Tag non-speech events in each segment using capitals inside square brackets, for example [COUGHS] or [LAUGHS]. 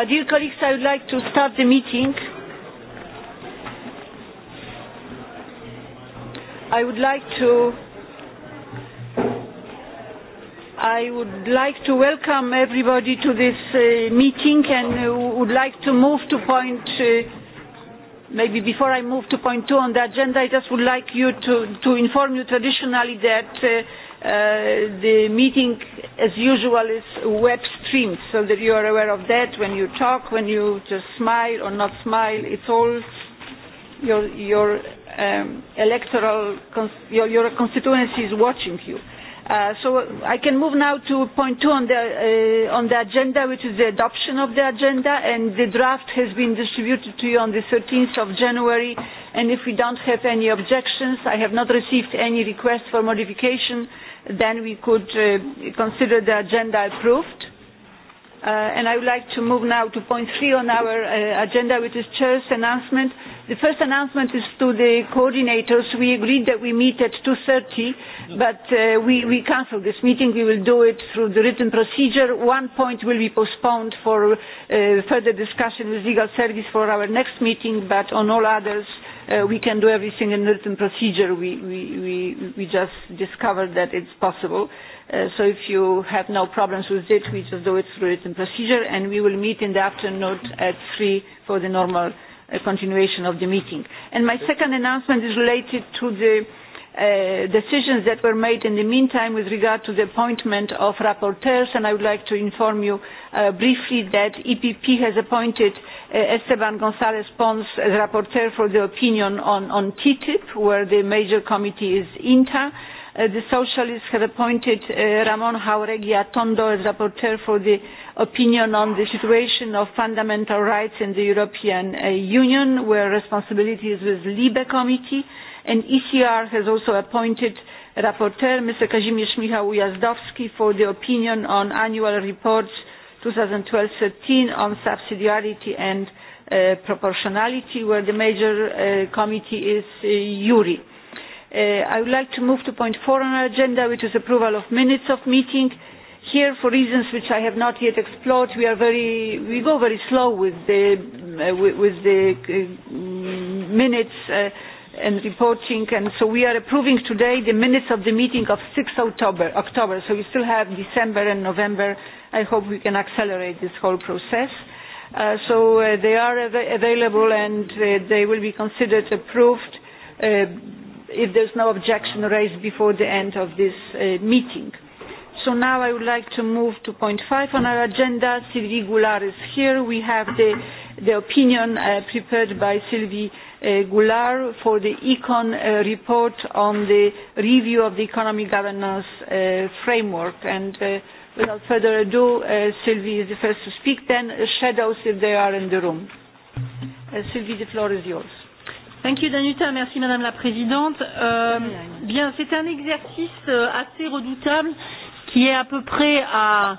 Uh, dear colleagues, I would like to start the meeting. I would like to I would like to welcome everybody to this uh, meeting and uh, would like to move to point uh, maybe before I move to point two on the agenda, I just would like you to, to inform you traditionally that uh, uh, the meeting as usual is web trimmed so that you are aware of that when you talk, when you just smile or not smile. It's all your, your um, electoral, your, your constituency is watching you. Uh, so I can move now to point two on the, uh, on the agenda, which is the adoption of the agenda, and the draft has been distributed to you on the 13th of January, and if we don't have any objections, I have not received any requests for modification, then we could uh, consider the agenda approved. Uh, and I would like to move now to point three on our uh, agenda, which is Chair's announcement. The first announcement is to the coordinators. We agreed that we meet at 2.30, but uh, we, we cancelled this meeting. We will do it through the written procedure. One point will be postponed for uh, further discussion with legal service for our next meeting, but on all others, uh, we can do everything in written procedure. We, we, we, we just discovered that it's possible. Uh, Uh, so if you have no problems with it, we just do it through written procedure, and we will meet in the afternoon at 3 for the normal uh, continuation of the meeting. And my second announcement is related to the uh, decisions that were made in the meantime with regard to the appointment of rapporteurs, and I would like to inform you uh, briefly that EPP has appointed uh, Esteban González Pons as rapporteur for the opinion on, on TTIP, where the major committee is INTA Uh, the socialists have appointed uh, ramon jauregui atondo as rapporteur for the opinion on the situation of fundamental rights in the european uh, union where responsibility is with the libe committee and ecr has also appointed rapporteur mr kazimierz michał ujazdowski for the opinion on annual reports two thousand and twelve thirteen on subsidiarity and uh, proportionality where the major uh, committee is uh, juri. Uh, I would like to move to point four on our agenda, which is approval of minutes of meeting. Here, for reasons which I have not yet explored, we, are very, we go very slow with the, uh, with, with the uh, minutes uh, and reporting, and so we are approving today the minutes of the meeting of 6 October. October. So we still have December and November. I hope we can accelerate this whole process. Uh, so uh, they are av available and uh, they will be considered approved. Uh, if there's no objection raised before the end of this uh, meeting. So now I would like to move to point five on our agenda. Sylvie Goulard is here. We have the, the opinion uh, prepared by Sylvie uh, Goulard for the ECON uh, report on the review of the economic governance uh, framework. And uh, without further ado, uh, Sylvie is the first to speak, then uh, shadows if they are in the room. Uh, Sylvie, the floor is yours. Thank you, Danuta. Merci, Madame la Présidente. Euh, bien, c'est un exercice euh, assez redoutable qui est à peu près à,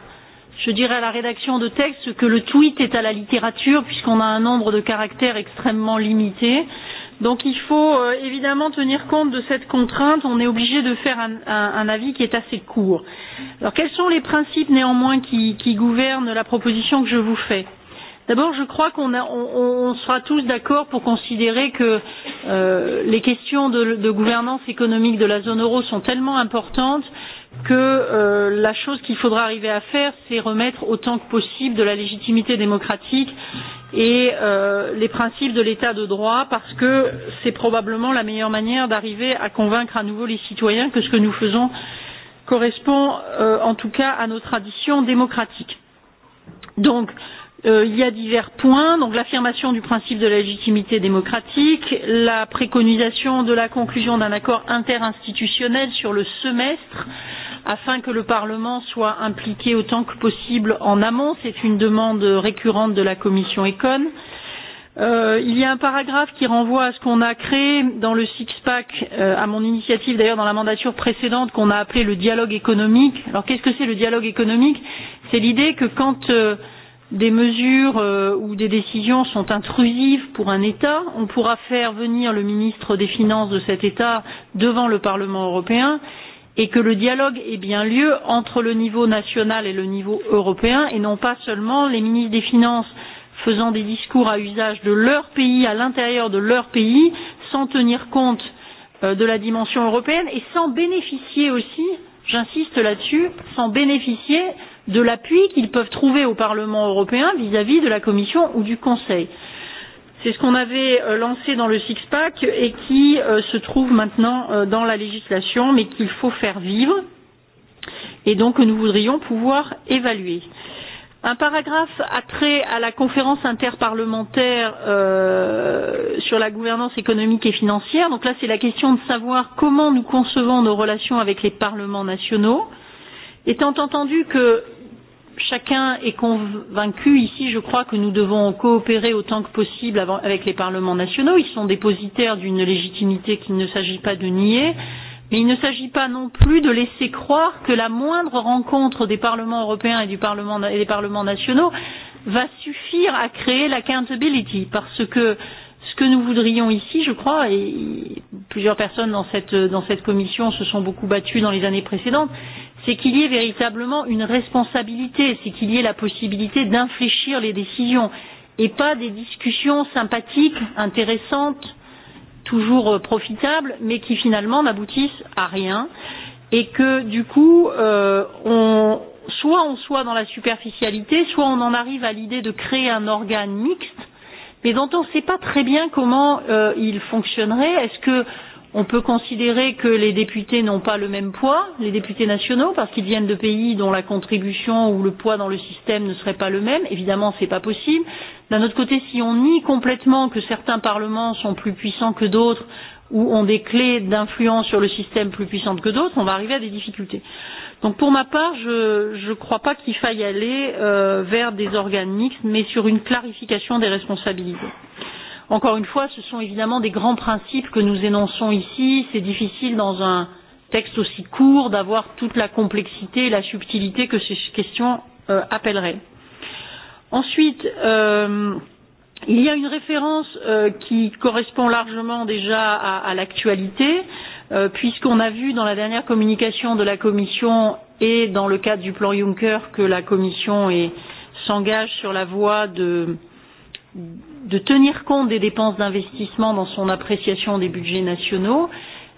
je dirais, à la rédaction de texte que le tweet est à la littérature, puisqu'on a un nombre de caractères extrêmement limité. Donc, il faut euh, évidemment tenir compte de cette contrainte. On est obligé de faire un, un, un avis qui est assez court. Alors, quels sont les principes néanmoins qui, qui gouvernent la proposition que je vous fais euh, D'abord, je crois qu'on on, on sera tous d'accord pour considérer que euh, les questions de, de gouvernance économique de la zone euro sont tellement importantes que euh, la chose qu'il faudra arriver à faire, c'est remettre autant que possible de la légitimité démocratique et euh, les principes de l'état de droit, parce que c'est probablement la meilleure manière d'arriver à convaincre à nouveau les citoyens que ce que nous faisons correspond euh, en tout cas à nos traditions démocratiques. Donc, euh, Euh, il y a divers points, donc l'affirmation du principe de la légitimité démocratique, la préconisation de la conclusion d'un accord interinstitutionnel sur le semestre, afin que le Parlement soit impliqué autant que possible en amont. C'est une demande récurrente de la Commission Econ. Euh, il y a un paragraphe qui renvoie à ce qu'on a créé dans le six-pack, euh, à mon initiative d'ailleurs dans la mandature précédente, qu'on a appelé le dialogue économique. Alors qu'est-ce que c'est le dialogue économique C'est l'idée que quand euh, des mesures euh, ou des décisions sont intrusives pour un État, on pourra faire venir le ministre des Finances de cet État devant le Parlement européen et que le dialogue ait bien lieu entre le niveau national et le niveau européen et non pas seulement les ministres des Finances faisant des discours à usage de leur pays à l'intérieur de leur pays sans tenir compte euh, de la dimension européenne et sans bénéficier aussi j'insiste là dessus sans bénéficier euh, de l'appui qu'ils peuvent trouver au Parlement européen vis-à-vis -vis de la Commission ou du Conseil. C'est ce qu'on avait euh, lancé dans le six-pack et qui euh, se trouve maintenant euh, dans la législation, mais qu'il faut faire vivre et donc que nous voudrions pouvoir évaluer. Un paragraphe a trait à la conférence interparlementaire euh, sur la gouvernance économique et financière. Donc là, c'est la question de savoir comment nous concevons nos relations avec les parlements nationaux. Euh, Étant entendu que chacun est convaincu ici, je crois que nous devons coopérer autant que possible avec les parlements nationaux. Ils sont dépositaires d'une légitimité qu'il ne s'agit pas de nier. Mais il ne s'agit pas non plus de laisser croire que la moindre rencontre des parlements européens et, du parlement, et des parlements nationaux va suffire à créer l'accountability, parce que ce que nous voudrions ici, je crois, et plusieurs personnes dans cette, dans cette commission se sont beaucoup battues dans les années précédentes, c'est qu'il y ait véritablement une responsabilité, c'est qu'il y ait la possibilité d'infléchir les décisions et pas des discussions sympathiques, intéressantes, toujours euh, profitables, mais qui finalement n'aboutissent à rien et que du coup, euh, on, soit on soit dans la superficialité, soit on en arrive à l'idée de créer un organe mixte, mais dont on ne sait pas très bien comment euh, il fonctionnerait. Est-ce que euh, On peut considérer que les députés n'ont pas le même poids, les députés nationaux, parce qu'ils viennent de pays dont la contribution ou le poids dans le système ne serait pas le même. Évidemment, ce n'est pas possible. D'un autre côté, si on nie complètement que certains parlements sont plus puissants que d'autres ou ont des clés d'influence sur le système plus puissantes que d'autres, on va arriver à des difficultés. Donc pour ma part, je ne crois pas qu'il faille aller euh, vers des organes mixtes, mais sur une clarification des responsabilités. Euh, Encore une fois, ce sont évidemment des grands principes que nous énonçons ici. C'est difficile dans un texte aussi court d'avoir toute la complexité et la subtilité que ces questions euh, appelleraient. Ensuite, euh, il y a une référence euh, qui correspond largement déjà à, à l'actualité, euh, puisqu'on a vu dans la dernière communication de la Commission et dans le cadre du plan Juncker que la Commission s'engage sur la voie de de tenir compte des dépenses d'investissement dans son appréciation des budgets nationaux.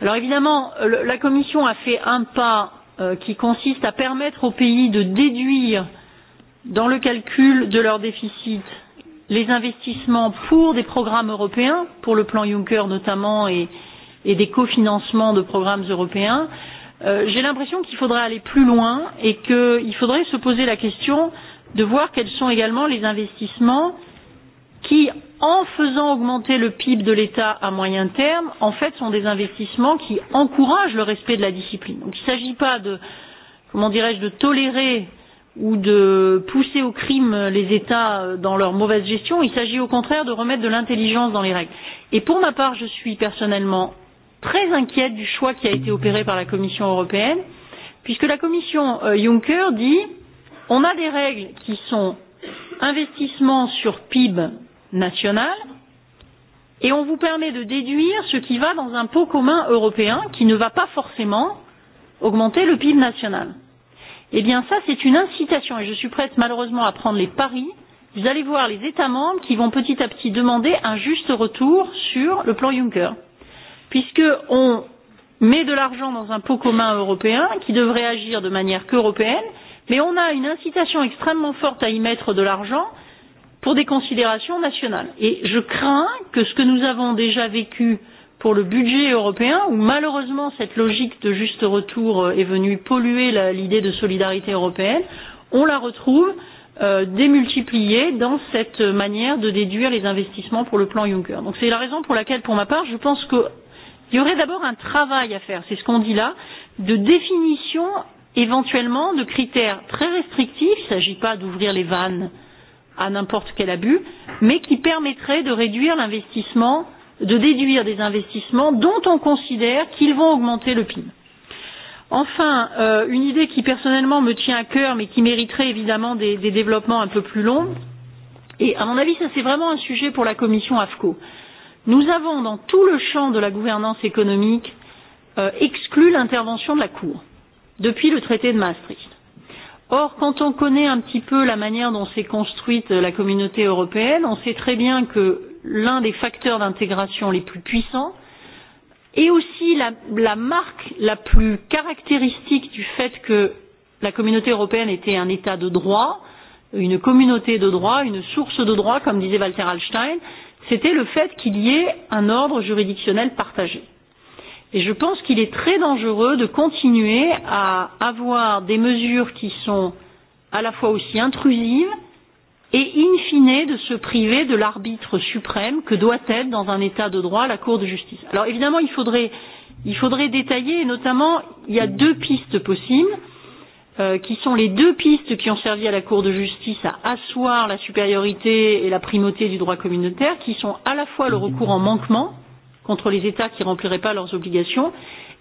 Alors évidemment, la Commission a fait un pas euh, qui consiste à permettre aux pays de déduire dans le calcul de leur déficit les investissements pour des programmes européens, pour le plan Juncker notamment, et, et des cofinancements de programmes européens. Euh, J'ai l'impression qu'il faudrait aller plus loin et qu'il faudrait se poser la question de voir quels sont également les investissements euh, qui, en faisant augmenter le PIB de l'État à moyen terme, en fait, sont des investissements qui encouragent le respect de la discipline. Donc, il ne s'agit pas de, comment dirais-je, de tolérer ou de pousser au crime les États euh, dans leur mauvaise gestion. Il s'agit au contraire de remettre de l'intelligence dans les règles. Et pour ma part, je suis personnellement très inquiète du choix qui a été opéré par la Commission européenne, puisque la Commission euh, Juncker dit on a des règles qui sont investissement sur PIB nationale et on vous permet de déduire ce qui va dans un pot commun européen qui ne va pas forcément augmenter le PIB national. Eh bien ça, c'est une incitation et je suis prête malheureusement à prendre les paris. Vous allez voir les États membres qui vont petit à petit demander un juste retour sur le plan Juncker. Puisqu'on met de l'argent dans un pot commun européen qui devrait agir de manière qu'européenne, mais on a une incitation extrêmement forte à y mettre de l'argent pour des considérations nationales. Et je crains que ce que nous avons déjà vécu pour le budget européen, où malheureusement cette logique de juste retour euh, est venue polluer l'idée de solidarité européenne, on la retrouve euh, démultipliée dans cette manière de déduire les investissements pour le plan Juncker. Donc c'est la raison pour laquelle, pour ma part, je pense qu'il y aurait d'abord un travail à faire, c'est ce qu'on dit là, de définition éventuellement de critères très restrictifs, il ne s'agit pas d'ouvrir les vannes euh, à n'importe quel abus, mais qui permettrait de réduire l'investissement, de déduire des investissements dont on considère qu'ils vont augmenter le PIB. Enfin, euh, une idée qui personnellement me tient à cœur, mais qui mériterait évidemment des, des développements un peu plus longs, et à mon avis, ça c'est vraiment un sujet pour la commission AFCO. Nous avons dans tout le champ de la gouvernance économique euh, exclu l'intervention de la Cour depuis le traité de Maastricht. Or, quand on connaît un petit peu la manière dont s'est construite la communauté européenne, on sait très bien que l'un des facteurs d'intégration les plus puissants et aussi la, la marque la plus caractéristique du fait que la communauté européenne était un État de droit, une communauté de droit, une source de droit, comme disait Walter Hallstein, c'était le fait qu'il y ait un ordre juridictionnel partagé. Et je pense qu'il est très dangereux de continuer à avoir des mesures qui sont à la fois aussi intrusives et in fine de se priver de l'arbitre suprême que doit être dans un état de droit la Cour de justice. Alors évidemment, il faudrait, il faudrait détailler, et notamment, il y a deux pistes possibles, euh, qui sont les deux pistes qui ont servi à la Cour de justice à asseoir la supériorité et la primauté du droit communautaire, qui sont à la fois le recours en manquement, euh, contre les États qui ne rempliraient pas leurs obligations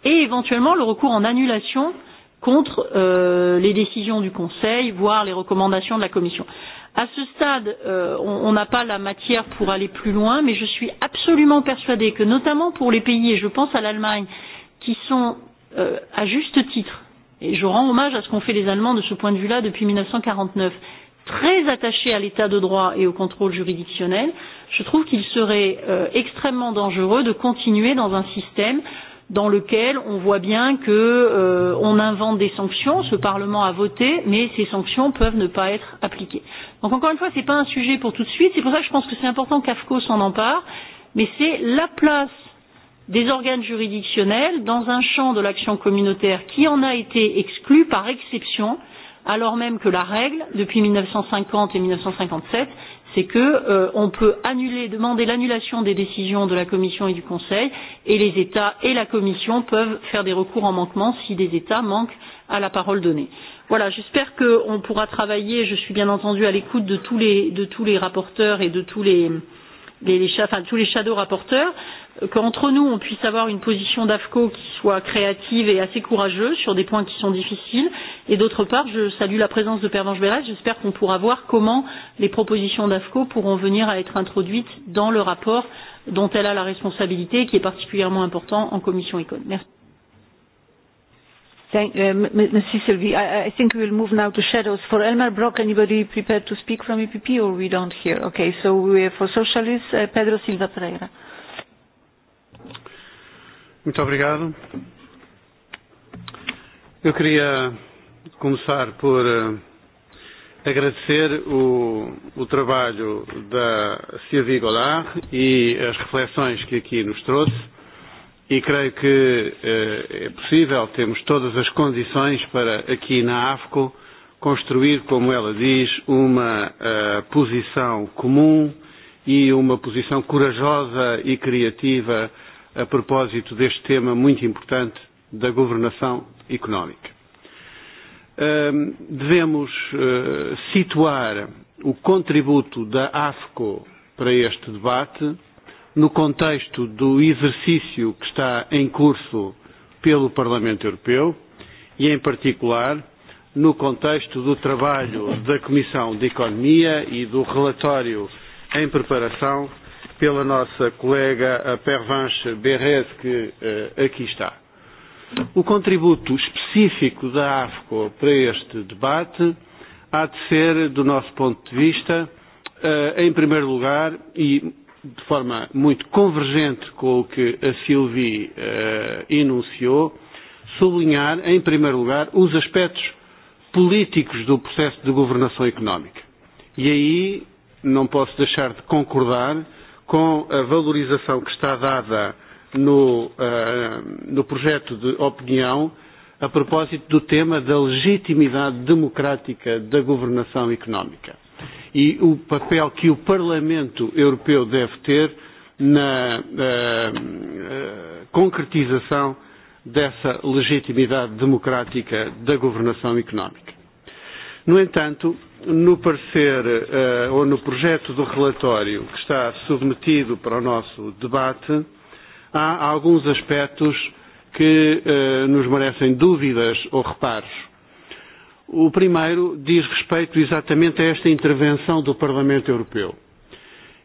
et éventuellement le recours en annulation contre euh, les décisions du Conseil, voire les recommandations de la Commission. À ce stade, euh, on n'a pas la matière pour aller plus loin, mais je suis absolument persuadée que, notamment pour les pays, et je pense à l'Allemagne, qui sont euh, à juste titre, et je rends hommage à ce qu'ont fait les Allemands de ce point de vue-là depuis 1949, très attachés à l'état de droit et au contrôle juridictionnel, je trouve qu'il serait euh, extrêmement dangereux de continuer dans un système dans lequel on voit bien que euh, on invente des sanctions, ce Parlement a voté, mais ces sanctions peuvent ne pas être appliquées. Donc encore une fois, ce n'est pas un sujet pour tout de suite, c'est pour ça que je pense que c'est important qu'AFCO s'en empare, mais c'est la place des organes juridictionnels dans un champ de l'action communautaire qui en a été exclu par exception, alors même que la règle, depuis 1950 et 1957, c'est que euh, on peut annuler, demander l'annulation des décisions de la Commission et du Conseil, et les États et la Commission peuvent faire des recours en manquement si des États manquent à la parole donnée. Voilà, j'espère qu'on pourra travailler. Je suis bien entendu à l'écoute de tous les de tous les rapporteurs et de tous les les, les, enfin, tous les shadow rapporteurs qu'entre nous, on puisse avoir une position d'AFCO qui soit créative et assez courageuse sur des points qui sont difficiles. Et d'autre part, je salue la présence de Pervenche Bérez. J'espère qu'on pourra voir comment les propositions d'AFCO pourront venir à être introduites dans le rapport dont elle a la responsabilité et qui est particulièrement important en commission ECON. Merci. Thank, uh, Mrs. Sylvie, I, I think we will move now to shadows. For Elmar Brock, anybody prepared to speak from EPP or we don't hear? Okay, so we are for socialists, uh, Pedro Silva Pereira. Uh, Muito obrigado. Eu queria começar por eh, agradecer o, o trabalho da Sylvie Goulart e as reflexões que aqui nos trouxe e creio que eh, é possível, temos todas as condições para aqui na AFCO construir, como ela diz, uma eh, posição comum e uma posição corajosa e criativa a propósito deste tema muito importante da governação económica. Devemos eh, situar o contributo da AFCO para este debate no contexto do exercício que está em curso pelo Parlamento Europeu e, em particular, no contexto do trabalho da Comissão de Economia e do relatório em preparação pela nossa colega eh, Pervanche Berres, que eh, aqui está. O contributo específico da AFCO para este debate há de ser, do nosso ponto de vista, eh, em primeiro lugar, e de forma muito convergente com o que a Sylvie enunciou, sublinhar, em primeiro lugar, os aspectos políticos do processo de governação económica. E aí não posso deixar de concordar com a valorização que está dada no, uh, no projeto de opinião a propósito do tema da legitimidade democrática da governação económica e o papel que o Parlamento Europeu deve ter na uh, uh, concretização dessa legitimidade democrática da governação económica. No entanto, no parecer uh, ou no projeto do relatório que está submetido para o nosso debate, há alguns aspectos que uh, nos merecem dúvidas ou reparos. O primeiro diz respeito exatamente a esta intervenção do Parlamento Europeu,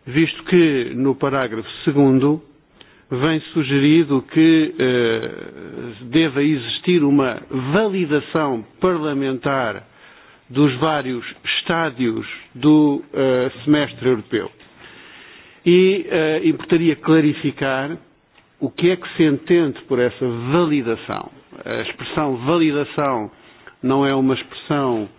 visto que no parágrafo 2 vem sugerido que eh, uh, deva existir uma validação parlamentar dos vários estádios do uh, semestre europeu. E uh, importaria clarificar o que é que se entende por essa validação. A expressão validação não é uma expressão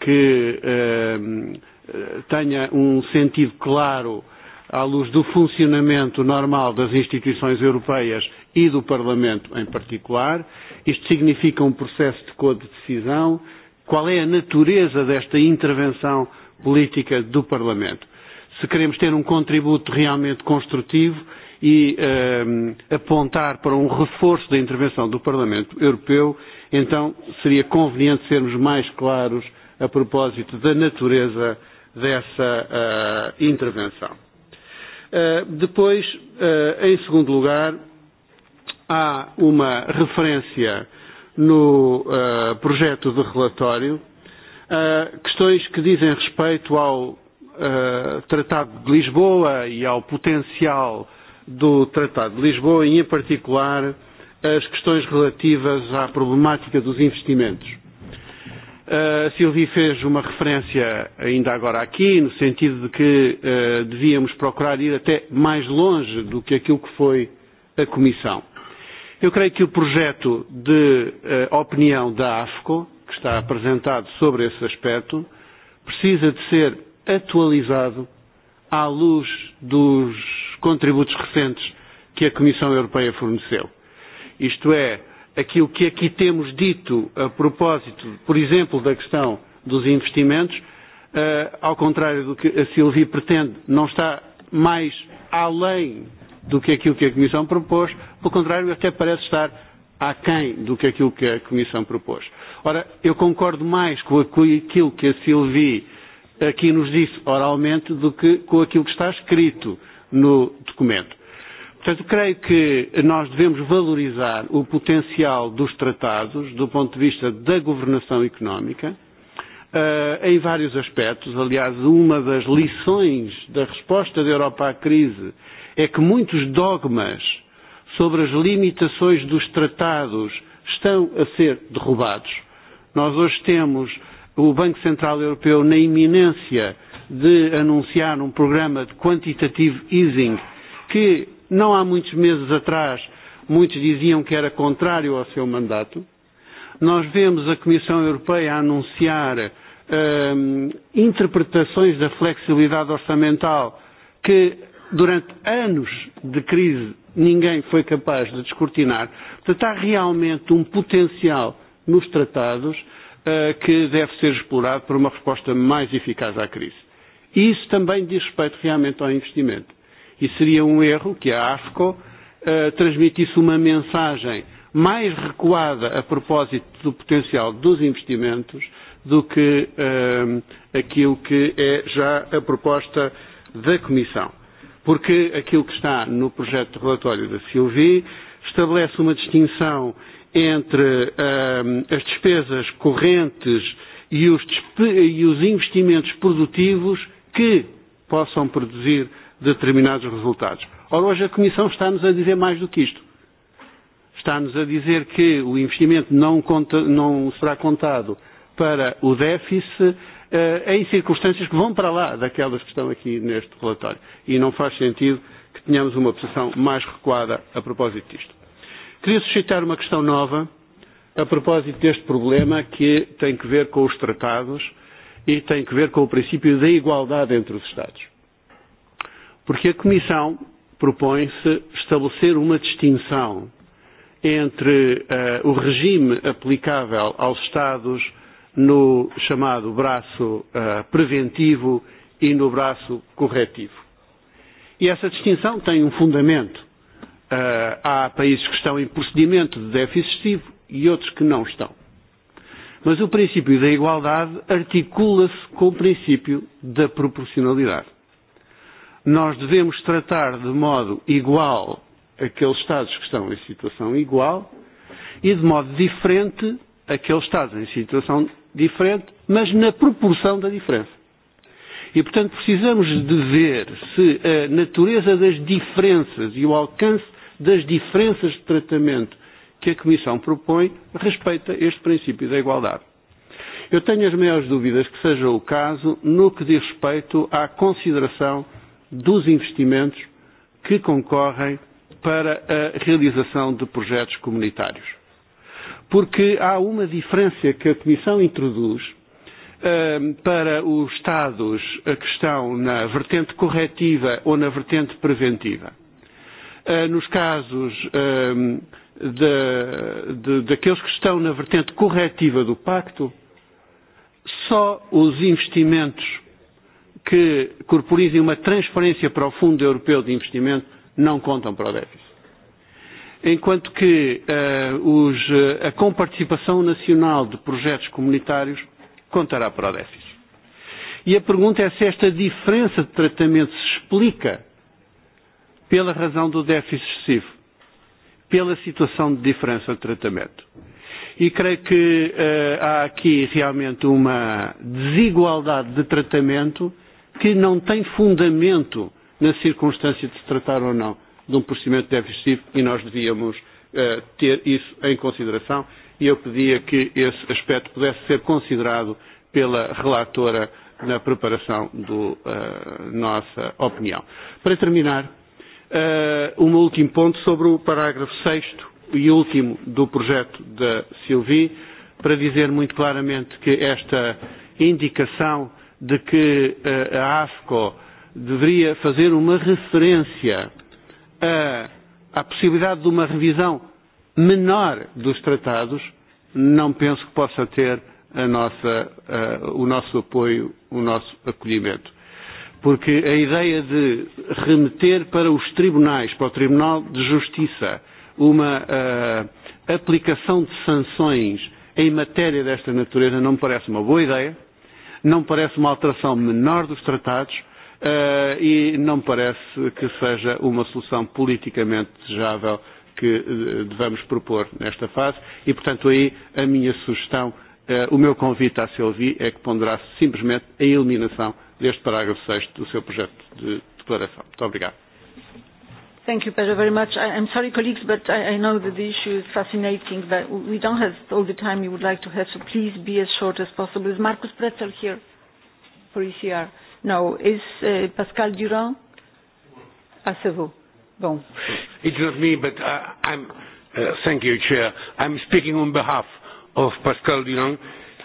que uh, tenha um sentido claro à luz do funcionamento normal das instituições europeias e do Parlamento em particular. Isto significa um processo de codecisão, qual é a natureza desta intervenção política do Parlamento. Se queremos ter um contributo realmente construtivo e um, apontar para um reforço da intervenção do Parlamento Europeu, então seria conveniente sermos mais claros a propósito da natureza dessa uh, intervenção. Uh, depois, uh, em segundo lugar, há uma referência no uh, projeto de relatório uh, questões que dizem respeito ao uh, Tratado de Lisboa e ao potencial do Tratado de Lisboa e, em particular, as questões relativas à problemática dos investimentos. A uh, Silvia fez uma referência ainda agora aqui, no sentido de que uh, devíamos procurar ir até mais longe do que aquilo que foi a Comissão. Uh, Eu creio que o projeto de uh, opinião da AFCO, que está apresentado sobre esse aspecto, precisa de ser atualizado à luz dos contributos recentes que a Comissão Europeia forneceu. Isto é, aquilo que aqui temos dito a propósito, por exemplo, da questão dos investimentos, uh, ao contrário do que a Silvia pretende, não está mais além do que aquilo que a Comissão propôs, pelo contrário, até parece estar aquém do que aquilo que a Comissão propôs. Ora, eu concordo mais com aquilo que a Sylvie aqui nos disse oralmente do que com aquilo que está escrito no documento. Portanto, creio que nós devemos valorizar o potencial dos tratados do ponto de vista da governação económica, uh, em vários aspectos. Aliás, uma das lições da resposta da Europa à crise uh, é que muitos dogmas sobre as limitações dos tratados estão a ser derrubados. Nós hoje temos o Banco Central Europeu na iminência de anunciar um programa de quantitative easing que não há muitos meses atrás muitos diziam que era contrário ao seu mandato. Nós vemos a Comissão Europeia anunciar hum, interpretações da flexibilidade orçamental que durante anos de crise ninguém foi capaz de descortinar. Portanto, há realmente um potencial nos tratados uh, que deve ser explorado para uma resposta mais eficaz à crise. E isso também diz respeito realmente ao investimento. E seria um erro que a AFCO uh, transmitisse uma mensagem mais recuada a propósito do potencial dos investimentos do que uh, aquilo que é já a proposta da Comissão porque aquilo que está no projeto de relatório da Silvi estabelece uma distinção entre hum, as despesas correntes e os, e os investimentos produtivos que possam produzir determinados resultados. Ora, hoje a Comissão está-nos a dizer mais do que isto. Está-nos a dizer que o investimento não, conta, não será contado para o déficit, Eh, em circunstâncias que vão para lá daquelas que estão aqui neste relatório. E não faz sentido que tenhamos uma posição mais recuada a propósito disto. Queria suscitar uma questão nova a propósito deste problema que tem que ver com os tratados e tem que ver com o princípio da igualdade entre os Estados. Porque a Comissão propõe-se estabelecer uma distinção entre uh, o regime aplicável aos Estados uh, no chamado braço uh, preventivo e no braço corretivo. E essa distinção tem um fundamento. Uh, há países que estão em procedimento de déficit excessivo e outros que não estão. Mas o princípio da igualdade articula-se com o princípio da proporcionalidade. Nós devemos tratar de modo igual aqueles Estados que estão em situação igual e de modo diferente aqueles Estados em situação diferente, mas na proporção da diferença. E, portanto, precisamos de ver se a natureza das diferenças e o alcance das diferenças de tratamento que a Comissão propõe respeita este princípio da igualdade. Eu tenho as maiores dúvidas que seja o caso no que diz respeito à consideração dos investimentos que concorrem para a realização de projetos comunitários porque há uma diferença que a Comissão introduz eh, para os Estados eh, que estão na vertente corretiva ou na vertente preventiva. Eh, nos casos de, de, daqueles que estão na vertente corretiva do Pacto, só os investimentos que corporizem uma transferência para o Fundo Europeu de Investimento não contam para o déficit enquanto que uh, os, eh, a comparticipação nacional de projetos comunitários contará para o déficit. E a pergunta é se esta diferença de tratamento se explica pela razão do déficit excessivo, pela situação de diferença de tratamento. E creio que uh, há aqui realmente uma desigualdade de tratamento que não tem fundamento na circunstância de se tratar ou não de um procedimento de déficit excessivo e nós devíamos uh, ter isso em consideração e eu pedia que esse aspecto pudesse ser considerado pela relatora na preparação da uh, eh, nossa opinião. Para terminar, uh, um último ponto sobre o parágrafo 6 e último do projeto da Silvi, para dizer muito claramente que esta indicação de que uh, a AFCO deveria fazer uma referência uh, a, a possibilidade de uma revisão menor dos tratados, não penso que possa ter a nossa, a, o nosso apoio, o nosso acolhimento. Porque a ideia de remeter para os tribunais, para o Tribunal de Justiça, uma uh, aplicação de sanções em matéria desta natureza não me parece uma boa ideia, não parece uma alteração menor dos tratados, uh, uh, e não me parece que seja uma solução politicamente desejável que uh, devamos propor nesta fase e, portanto, aí a minha sugestão, uh, o meu convite à Silvi é que ponderasse simplesmente a eliminação deste parágrafo 6 do seu projeto de declaração. Muito obrigado. Thank you, Pedro, very much. I, I'm sorry, colleagues, but I, I know that the issue is fascinating, but we don't have all the time you would like to have, so please be as short as possible. Is Markus Pretzel here for ECR? No, is uh, Pascal Durand? Ah, c'est vous. Bon. It's not me, but uh, I'm. Uh, thank you, Chair. I'm speaking on behalf of Pascal Durand,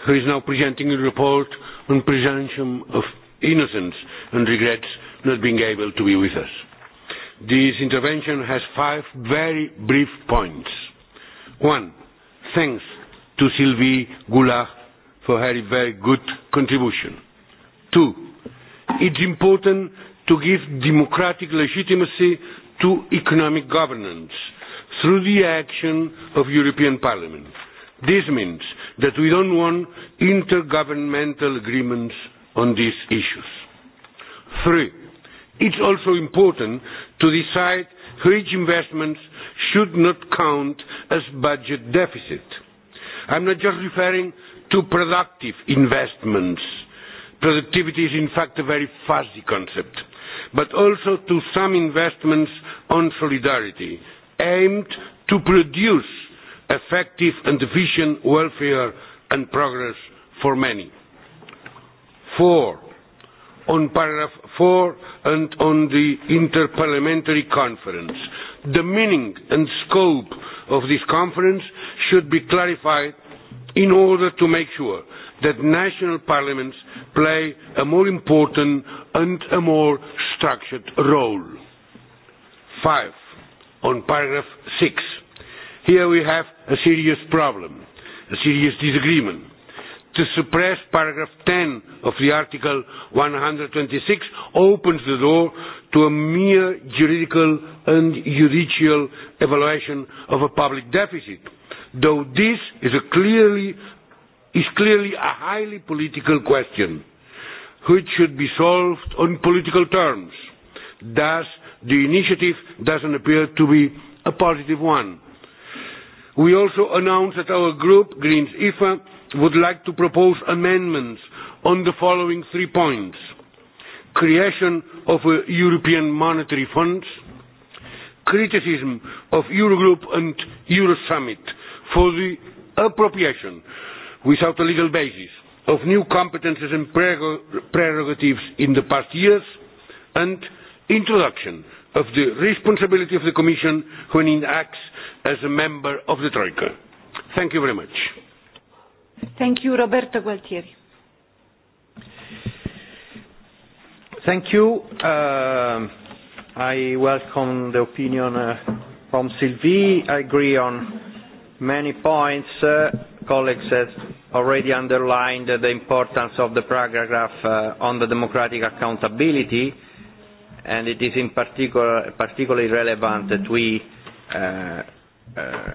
who is now presenting a report on presumption of innocence and regrets not being able to be with us. This intervention has five very brief points. One, thanks to Sylvie Goulard for her very good contribution. Two, It's important to give democratic legitimacy to economic governance through the action of European Parliament. This means that we don't want intergovernmental agreements on these issues. Three, it's also important to decide which investments should not count as budget deficit. I'm not just referring to productive investments Productivity is in fact a very fuzzy concept, but also to some investments on solidarity aimed to produce effective and efficient welfare and progress for many. Four, on paragraph 4 and on the interparliamentary conference. The meaning and scope of this conference should be clarified in order to make sure that national parliaments play a more important and a more structured role. Five, on paragraph six, here we have a serious problem, a serious disagreement. To suppress paragraph 10 of the Article 126 opens the door to a mere juridical and judicial evaluation of a public deficit, though this is a clearly is clearly a highly political question, which should be solved on political terms. Thus, the initiative doesn't appear to be a positive one. We also announced that our group, Greens IFA, would like to propose amendments on the following three points. Creation of a European Monetary Fund, criticism of Eurogroup and Eurosummit for the appropriation without a legal basis of new competences and prerogatives in the past years and introduction of the responsibility of the Commission when it acts as a member of the Troika. Thank you very much. Thank you, Roberto Gualtieri. Thank you. Uh, I welcome the opinion uh, from Sylvie. I agree on many points. Uh, colleagues has already underlined the importance of the paragraph uh, on the democratic accountability, and it is in particular particularly relevant that we uh, uh,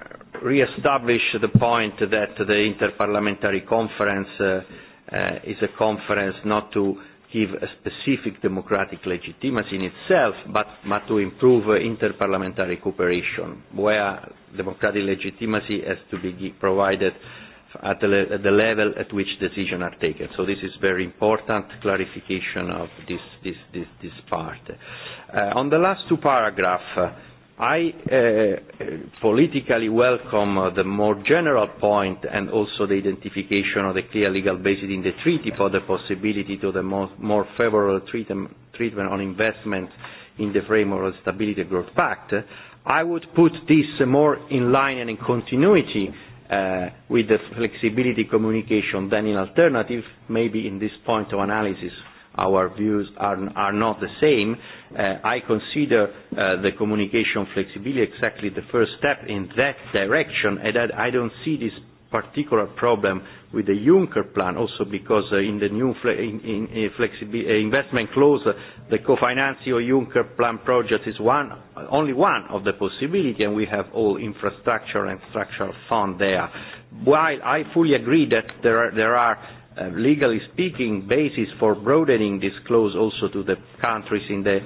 re-establish the point that the interparliamentary conference uh, uh, is a conference not to uh, give a specific democratic legitimacy in itself, but, but to improve uh, interparliamentary cooperation, where democratic legitimacy has to be provided at the, le at the level at which decisions are taken. So this is very important clarification of this, this, this, this part. Uh, on the last two paragraphs, uh, I uh, politically welcome uh, the more general point and also the identification of the clear legal basis in the treaty for the possibility to the more, more favorable treatment, treatment on investment in the framework of the Stability and Growth Pact. I would put this more in line and in continuity uh, with the flexibility communication than in alternative, maybe in this point of analysis our views are, are not the same. Uh, I consider uh, the communication flexibility exactly the first step in that direction, and I, I don't see this particular problem with the Juncker plan, also because uh, in the new fle in, in, in flexibi uh, investment clause, uh, the co-financing of Juncker plan project is one, only one of the possibility, and we have all infrastructure and structural fund there. While I fully agree that there are, there are uh, legally speaking, basis for broadening this clause also to the countries in the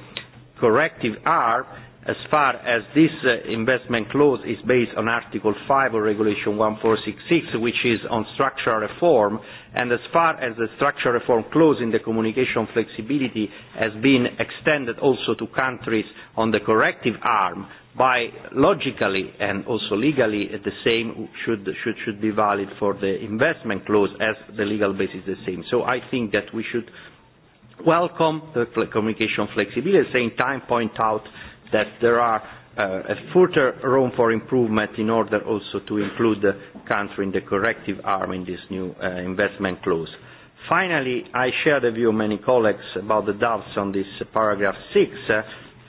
corrective are as far as this uh, investment clause is based on Article 5 of Regulation 1466, which is on structural reform, and as far as the structural reform clause in the communication flexibility has been extended also to countries on the corrective arm, by logically and also legally the same should, should, should be valid for the investment clause as the legal basis is the same. So I think that we should welcome the communication flexibility, at the same time point out that there are uh, a further room for improvement in order also to include the country in the corrective arm in this new uh, investment clause. Finally, I share the view of many colleagues about the doubts on this uh, paragraph 6 uh,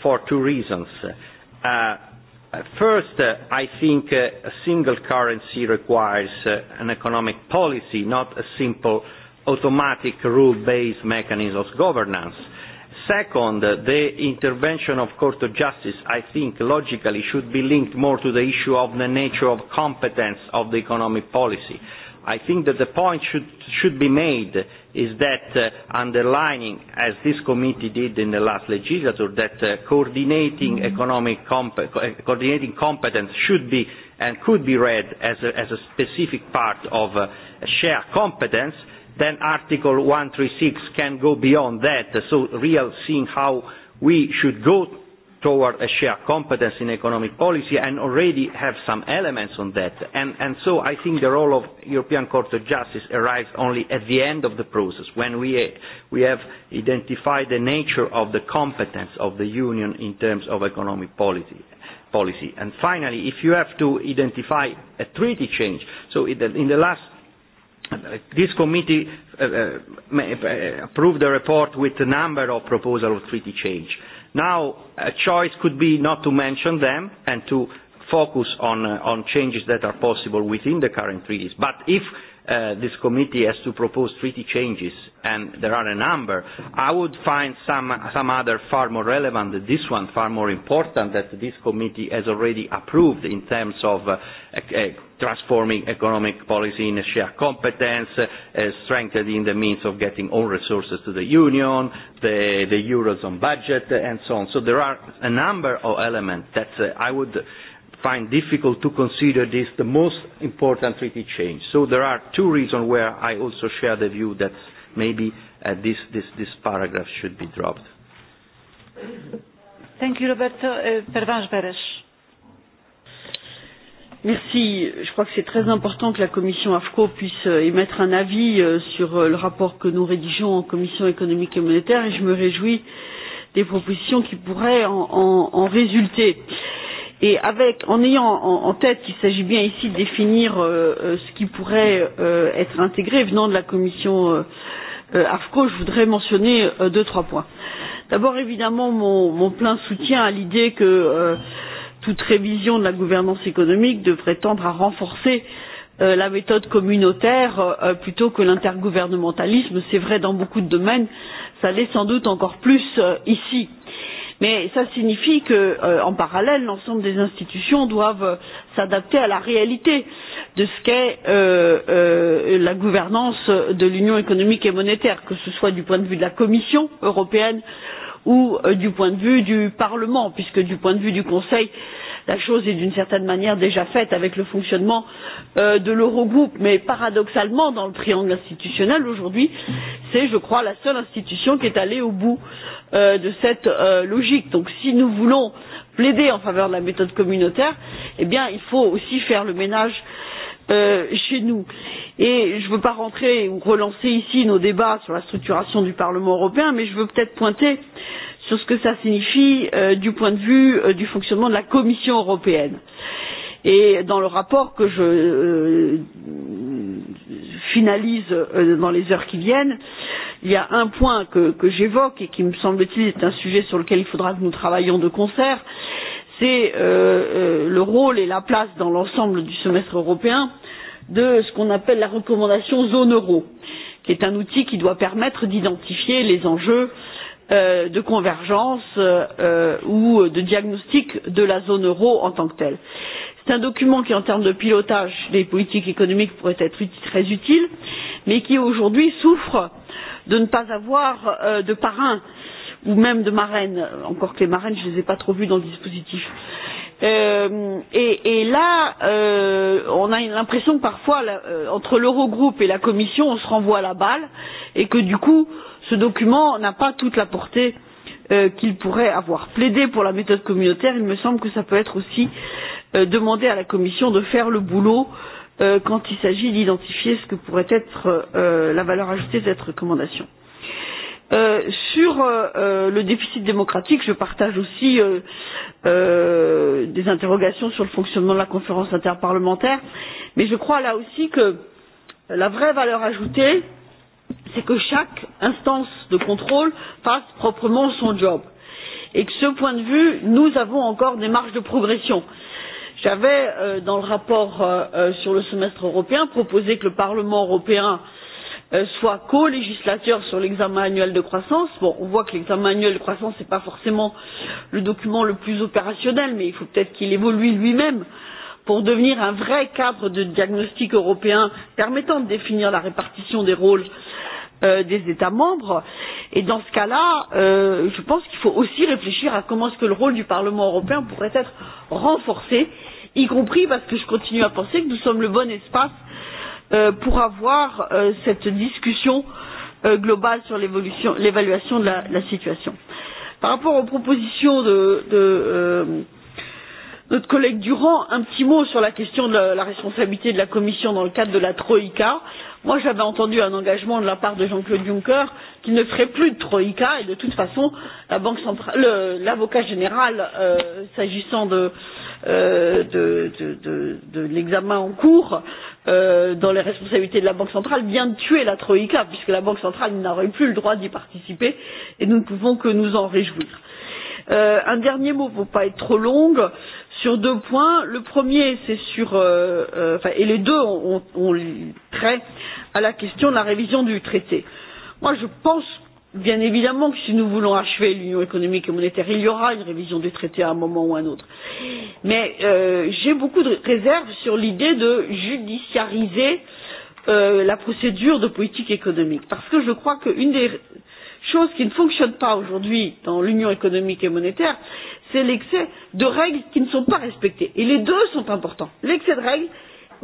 for two reasons. Uh, uh, First, uh, I think uh, a single currency requires uh, an economic policy, not a simple automatic rule-based mechanism of governance. Uh, Second, the intervention of Court of Justice, I think, logically should be linked more to the issue of the nature of competence of the economic policy. I think that the point should, should be made is that uh, underlining, as this committee did in the last legislature, that uh, coordinating economic comp coordinating competence should be and could be read as a, as a specific part of uh, shared competence, then Article 136 can go beyond that. So real seeing how we should go toward a shared competence in economic policy and already have some elements on that. And, and so I think the role of European Court of Justice arrives only at the end of the process, when we, we have identified the nature of the competence of the Union in terms of economic policy. Policy. And finally, if you have to identify a treaty change, so in the, in the last this committee uh, uh, uh, approved the report with a number of proposals of treaty change. Now, a choice could be not to mention them and to focus on, uh, on changes that are possible within the current treaties. But if uh, this committee has to propose treaty changes, and there are a number, I would find some, some other far more relevant than this one, far more important that this committee has already approved in terms of uh, uh, transforming economic policy in a shared competence, uh, strengthening the means of getting all resources to the Union, the, the Eurozone budget, uh, and so on. So there are a number of elements that uh, I would find difficult to consider this the most important treaty change. So there are two reasons where I also share the view that maybe uh, this, this, this paragraph should be dropped. Thank you, Roberto. Uh, Pervanche Beres. Merci. Je crois que c'est très important que la commission AFCO puisse euh, émettre un avis euh, sur euh, le rapport que nous rédigeons en commission économique et monétaire et je me réjouis des propositions qui pourraient en, en, en résulter. Et avec, en ayant en, en tête qu'il s'agit bien ici de définir euh, ce qui pourrait euh, être intégré venant de la commission euh, AFCO, je voudrais mentionner euh, deux, trois points. D'abord, évidemment, mon, mon plein soutien à l'idée que euh, toute révision de la gouvernance économique devrait tendre à renforcer euh, la méthode communautaire euh, plutôt que l'intergouvernementalisme. C'est vrai dans beaucoup de domaines, ça l'est sans doute encore plus euh, ici. Mais ça signifie que, euh, en parallèle, l'ensemble des institutions doivent euh, s'adapter à la réalité de ce qu'est euh, la gouvernance de l'union économique et monétaire, que ce soit du point de vue de la Commission européenne euh, ou euh, du point de vue du Parlement, puisque du point de vue du Conseil, la chose est d'une certaine manière déjà faite avec le fonctionnement euh, de l'Eurogroupe. Mais paradoxalement, dans le triangle institutionnel, aujourd'hui, c'est, je crois, la seule institution qui est allée au bout euh, de cette euh, logique. Donc si nous voulons plaider en faveur de la méthode communautaire, eh bien, il faut aussi faire le ménage euh, euh, chez nous. Et je ne veux pas rentrer ou relancer ici nos débats sur la structuration du Parlement européen, mais je veux peut-être pointer sur ce que ça signifie euh, du point de vue euh, du fonctionnement de la Commission européenne. Et dans le rapport que je euh, finalise euh, dans les heures qui viennent, il y a un point que, que j'évoque et qui me semble-t-il est un sujet sur lequel il faudra que nous travaillions de concert, c'est euh, euh, le rôle et la place dans l'ensemble du semestre européen de ce qu'on appelle la recommandation zone euro, qui est un outil qui doit permettre d'identifier les enjeux euh, de convergence euh, ou de diagnostic de la zone euro en tant que telle. C'est un document qui, en termes de pilotage des politiques économiques, pourrait être très utile, mais qui aujourd'hui souffre de ne pas avoir euh, de parrain ou même de marraine, encore que les marraines, je ne les ai pas trop vues dans le dispositif. Euh, et, et là, euh, on a l'impression que parfois, là, euh, entre l'Eurogroupe et la Commission, on se renvoie la balle et que du coup, ce document n'a pas toute la portée euh, qu'il pourrait avoir. Plaider pour la méthode communautaire, il me semble que ça peut être aussi euh, demander à la Commission de faire le boulot euh, quand il s'agit d'identifier ce que pourrait être euh, la valeur ajoutée de cette recommandation. Euh, Euh, sur euh, euh, le déficit démocratique, je partage aussi euh, euh, des interrogations sur le fonctionnement de la conférence interparlementaire, mais je crois là aussi que la vraie valeur ajoutée, c'est que chaque instance de contrôle fasse proprement son job et que de ce point de vue nous avons encore des marges de progression. j'avais euh, dans le rapport euh, euh sur le semestre européen proposé que le parlement européen euh, Euh, soit colégislateur sur l'examen annuel de croissance. Bon, on voit que l'examen annuel de croissance n'est pas forcément le document le plus opérationnel, mais il faut peut-être qu'il évolue lui-même pour devenir un vrai cadre de diagnostic européen permettant de définir la répartition des rôles euh, des États membres. Et dans ce cas-là, euh, je pense qu'il faut aussi réfléchir à comment est-ce que le rôle du Parlement européen pourrait être renforcé, y compris parce que je continue à penser que nous sommes le bon espace euh, Euh, pour avoir euh, cette discussion euh, globale sur l'évaluation de la, la situation. Par rapport aux propositions de, de euh, notre collègue Durand, un petit mot sur la question de la, la responsabilité de la Commission dans le cadre de la Troïka. Moi, j'avais entendu un engagement de la part de Jean-Claude Juncker qu'il ne ferait plus de Troïka et de toute façon, la banque centrale, l'avocat général, euh, s'agissant de euh, euh, de, de, de, de l'examen en cours euh, dans les responsabilités de la Banque centrale vient de tuer la Troïka, puisque la Banque centrale n'aurait plus le droit d'y participer, et nous ne pouvons que nous en réjouir. Euh, un dernier mot pour ne pas être trop longue sur deux points. Le premier, c'est sur euh, euh, et les deux ont, ont, ont trait à la question de la révision du traité. Moi, je pense bien évidemment que si nous voulons achever l'union économique et monétaire, il y aura une révision des traités à un moment ou à un autre. Mais euh, j'ai beaucoup de réserves sur l'idée de judiciariser euh, la procédure de politique économique, parce que je crois qu'une des choses qui ne fonctionne pas aujourd'hui dans l'union économique et monétaire, c'est l'excès de règles qui ne sont pas respectées. Et les deux sont importants l'excès de règles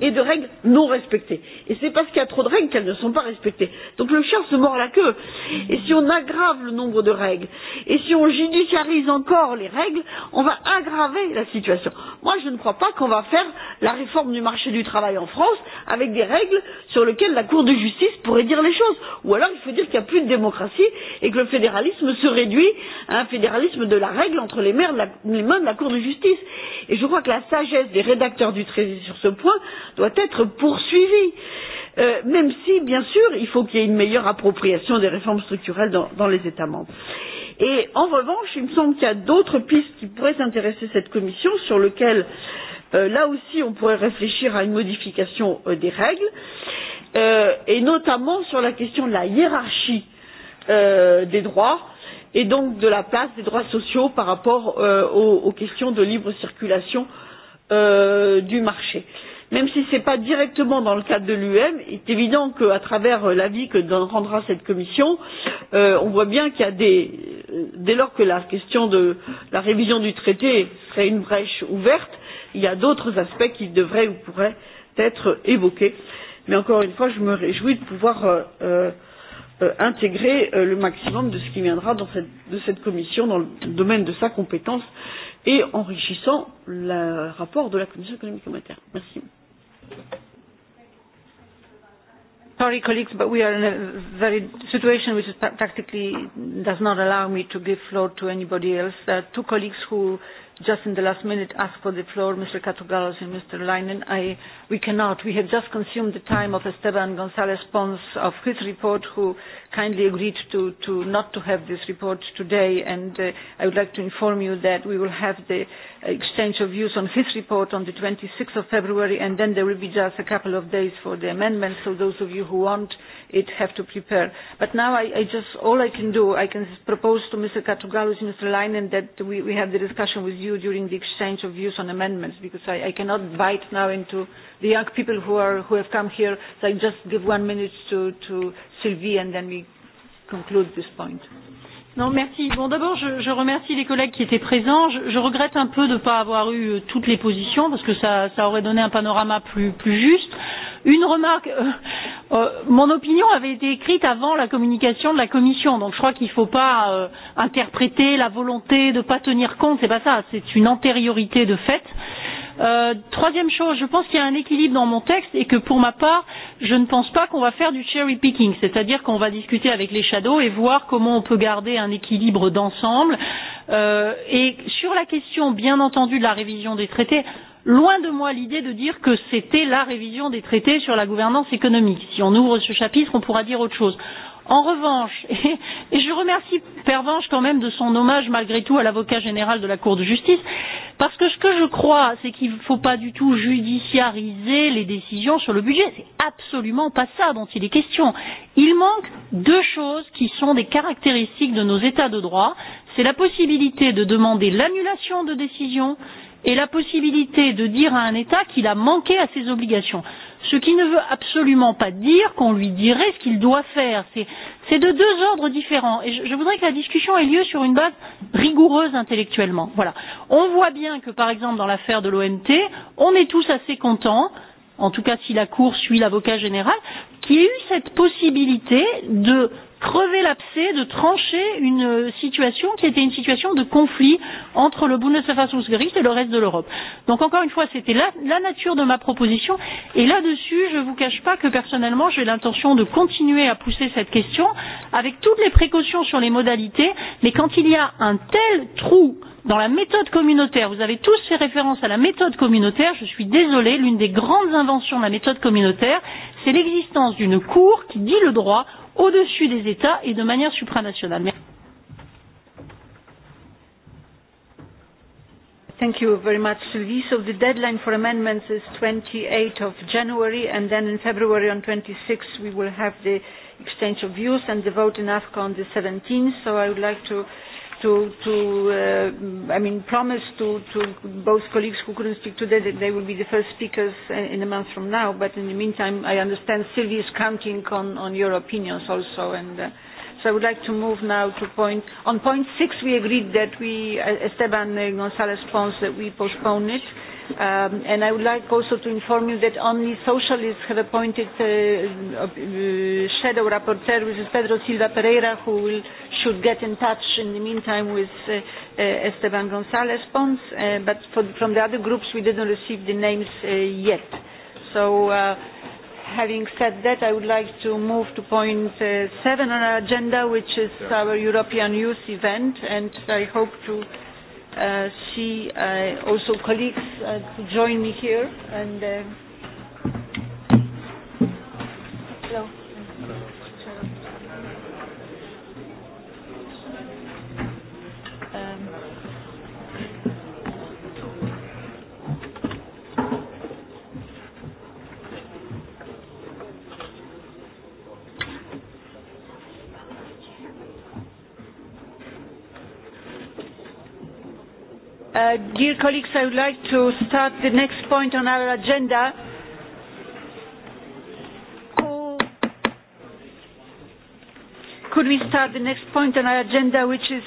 et de règles non respectées. Et c'est parce qu'il y a trop de règles qu'elles ne sont pas respectées. Donc le chien se mord la queue. Et si on aggrave le nombre de règles, et si on judiciarise encore les règles, on va aggraver la situation. Moi, je ne crois pas qu'on va faire la réforme du marché du travail en France avec des règles sur lesquelles la Cour de justice pourrait dire les choses. Ou alors, il faut dire qu'il n'y a plus de démocratie et que le fédéralisme se réduit à un fédéralisme de la règle entre les mains de la, mains de la Cour de justice. Et je crois que la sagesse des rédacteurs du traité sur ce point doit être poursuivi. Euh, même si, bien sûr, il faut qu'il y ait une meilleure appropriation des réformes structurelles dans, dans les États membres. Et en revanche, il me semble qu'il y a d'autres pistes qui pourraient intéresser cette commission, sur lesquelles, euh, là aussi, on pourrait réfléchir à une modification euh, des règles, euh, et notamment sur la question de la hiérarchie euh, des droits et donc de la place des droits sociaux par rapport euh, aux, aux questions de libre circulation euh, du marché. Euh, même si ce n'est pas directement dans le cadre de l'uem il est évident qu'à travers euh, l'avis que rendra cette commission euh, on voit bien qu'il y a des euh, dès lors que la question de la révision du traité serait une brèche ouverte il y a d'autres aspects qui devraient ou pourraient être évoqués mais encore une fois je me réjouis de pouvoir euh, euh, euh intégrer euh, le maximum de ce qui viendra dans cette, de cette commission dans le domaine de sa compétence et enrichissant le rapport de la commission économique et monétaire. Merci. Sorry, colleagues, but we are in a very situation which is practically does not allow me to give floor to anybody else. There uh, are two colleagues who just in the last minute asked for the floor, Mr. Katugalos and Mr. Leinen. I, we cannot. We have just consumed the time of Esteban González Pons of his report, who kindly agreed to, to not to have this report today. And uh, I would like to inform you that we will have the uh, exchange of views on his report on the 26th of February, and then there will be just a couple of days for the amendments. So those of you who want it have to prepare. But now I, I just all I can do, I can propose to Mr. Katugalos, Mr. Leinen, that we, we have the discussion with you you during the exchange of views on amendments because I, I cannot bite now into the young people who, are, who have come here. So I just give one minute to, to Sylvie and then we conclude this point. Non, merci. Bon, d'abord, je, je remercie les collègues qui étaient présents. Je, je regrette un peu de ne pas avoir eu euh, toutes les positions parce que ça, ça aurait donné un panorama plus, plus juste. Une remarque, euh, euh, mon opinion avait été écrite avant la communication de la Commission, donc je crois qu'il ne faut pas euh, interpréter la volonté de ne pas tenir compte, c'est pas ça, c'est une antériorité de fait. Euh, Euh, troisième chose, je pense qu'il y a un équilibre dans mon texte et que pour ma part, je ne pense pas qu'on va faire du cherry picking, c'est-à-dire qu'on va discuter avec les shadows et voir comment on peut garder un équilibre d'ensemble. Euh, et sur la question, bien entendu, de la révision des traités, loin de moi l'idée de dire que c'était la révision des traités sur la gouvernance économique. Si on ouvre ce chapitre, on pourra dire autre chose. En revanche, [LAUGHS] et, et je remercie Pervenche quand même de son hommage malgré tout à l'avocat général de la Cour de justice, parce que ce que je crois, c'est qu'il ne faut pas du tout judiciariser les décisions sur le budget. C'est absolument pas ça dont il est question. Il manque deux choses qui sont des caractéristiques de nos États de droit. C'est la possibilité de demander l'annulation de décisions et la possibilité de dire à un État qu'il a manqué à ses obligations ce qui ne veut absolument pas dire qu'on lui dirait ce qu'il doit faire. C'est de deux ordres différents. Et je, je voudrais que la discussion ait lieu sur une base rigoureuse intellectuellement. Voilà. On voit bien que, par exemple, dans l'affaire de l'OMT, on est tous assez contents en tout cas si la Cour suit l'avocat général, qu'il y ait eu cette possibilité de crever l'abcès, de trancher une euh, situation qui était une situation de conflit entre le Bundesverfassungsgericht et le reste de l'Europe. Donc encore une fois, c'était la, la nature de ma proposition et là-dessus, je ne vous cache pas que personnellement, j'ai l'intention de continuer à pousser cette question avec toutes les précautions sur les modalités, mais quand il y a un tel trou dans la méthode communautaire, vous avez tous fait référence à la méthode communautaire, je suis désolée, l'une des grandes inventions de la méthode communautaire, c'est l'existence d'une cour qui dit le droit au-dessus des États et de manière supranationale. Merci. Thank you very much, Sylvie. So the deadline for amendments is 28th of January, and then in February on 26th we will have the exchange of views and the vote in AFCA on the 17th. So I would like to to, to uh, I mean, promise to, to both colleagues who couldn't speak today that they will be the first speakers in a month from now. But in the meantime, I understand Sylvie is counting on, on your opinions also. And uh, so I would like to move now to point, on point six, we agreed that we, uh, Esteban González Pons, that we postpone it. Uh, Um, and I would like also to inform you that only socialists have appointed uh, uh, shadow rapporteur, which is Pedro Silva Pereira, who will, should get in touch in the meantime with uh, uh, Esteban González Pons. Uh, but for, from the other groups, we didn't receive the names uh, yet. So. Uh, Having said that, I would like to move to point uh, seven on our agenda, which is our European Youth event, and I hope to uh, see uh, also colleagues uh, to join me here. And, uh, hello. Uh, dear colleagues, I would like to start the next point on our agenda. Who could we start the next point on our agenda, which is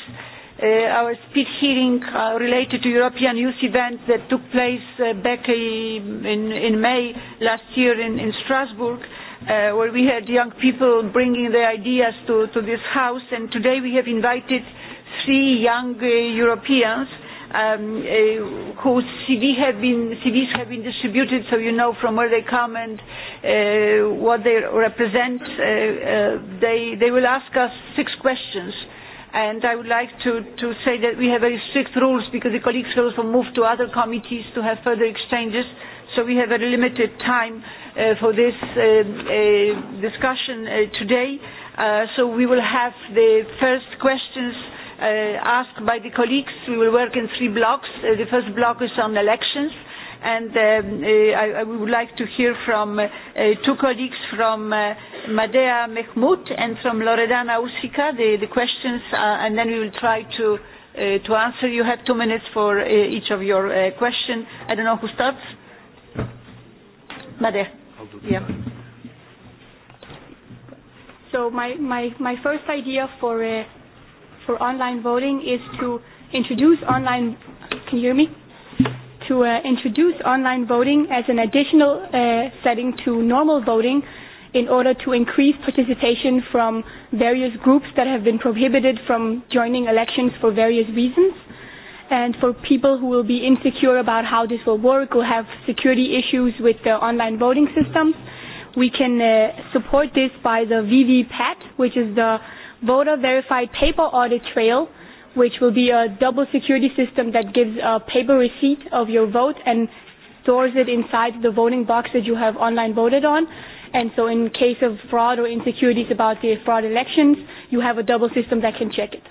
uh, our speed hearing uh, related to European youth event that took place uh, back uh, in, in May last year in, in Strasbourg, uh, where we had young people bringing their ideas to, to this house. And today we have invited three young uh, Europeans um, uh, whose CV have been, CVs have been distributed so you know from where they come and uh, what they represent. Uh, uh, they, they will ask us six questions. And I would like to, to say that we have very strict rules because the colleagues will also move to other committees to have further exchanges. So we have a limited time uh, for this uh, uh, discussion uh, today. Uh, so we will have the first questions uh, Uh, asked by the colleagues. We will work in three blocks. Uh, the first block is on elections, and um, uh, I would like to hear from two colleagues from Madea Mehmood and from Loredana Usika, the, the questions, and then we will try to to answer. You have two minutes for each of your question. I don't know who starts. Madea. Yeah. So my, my, my first idea for a for online voting is to introduce online, can you hear me? To uh, introduce online voting as an additional uh, setting to normal voting in order to increase participation from various groups that have been prohibited from joining elections for various reasons. And for people who will be insecure about how this will work or have security issues with the online voting systems, we can uh, support this by the VVPAT, which is the uh, voter verified paper audit trail, which will be a double security system that gives a paper receipt of your vote and stores it inside the voting box that you have online voted on. And so in case of fraud or insecurities about the fraud elections, you have a double system that can check it.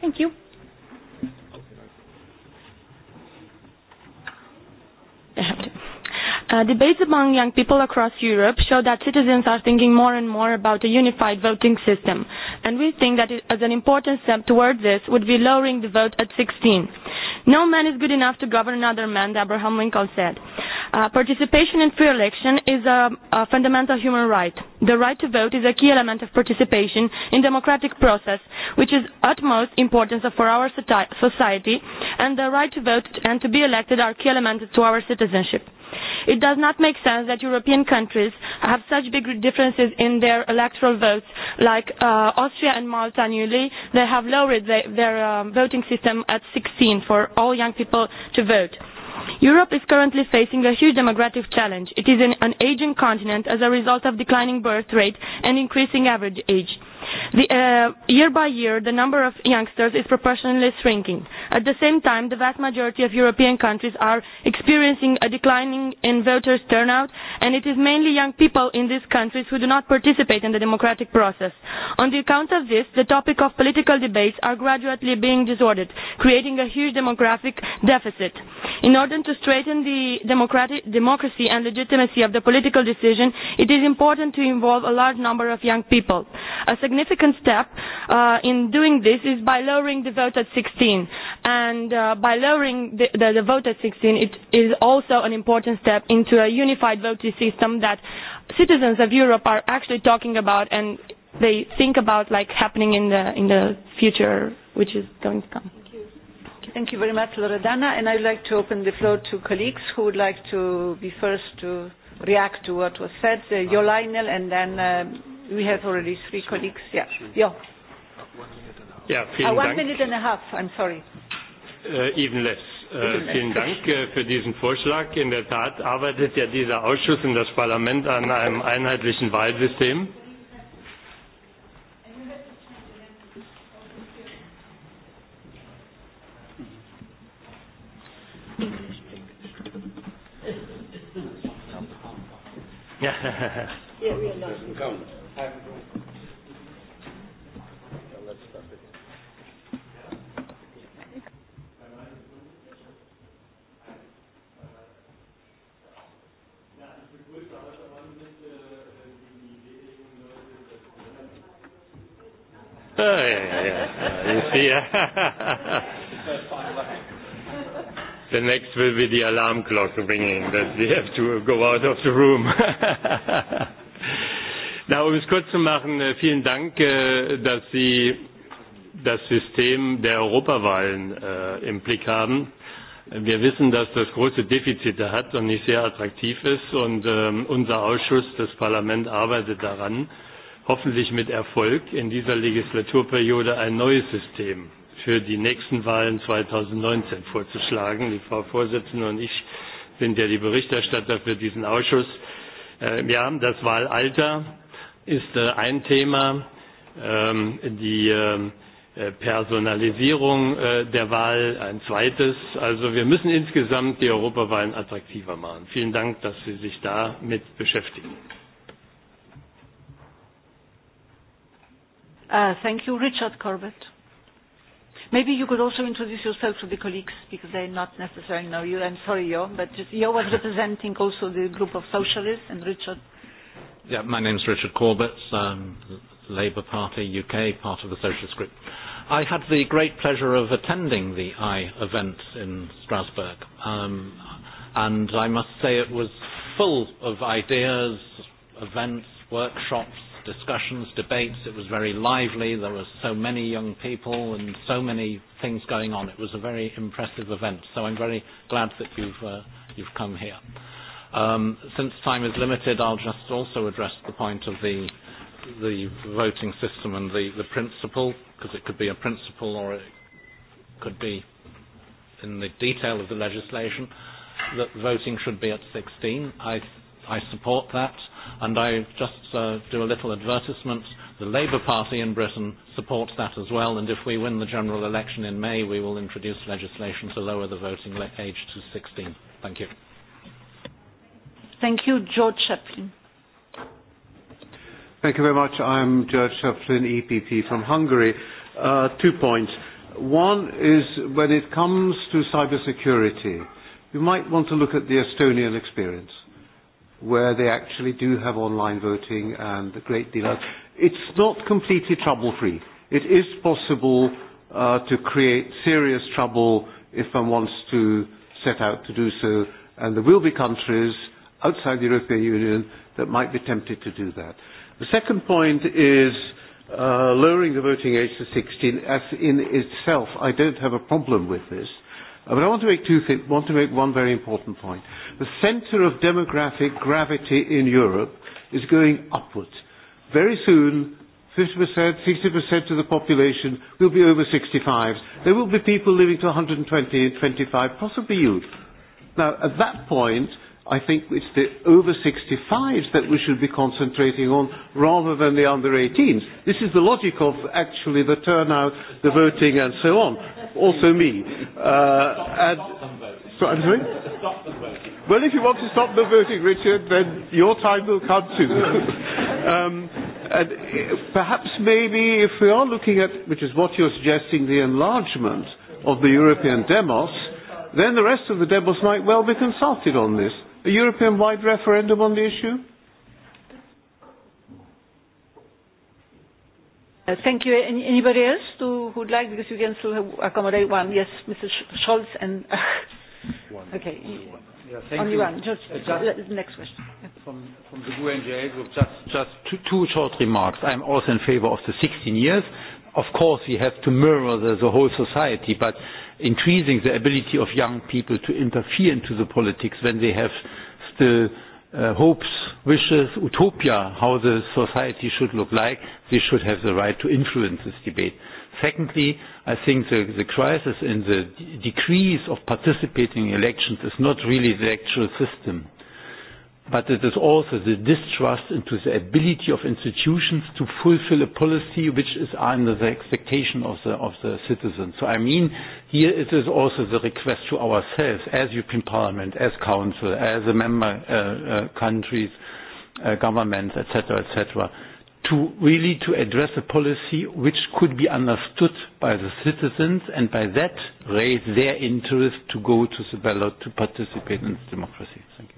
Thank you. I have to. Uh, debates among young people across Europe show that citizens are thinking more and more about a unified voting system, and we think that it, as an important step towards this would be lowering the vote at 16. No man is good enough to govern another man, Abraham Lincoln said. Uh, participation in free election is a, a fundamental human right. The right to vote is a key element of participation in democratic process, which is utmost importance for our society, and the right to vote and to be elected are key elements to our citizenship. It does not make sense that European countries have such big differences in their electoral votes, like uh, Austria and Malta newly. They have lowered they, their um, voting system at 16 for all young people to vote. Europe is currently facing a huge demographic challenge. It is an, an aging continent as a result of declining birth rate and increasing average age The, uh, year by year, the number of youngsters is proportionally shrinking. At the same time, the vast majority of European countries are experiencing a declining in voters' turnout, and it is mainly young people in these countries who do not participate in the democratic process. On the account of this, the topic of political debates are gradually being disordered, creating a huge demographic deficit. In order to strengthen the democratic, democracy and legitimacy of the political decision, it is important to involve a large number of young people. A significant significant step uh, in doing this is by lowering the vote at 16. And uh, by lowering the, the, the vote at 16, it is also an important step into a unified voting system that citizens of Europe are actually talking about and they think about like happening in the, in the future, which is going to come. Thank you. Thank you very much, Loredana. And I'd like to open the floor to colleagues who would like to be first to react to what was said. Uh, Jolainen and then uh, We have already three colleagues. Yeah. Yeah. Ja, vielen ah, one Dank. minute and a half, I'm sorry. Äh, even less. Äh, vielen Dank äh, für diesen Vorschlag. In der Tat arbeitet ja dieser Ausschuss und das Parlament an einem einheitlichen Wahlsystem. Äh, the next will be the alarm clock ringing that we have to go out of the room. [LAUGHS] Na, um es kurz zu machen, äh, vielen Dank, äh, dass Sie das System der Europawahlen äh, im Blick haben. Wir wissen, dass das große Defizite hat und nicht sehr attraktiv ist. Und ähm, unser Ausschuss, das Parlament, arbeitet daran, hoffentlich mit Erfolg in dieser Legislaturperiode ein neues System für die nächsten Wahlen 2019 vorzuschlagen. Die Frau Vorsitzende und ich sind ja die Berichterstatter für diesen Ausschuss. Ja, äh, das Wahlalter ist äh, ein Thema. Ähm, die ähm, äh, Personalisierung der Wahl ein zweites. Also wir müssen insgesamt die Europawahlen attraktiver machen. Vielen Dank, dass Sie sich damit beschäftigen. Uh, thank you, Richard Corbett. Maybe you could also introduce yourself to the colleagues because they not necessarily know you. I'm sorry, Jo, but just, Jo was representing also the group of socialists and Richard. Yeah, my name's Richard Corbett, um, Labour Party UK, part of the Socialist Group. I had the great pleasure of attending the I event in Strasbourg, um, and I must say it was full of ideas, events, workshops, discussions, debates. It was very lively. There were so many young people and so many things going on. It was a very impressive event. So I'm very glad that you've, uh, you've come here. Um, since time is limited, I'll just also address the point of the, the voting system and the, the principle, because it could be a principle or it could be in the detail of the legislation, that voting should be at 16. I I support that. And I just uh, do a little advertisement. The Labour Party in Britain supports that as well. And if we win the general election in May, we will introduce legislation to lower the voting age to 16. Thank you. Thank you, George Chaplin. Thank you very much. I'm George Chaplin, EPP from Hungary. Uh, two points. One is when it comes to cybersecurity, you might want to look at the Estonian experience where they actually do have online voting and a great deal of. It's not completely trouble free. It is possible uh, to create serious trouble if one wants to set out to do so, and there will be countries outside the European Union that might be tempted to do that. The second point is uh, lowering the voting age to 16, as in itself, I don't have a problem with this. Uh, But I want to make two things, want to make one very important point. The center of demographic gravity in Europe is going upwards. Very soon, 50%, 60% of the population will be over 65s. There will be people living to 120 and 25, possibly you. Now, at that point, I think it's the over 65s that we should be concentrating on rather than the under 18s. This is the logic of actually the turnout, the voting, and so on. Also me. Uh, and, so, I'm sorry? Well, if you want to stop the voting, Richard, then your time will come too. [LAUGHS] um, and uh, perhaps maybe if we are looking at, which is what you're suggesting, the enlargement of the European demos, then the rest of the demos might well be consulted on this a European wide referendum on the issue? Uh, thank you. Any, anybody else to, who would like, because you can still have, accommodate one. Yes, Mr. Scholz and... [LAUGHS] one. Okay. One. Yeah, thank Only you. one. Just, uh, just next question. From, from the GUNGL group, just, just two, two short remarks. I'm also in favor of the 16 years. Of course, we have to mirror the, the whole society, but increasing the ability of young people to interfere into the politics when they have still uh, hopes, wishes, utopia, how the society should look like, they should have the right to influence this debate. Secondly, I think the, the crisis in the decrease of participating in elections is not really the actual system but it is also the distrust into the ability of institutions to fulfill a policy which is under the expectation of the, of the citizens. So I mean, here it is also the request to ourselves as European Parliament, as Council, as the member uh, uh, countries, uh, governments, etc., etc., to really to address a policy which could be understood by the citizens and by that raise their interest to go to the ballot to participate in democracy. Thank you.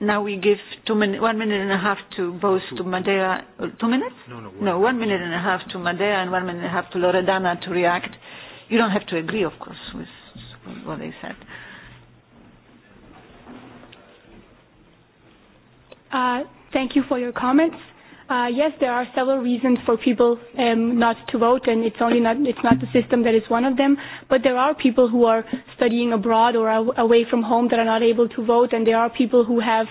Now we give two min- one minute and a half to both two. to Madeira. Uh, two minutes? No, no. One, no, one minute and a half to Madeira and one minute and a half to Loredana to react. You don't have to agree, of course, with what they said. Uh, thank you for your comments. Uh, yes, there are several reasons for people um, not to vote, and it's only not it's not the system that is one of them. But there are people who are studying abroad or are away from home that are not able to vote, and there are people who have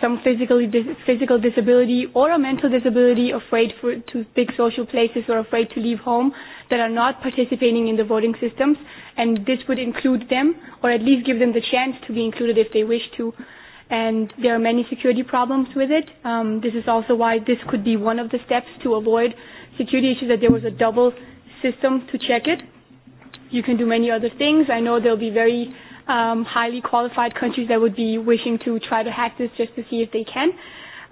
some physical dis- physical disability or a mental disability, afraid for, to big social places or afraid to leave home, that are not participating in the voting systems, and this would include them or at least give them the chance to be included if they wish to. Uh, and there are many security problems with it. Um, this is also why this could be one of the steps to avoid security issues, that there was a double system to check it. You can do many other things. I know there'll be very um, highly qualified countries that would be wishing to try to hack this just to see if they can.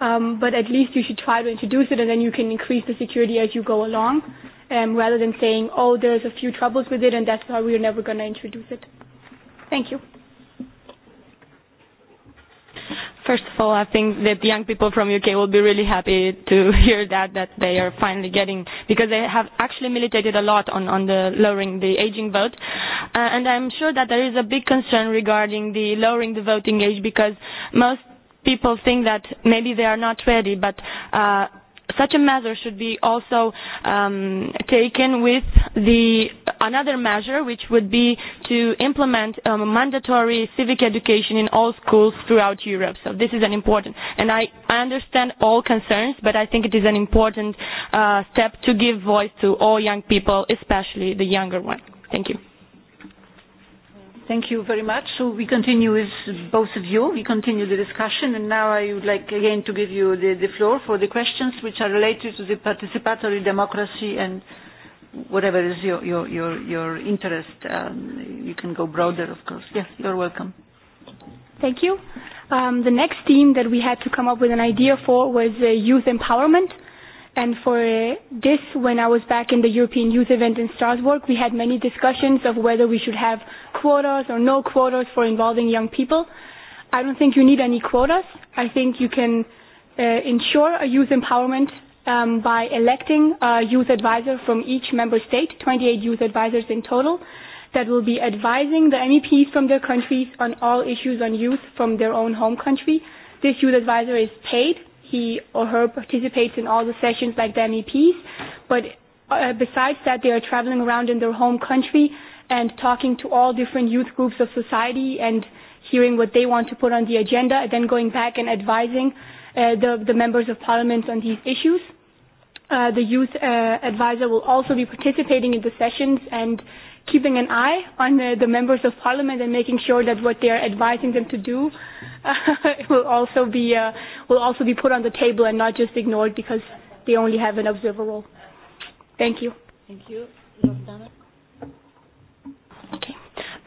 Um, but at least you should try to introduce it, and then you can increase the security as you go along, um, rather than saying, oh, there's a few troubles with it, and that's why we're never going to introduce it. Thank you. First of all, I think that young people from UK will be really happy to [LAUGHS] hear that that they are finally getting because they have actually militated a lot on on the lowering the aging vote, uh, and I'm sure that there is a big concern regarding the lowering the voting age because most people think that maybe they are not ready, but. Uh, such a measure should be also um, taken with the another measure which would be to implement um, mandatory civic education in all schools throughout Europe. So this is an important and I, I understand all concerns but I think it is an important uh, step to give voice to all young people, especially the younger one. Thank you. Thank you very much. So we continue with both of you. We continue the discussion, and now I would like again to give you the, the floor for the questions which are related to the participatory democracy and whatever is your, your, your, your interest. Um, you can go broader, of course. Yes, yeah, you're welcome. Thank you. Um, the next theme that we had to come up with an idea for was uh, youth empowerment. Uh, And for this, when I was back in the European Youth Event in Strasbourg, we had many discussions of whether we should have quotas or no quotas for involving young people. I don't think you need any quotas. I think you can uh, ensure a youth empowerment um, by electing a youth advisor from each member state, 28 youth advisors in total, that will be advising the MEPs from their countries on all issues on youth from their own home country. This youth advisor is paid he or her participates in all the sessions like the MEPs, but uh, besides that, they are traveling around in their home country and talking to all different youth groups of society and hearing what they want to put on the agenda, and then going back and advising uh, the, the members of parliament on these issues. Uh, the youth uh, advisor will also be participating in the sessions and keeping an eye on uh, the members of parliament and making sure that what they are advising them to do [LAUGHS] uh, will also be uh, will also be put on the table and not just ignored because they only have an observer role. Thank you. Thank you, Jordana.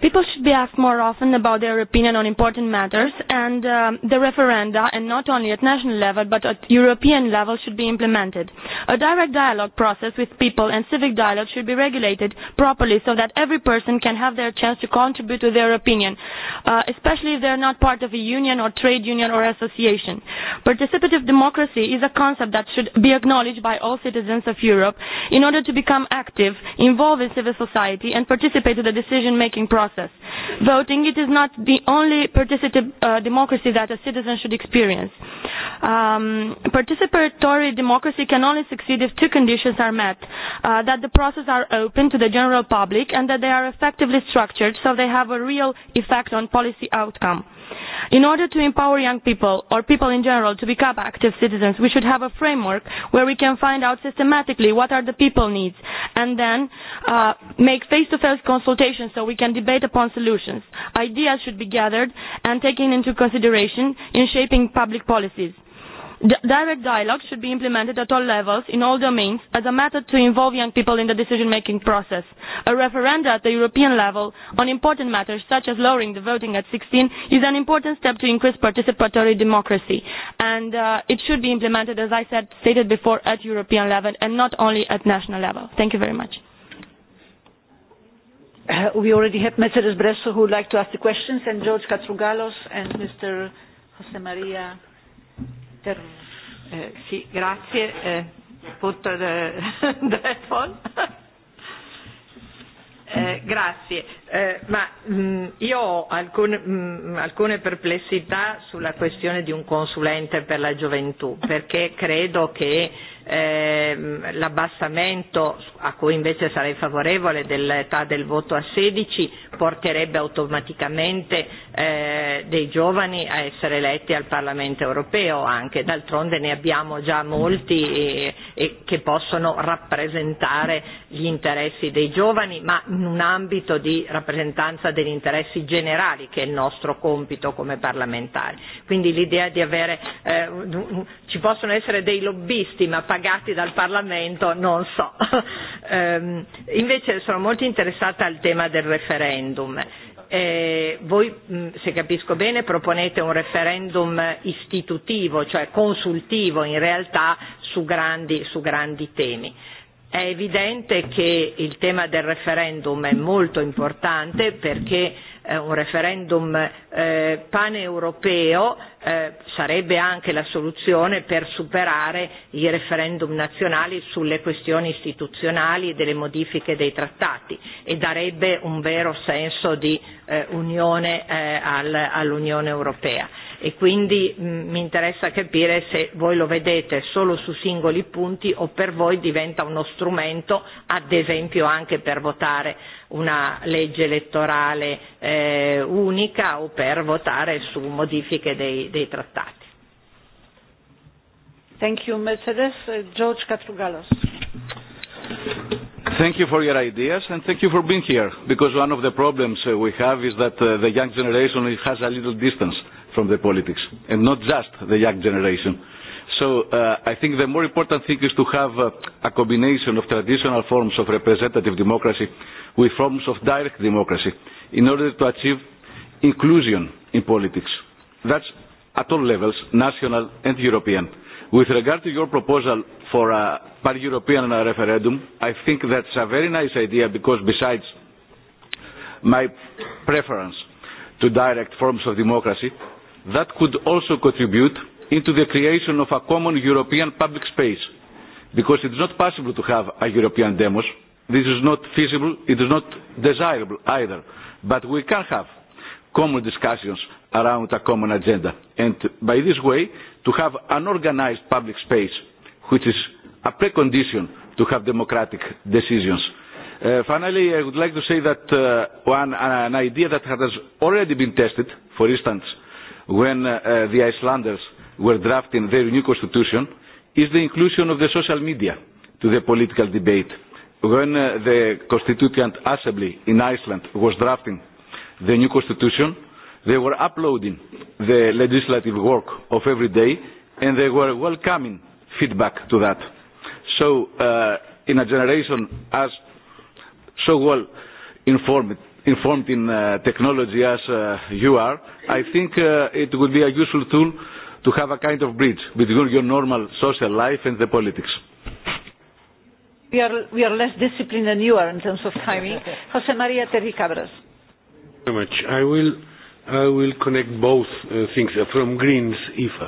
People should be asked more often about their opinion on important matters, and um, the referenda, and not only at national level but at European level, should be implemented. A direct dialogue process with people and civic dialogue should be regulated properly so that every person can have their chance to contribute to their opinion, uh, especially if they are not part of a union or trade union or association. Participative democracy is a concept that should be acknowledged by all citizens of Europe in order to become active, involved in civil society, and participate in the decision-making process process. Voting, it is not the only participative uh, democracy that a citizen should experience. Um, participatory democracy can only succeed if two conditions are met, uh, that the process are open to the general public and that they are effectively structured so they have a real effect on policy outcome. Uh, In order to empower young people, or people in general, to become active citizens, we should have a framework where we can find out systematically what are the people needs and then uh, make face-to-face -face consultations so we can debate upon solutions. Ideas should be gathered and taken into consideration in shaping public policies direct dialogue should be implemented at all levels in all domains as a method to involve young people in the decision making process. a referenda at the european level on important matters such as lowering the voting at sixteen is an important step to increase participatory democracy and uh, it should be implemented as i said, stated before at european level and not only at national level. thank you very much. Uh, we already have Mercedes Bresso who would like to ask the questions and George Katrougalos and Mr. Jose Maria inter... Eh, sì, grazie. Eh, punto de... telefono. [LAUGHS] Eh, grazie, eh, ma mh, mm, io ho alcune, mh, mm, alcune perplessità sulla questione di un consulente per la gioventù, perché credo che eh, ehm, l'abbassamento a cui invece sarei favorevole dell'età del voto a 16 porterebbe automaticamente eh, dei giovani a essere eletti al Parlamento europeo anche, d'altronde ne abbiamo già molti e, e che possono rappresentare gli interessi dei giovani ma in un ambito di rappresentanza degli interessi generali che è il nostro compito come parlamentari. Quindi l'idea di avere, eh, ci possono essere dei lobbisti ma pagati dal Parlamento, non so. [LAUGHS] Eh, invece sono molto interessata al tema del referendum. Eh, voi, mm, se capisco bene, proponete un referendum istitutivo, cioè consultivo in realtà su grandi, su grandi temi. È evidente che il tema del referendum è molto importante perché eh, un referendum eh, paneuropeo eh, sarebbe anche la soluzione per superare i referendum nazionali sulle questioni istituzionali e delle modifiche dei trattati e darebbe un vero senso di eh, unione eh, al, all'Unione Europea e quindi mh, mm, mi interessa capire se voi lo vedete solo su singoli punti o per voi diventa uno strumento ad esempio anche per votare una legge elettorale eh, unica o per votare su modifiche dei, dei trattati. Thank you, Mercedes. Uh, George Katrugalos. Thank you for your ideas and thank you for being here because one of the problems uh, we have is that uh, the young generation has a little distance from the politics and not just the young generation. So uh, I think the more important thing is to have uh, a combination of traditional forms of representative democracy with forms of direct democracy in order to achieve inclusion in politics. That's at all levels, national and European. With regard to your proposal for a pan-European referendum, I think that's a very nice idea because besides my preference to direct forms of democracy, that could also contribute into the creation of a common European public space, because it is not possible to have a European demos. This is not feasible, it is not desirable either, but we can have common discussions around a common agenda, and by this way to have an organized public space, which is a precondition to have democratic decisions. Uh, finally, I would like to say that uh, one, an idea that has already been tested, for instance, uh, when uh, uh, the Icelanders were drafting their new constitution is the inclusion of the social media to the political debate. When uh, the Constituent Assembly in Iceland was drafting the new constitution, they were uploading the legislative work of every day and they were welcoming feedback to that. So, uh, in a generation as so well informed informed in uh, technology as uh, you are, I think uh, it would be a useful tool to have a kind of bridge between your normal social life and the politics. We are, we are less disciplined than you are in terms of timing. [LAUGHS] Jose Maria Terricabras. Thank you very much. I will, I will connect both uh, things uh, from Greens, IFA.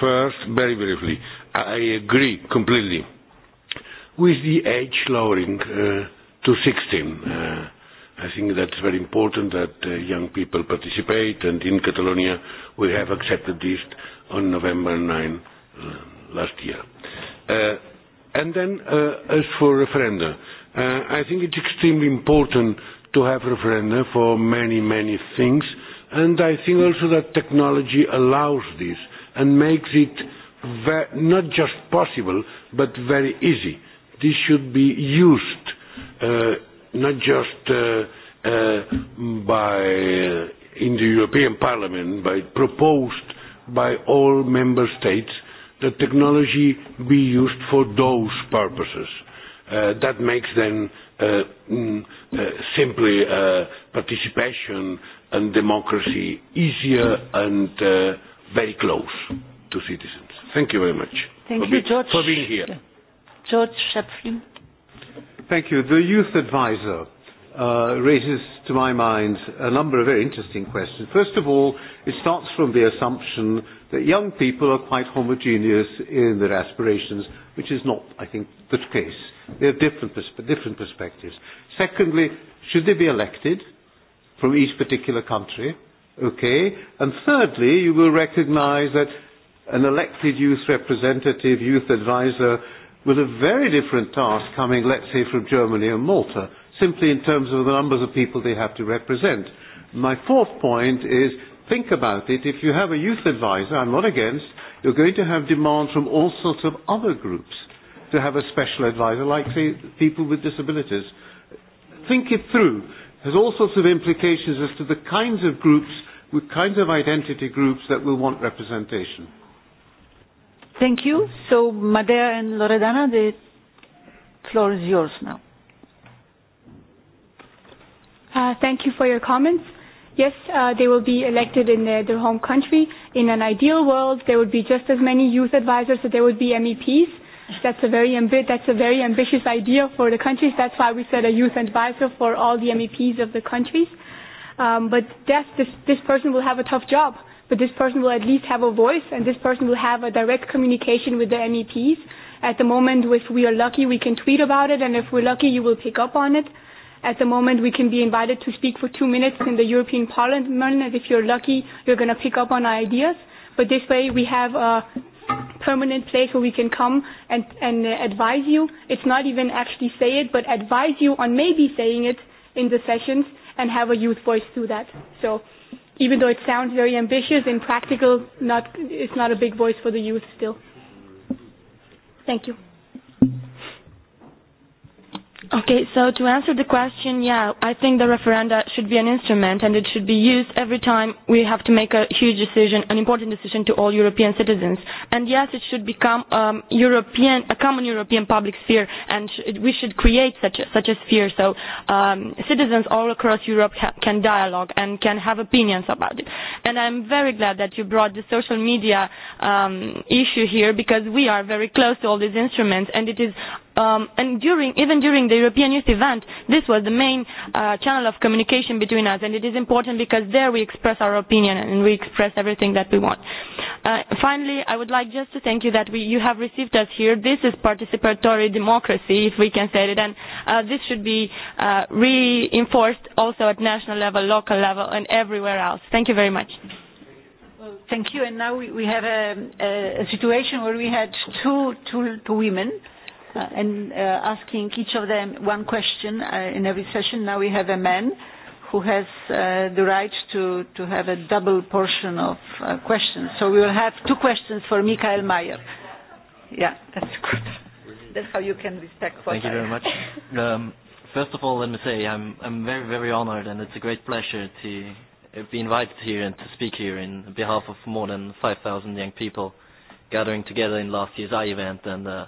First, very briefly, I agree completely with the age lowering uh, to 16. Uh, I think that's very important that uh, young people participate, and in Catalonia we have accepted this on November 9 uh, last year. Uh, and then, uh, as for referenda, uh, I think it's extremely important to have referenda for many, many things, and I think also that technology allows this and makes it ve- not just possible, but very easy. This should be used. Uh, not just uh, uh, by uh, in the European Parliament, but proposed by all member states that technology be used for those purposes. Uh, that makes then uh, mm, uh, simply uh, participation and democracy easier and uh, very close to citizens. Thank you very much. Thank for you, being, George. For being here. George Shepflin. Thank you. The youth advisor uh, raises to my mind a number of very interesting questions. First of all, it starts from the assumption that young people are quite homogeneous in their aspirations, which is not, I think, the case. They have different, pers- different perspectives. Secondly, should they be elected from each particular country? Okay. And thirdly, you will recognize that an elected youth representative, youth advisor, with a very different task coming, let's say, from Germany or Malta, simply in terms of the numbers of people they have to represent. My fourth point is think about it. If you have a youth advisor, I'm not against, you're going to have demand from all sorts of other groups to have a special advisor, like, say, people with disabilities. Think it through. There's all sorts of implications as to the kinds of groups, the kinds of identity groups that will want representation. Thank you. So, Madea and Loredana, the floor is yours now. Uh, thank you for your comments. Yes, uh, they will be elected in their, uh, their home country. In an ideal world, there would be just as many youth advisors as there would be MEPs. That's a very ambi- that's a very ambitious idea for the countries. That's why we said a youth advisor for all the MEPs of the countries. Um, but that's, this this person will have a tough job. Uh, but this person will at least have a voice and this person will have a direct communication with the MEPs. At the moment, if we are lucky, we can tweet about it, and if we're lucky, you will pick up on it. At the moment, we can be invited to speak for two minutes in the European Parliament, and if you're lucky, you're going to pick up on ideas. But this way, we have a permanent place where we can come and, and uh, advise you. It's not even actually say it, but advise you on maybe saying it in the sessions and have a youth voice through that. So even though it sounds very ambitious, in practical, not, it's not a big voice for the youth still. Thank you. Okay, so to answer the question, yeah, I think the referenda should be an instrument and it should be used every time we have to make a huge decision, an important decision to all European citizens. And yes, it should become um, European, a common European public sphere and sh we should create such a, such a sphere so um, citizens all across Europe ha can dialogue and can have opinions about it. And I'm very glad that you brought the social media um, issue here because we are very close to all these instruments and it is um, and during, even during the European Youth event, this was the main uh, channel of communication between us, and it is important because there we express our opinion and we express everything that we want. Uh, finally, I would like just to thank you that we, you have received us here. This is participatory democracy, if we can say it, and uh, this should be uh, reinforced also at national level, local level, and everywhere else. Thank you very much. Well, thank you. And now we, we have a, a, a situation where we had two, two, two women uh, and uh, asking each of them one question uh, in every session. Now we have a man who has uh, the right to, to have a double portion of uh, questions. So we will have two questions for Michael Mayer. Yeah, that's good. That's how you can respect what Thank you very much. [LAUGHS] um, first of all, let me say I'm, I'm very, very honored and it's a great pleasure to be invited here and to speak here in behalf of more than 5,000 young people gathering together in last year's I event and uh,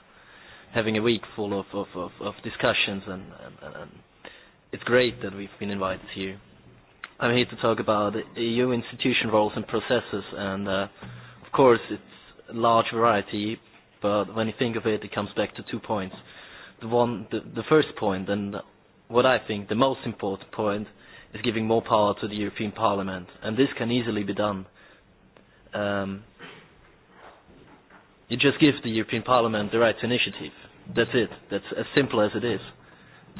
having a week full of, of, of, of discussions and, and, and it's great that we've been invited here. I'm here to talk about EU institution roles and processes and uh, of course it's a large variety but when you think of it it comes back to two points. The, one, the, the first point and what I think the most important point is giving more power to the European Parliament and this can easily be done. Um, It just gives the European Parliament the right to initiative. That's it. That's as simple as it is.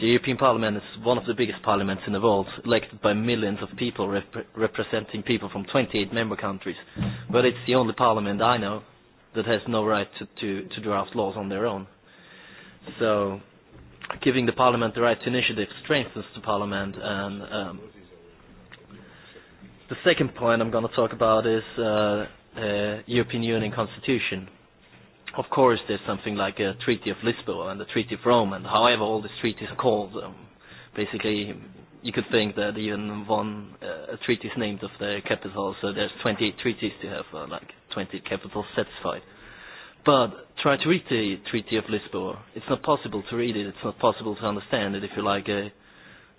The European Parliament is one of the biggest parliaments in the world, elected by millions of people rep representing people from 28 member countries. But it's the only parliament I know that has no right to, to, to draft laws on their own. So giving the parliament the right to initiative strengthens the parliament and um, the second point I'm going to talk about is uh, uh, European Union Constitution of course, there's something like a Treaty of Lisbon and the Treaty of Rome, and however all these treaties are called, um, basically you could think that even one uh, treaty is named of the capital, so there's 28 treaties to have uh, like 20 capitals satisfied. But try to read the Treaty of Lisbon. It's not possible to read it. It's not possible to understand it if you're like a,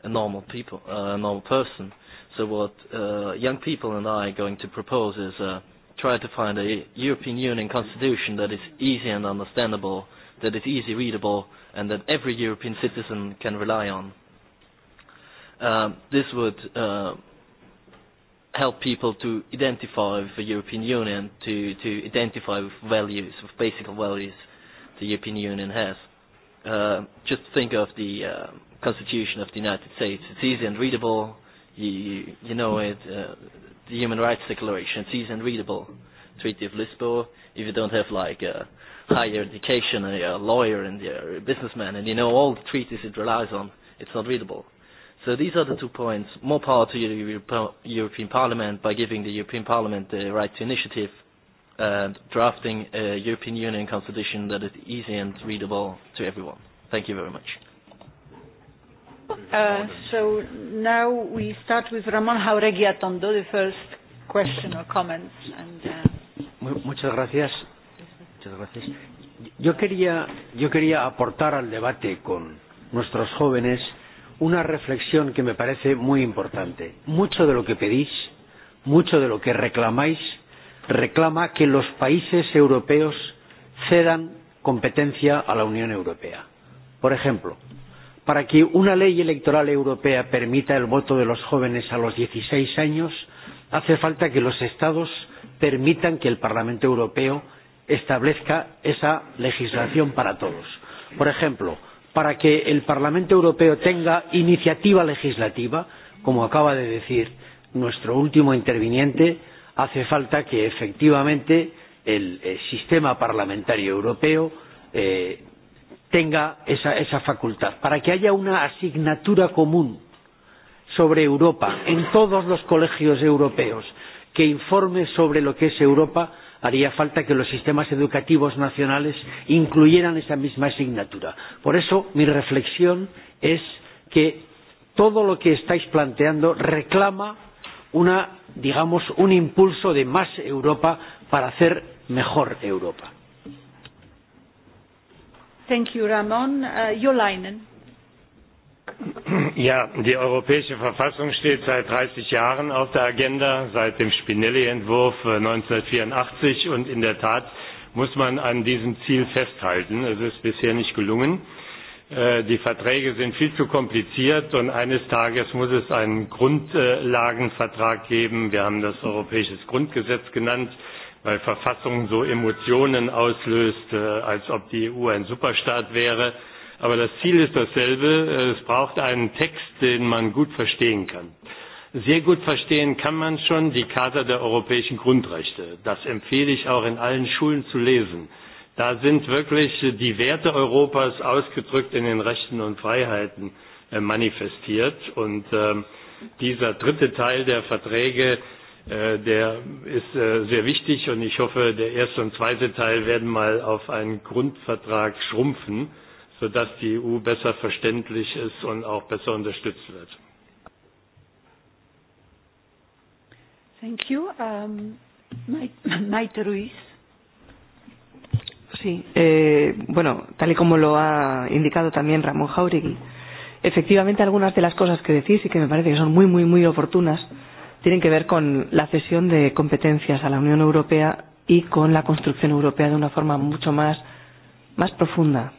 a normal people, uh, a normal person. So what uh, young people and I are going to propose is. Uh, try to find a European Union constitution that is easy and understandable, that is easy readable, and that every European citizen can rely on. Um, this would uh, help people to identify with the European Union, to, to identify with values, with basic values the European Union has. Uh, just think of the uh, Constitution of the United States. It's easy and readable. You, you, you know it. Uh, the Human Rights Declaration. It's easy and readable. Treaty of Lisbon. If you don't have like a higher education and you're a lawyer and you're a businessman and you know all the treaties it relies on, it's not readable. So these are the two points. More power to the European Parliament by giving the European Parliament the right to initiative, uh, drafting a European Union constitution that is easy and readable to everyone. Thank you very much. Uh, so now we start with Ramón Jauregui Atondo, the first question or comments. And, uh... Muchas gracias. Muchas gracias. Yo quería, yo quería aportar al debate con nuestros jóvenes una reflexión que me parece muy importante. Mucho de lo que pedís, mucho de lo que reclamáis, reclama que los países europeos cedan competencia a la Unión Europea. Por ejemplo, para que una ley electoral europea permita el voto de los jóvenes a los 16 años, hace falta que los Estados permitan que el Parlamento Europeo establezca esa legislación para todos. Por ejemplo, para que el Parlamento Europeo tenga iniciativa legislativa, como acaba de decir nuestro último interviniente, hace falta que efectivamente el, el sistema parlamentario europeo eh, tenga esa, esa facultad, para que haya una asignatura común sobre Europa en todos los colegios europeos que informe sobre lo que es Europa, haría falta que los sistemas educativos nacionales incluyeran esa misma asignatura. Por eso, mi reflexión es que todo lo que estáis planteando reclama una, digamos, un impulso de más Europa para hacer mejor Europa. Thank you, Ramon. Uh, Jolainen. [CLEARS THROAT] Ja, die europäische Verfassung steht seit 30 Jahren auf der Agenda, seit dem Spinelli-Entwurf 1984. Äh, und in der Tat muss man an diesem Ziel festhalten. Es ist bisher nicht gelungen. Äh, die Verträge sind viel zu kompliziert und eines Tages muss es einen Grundlagenvertrag geben. Wir haben das Europäisches Grundgesetz genannt weil Verfassung so Emotionen auslöst, äh, als ob die EU ein Superstaat wäre. Aber das Ziel ist dasselbe. Äh, es braucht einen Text, den man gut verstehen kann. Sehr gut verstehen kann man schon die Charta der europäischen Grundrechte. Das empfehle ich auch in allen Schulen zu lesen. Da sind wirklich die Werte Europas ausgedrückt in den Rechten und Freiheiten äh, manifestiert. Und ähm, dieser dritte Teil der Verträge Äh, der ist äh, sehr wichtig und ich hoffe, der erste und zweite Teil werden mal auf einen Grundvertrag schrumpfen, sodass die EU besser verständlich ist und auch besser unterstützt wird. Thank you. Um, [LAUGHS] Maite Ruiz. Sí, eh, bueno, tal y como lo ha indicado también Ramón Jauregui, efectivamente algunas de las cosas que decís y que me parece que son muy, muy, muy oportunas, eh, tienen que ver con la cesión de competencias a la Unión Europea y con la construcción europea de una forma mucho más, más profunda.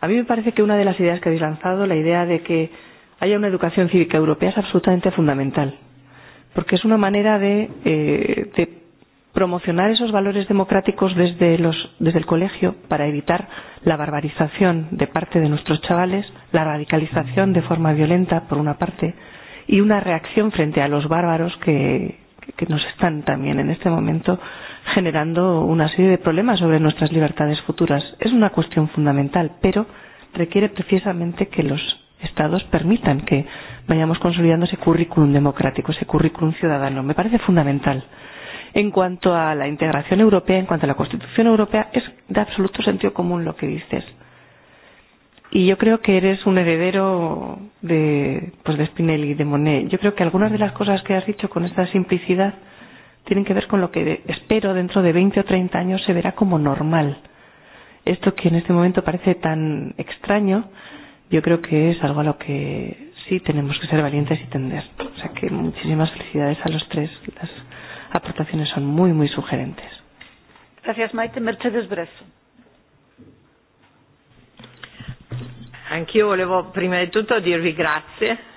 A mí me parece que una de las ideas que habéis lanzado, la idea de que haya una educación cívica europea, es absolutamente fundamental, porque es una manera de, eh, de promocionar esos valores democráticos desde, los, desde el colegio para evitar la barbarización de parte de nuestros chavales, la radicalización de forma violenta, por una parte, y una reacción frente a los bárbaros que, que nos están también en este momento generando una serie de problemas sobre nuestras libertades futuras. Es una cuestión fundamental, pero requiere precisamente que los Estados permitan que vayamos consolidando ese currículum democrático, ese currículum ciudadano. Me parece fundamental. En cuanto a la integración europea, en cuanto a la Constitución europea, es de absoluto sentido común lo que dices y yo creo que eres un heredero de, pues de Spinelli, de Monet. Yo creo que algunas de las cosas que has dicho con esta simplicidad tienen que ver con lo que espero dentro de 20 o 30 años se verá como normal. Esto que en este momento parece tan extraño, yo creo que es algo a lo que sí tenemos que ser valientes y tender. O sea que muchísimas felicidades a los tres. Las aportaciones son muy, muy sugerentes. Gracias, Maite. Mercedes Bresso. Anch'io volevo prima di tutto dirvi grazie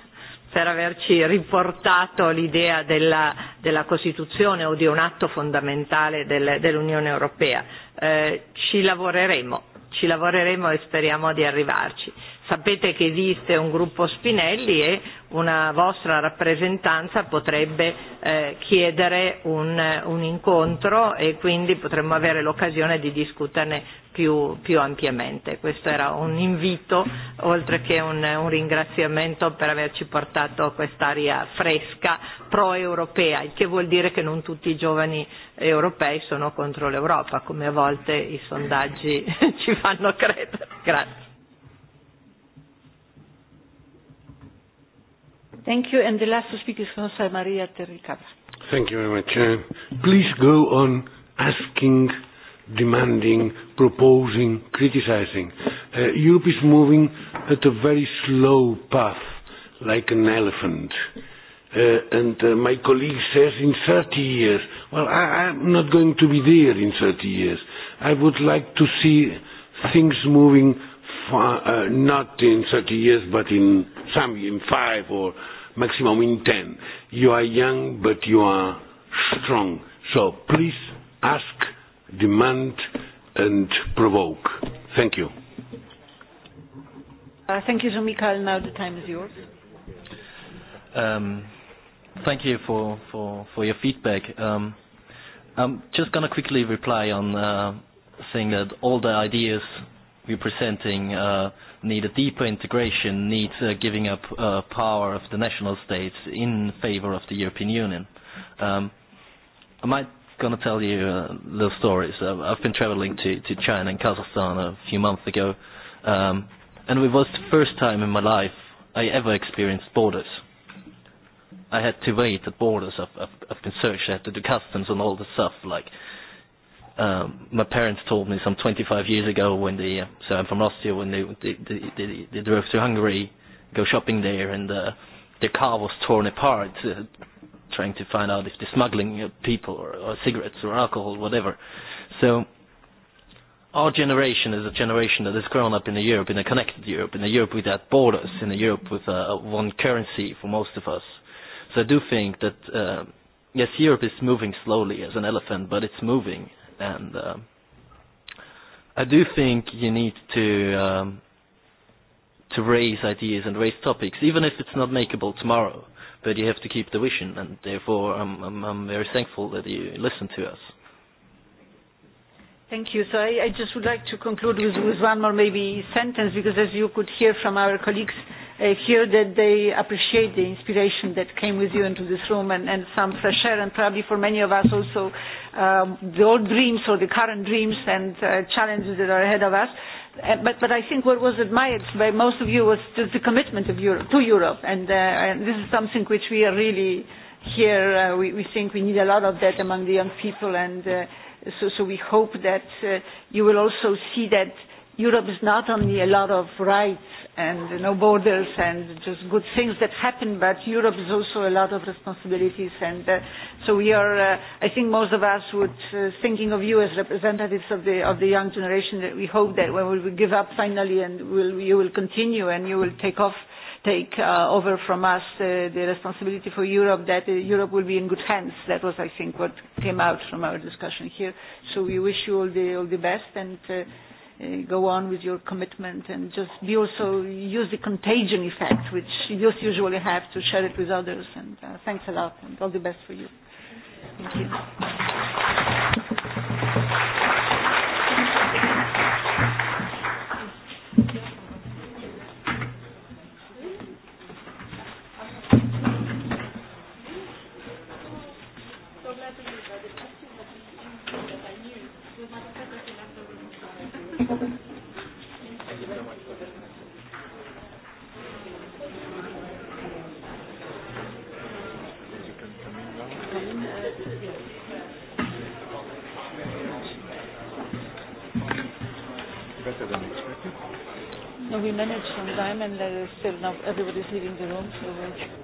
per averci riportato l'idea della, della Costituzione o di un atto fondamentale del, dell'Unione Europea. Eh, ci lavoreremo, ci lavoreremo e speriamo di arrivarci. Sapete che esiste un gruppo Spinelli e una vostra rappresentanza potrebbe eh, chiedere un, un incontro e quindi potremmo avere l'occasione di discuterne più, più ampiamente. Questo era un invito, oltre che un, un ringraziamento per averci portato quest'aria fresca pro-europea, il che vuol dire che non tutti i giovani europei sono contro l'Europa, come a volte i sondaggi [LAUGHS] ci fanno credere. Grazie. Thank you. And the last speaker is José María Terricaba. Thank you very much. Uh, please go on asking, demanding, proposing, criticizing. Uh, Europe is moving at a very slow path, like an elephant. Uh, and uh, my colleague says in 30 years. Well, I, I'm not going to be there in 30 years. I would like to see things moving far, uh, not in 30 years, but in some in five or maximum in 10. You are young, but you are strong. So please ask, demand, and provoke. Thank you. Uh, thank you, Jean-Michel. Now the time is yours. Um, thank you for, for, for your feedback. Um, I'm just going to quickly reply on uh, saying that all the ideas representing uh, need a deeper integration, needs uh, giving up uh, power of the national states in favor of the European Union. Um, I might going to tell you uh, little stories. Uh, I've been traveling to, to China and Kazakhstan a few months ago, um, and it was the first time in my life I ever experienced borders. I had to wait at borders. I've, I've, I've been searched. I had to do customs and all the stuff like um, my parents told me some 25 years ago when they, uh, so I'm from Austria, when they, they, they, they, they drove to Hungary, go shopping there, and uh, their car was torn apart, uh, trying to find out if they're smuggling uh, people or, or cigarettes or alcohol, whatever. So our generation is a generation that has grown up in a Europe, in a connected Europe, in a Europe without borders, in a Europe with uh, one currency for most of us. So I do think that, uh, yes, Europe is moving slowly as an elephant, but it's moving. And uh, I do think you need to um, to raise ideas and raise topics, even if it's not makeable tomorrow. But you have to keep the vision, and therefore I'm, I'm, I'm very thankful that you listen to us. Thank you. So I, I just would like to conclude with, with one more maybe sentence, because as you could hear from our colleagues, uh, uh, hear that they appreciate the inspiration that came with you into this room and, and some fresh air and probably for many of us also um, the old dreams or the current dreams and uh, challenges that are ahead of us. Uh, but, but I think what was admired by most of you was just the commitment of Europe, to Europe and, uh, and this is something which we are really here uh, we, we think we need a lot of that among the young people and uh, so, so we hope that uh, you will also see that Europe is not only a lot of rights and no borders and just good things that happen, but Europe is also a lot of responsibilities. And uh, so we are, uh, I think most of us would, uh, thinking of you as representatives of the, of the young generation, that we hope that when we will give up finally and we'll, you will continue and you will take off take uh, over from us uh, the responsibility for Europe, that uh, Europe will be in good hands. That was, I think, what came out from our discussion here. So we wish you all the, all the best and uh, Uh, go on with your commitment and just be also use the contagion effect which youth usually have to share it with others and uh, thanks a lot and all the best for you. Thank you. No, we managed on time, and uh, still now everybody's leaving the room. So. Uh,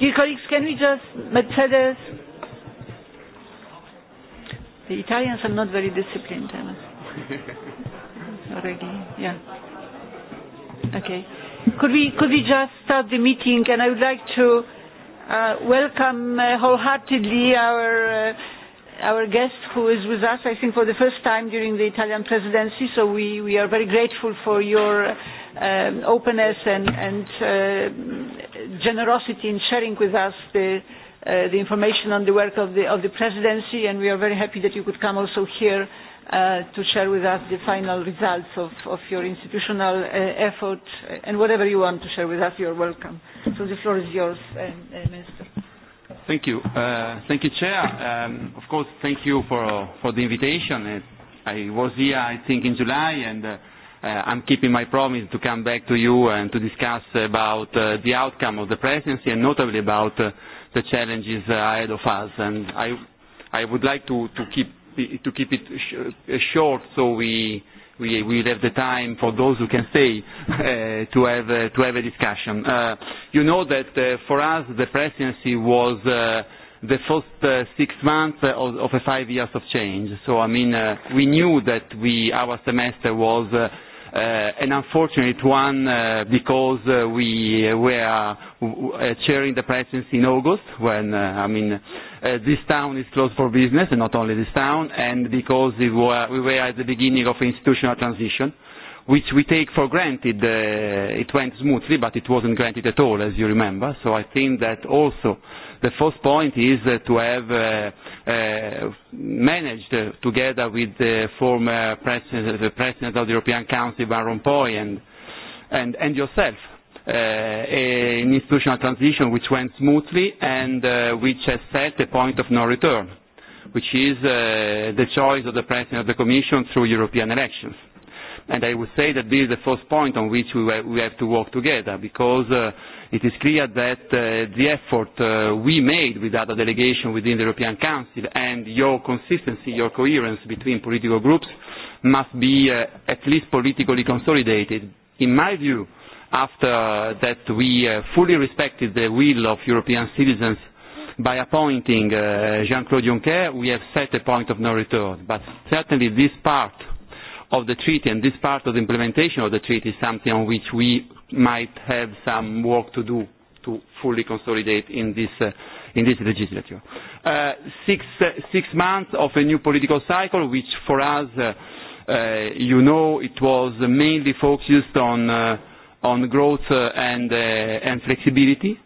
Dear colleagues, can we just, Mercedes? The Italians are not very disciplined. Eh? Already, [LAUGHS] yeah. Okay. Could we, could we just start the meeting? And I would like to uh, welcome uh, wholeheartedly our, uh, our guest who is with us, I think, for the first time during the Italian presidency. So we, we are very grateful for your um, openness and, and uh, generosity in sharing with us the, uh, the information on the work of the, of the presidency, and we are very happy that you could come also here uh, to share with us the final results of, of your institutional uh, effort, and whatever you want to share with us, you're welcome. So the floor is yours, uh, uh, Minister. Thank you. Uh, thank you, Chair. Um, of course, thank you for, for the invitation. It, I was here, I think, in July, and uh, uh, I'm keeping my promise to come back to you and to discuss about uh, the outcome of the presidency and notably about uh, the challenges ahead of us. And I, I would like to, to, keep, to keep it sh uh, short so we, we will have the time for those who can stay [LAUGHS] uh, to, have, uh, to have a discussion. Uh, you know that uh, for us the presidency was uh, the first uh, six months of, of a five years of change. So I mean, uh, we knew that we, our semester was uh, uh, an unfortunate one uh, because uh, we uh, were uh, chairing uh, the presence in August when, uh, I mean, uh, this town is closed for business, and not only this town, and because we were, we were at the beginning of institutional transition, which we take for granted. Uh, it went smoothly, but it wasn't granted at all, as you remember. So I think that also the first point is uh, to have uh, uh, managed uh, together with the former president, the president of the European Council, Van Rompuy, and, and, and yourself, uh, a, an institutional transition which went smoothly and uh, which has set a point of no return, which is uh, the choice of the president of the Commission through European elections And I would say that this is the first point on which we, we have to work together, because uh, it is clear that uh, the effort uh, we made with other delegation within the European Council and your consistency, your coherence between political groups must be uh, at least politically consolidated. In my view, after that we uh, fully respected the will of European citizens by appointing uh, Jean-Claude Juncker, we have set a point of no return. But certainly this part of the treaty and this part of the implementation of the treaty is something on which we might have some work to do to fully consolidate in this, uh, in this legislature. Uh, six, uh, six months of a new political cycle, which for us, uh, uh, you know, it was mainly focused on, uh, on growth uh, and, uh, and flexibility.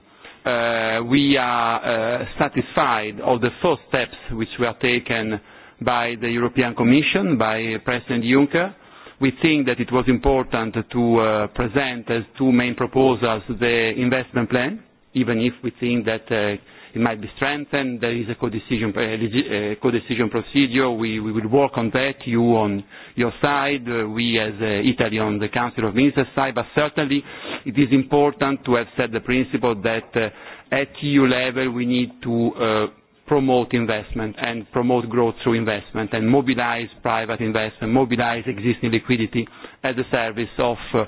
Uh, we are uh, satisfied of the first steps which were taken uh, by the European Commission, by President Juncker. We think that it was important to uh, present as two main proposals the investment plan, even if we think that uh, it might be strengthened. There is a codecision, uh, uh codecision procedure. We, we will work on that, you on your side, uh, we as uh, Italy on the Council of Ministers side, but certainly it is important to have set the principle that uh, at EU level we need to uh, promote investment and promote growth through investment and mobilize private investment, mobilize existing liquidity at the service of uh,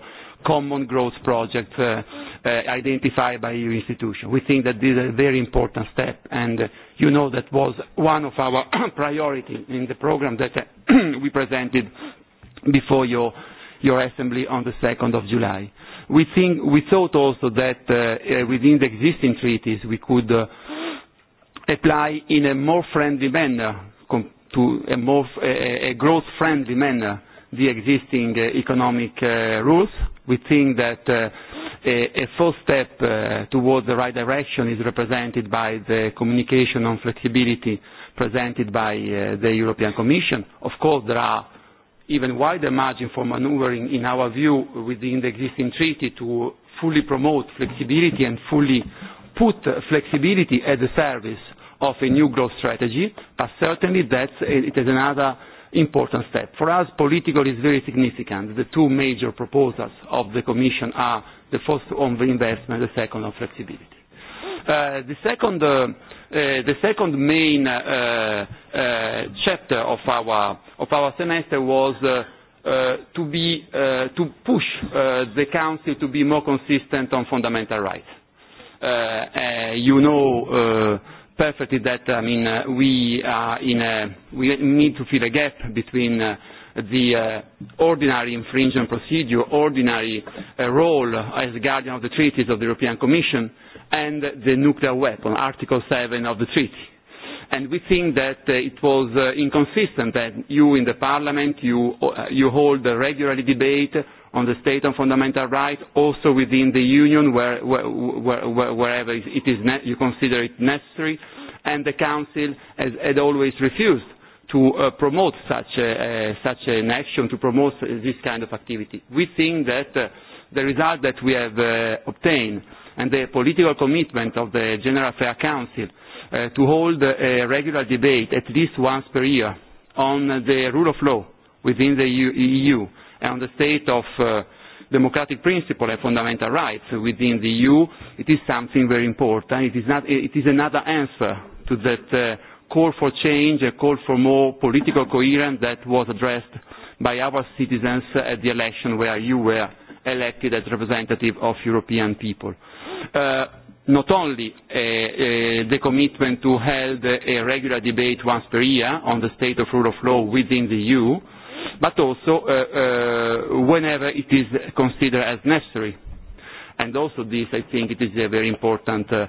common growth projects uh, uh, identified by EU institutions. We think that this is a very important step and uh, you know that was one of our [CLEARS THROAT] priority in the program that uh, [CLEARS THROAT] we presented before your, your assembly on the 2nd of July. We, think, we thought also that uh, uh, within the existing treaties we could uh, apply in a more friendly manner, to a, more, a, a growth-friendly manner, the existing uh, economic uh, rules. We think that uh, a, a first step uh, towards the right direction is represented by the communication on flexibility presented by uh, the European Commission. Of course, there are even wider margin for maneuvering, in our view, within the existing treaty to fully promote flexibility and fully put flexibility at the service of a new growth strategy, but certainly that's, it is another important step. For us, political is very significant. The two major proposals of the Commission are the first on the investment, the second on flexibility. Uh, the, second, uh, uh, the second main uh, uh, chapter of our, of our semester was uh, Uh, to, be, uh, to push uh, the Council to be more consistent on fundamental rights. Uh, uh, you know uh, perfectly that I mean, uh, we, are in a, we need to fill a gap between uh, the uh, ordinary infringement procedure, ordinary uh, role as guardian of the treaties of the European Commission, and the nuclear weapon, Article 7 of the treaty. And we think that uh, it was uh, inconsistent that you in the Parliament, you, uh, you hold a regularly debate on the state on fundamental rights also within the union where, where, where, wherever it is ne- you consider it necessary and the council has, had always refused to uh, promote such, a, uh, such an action, to promote uh, this kind of activity. We think that uh, the result that we have uh, obtained and the political commitment of the General Affairs Council uh, to hold a regular debate at least once per year on the rule of law within the EU e and the state of uh, democratic principle and fundamental rights within the EU, it is something very important. It is, not, it is another answer to that uh, call for change, a call for more political coherence that was addressed by our citizens at the election where you were elected as representative of European people. Uh, not only uh, uh, the commitment to hold a regular debate once per year on the state of rule of law within the EU, but also uh, uh, whenever it is considered as necessary. And also this, I think, it is a very important uh,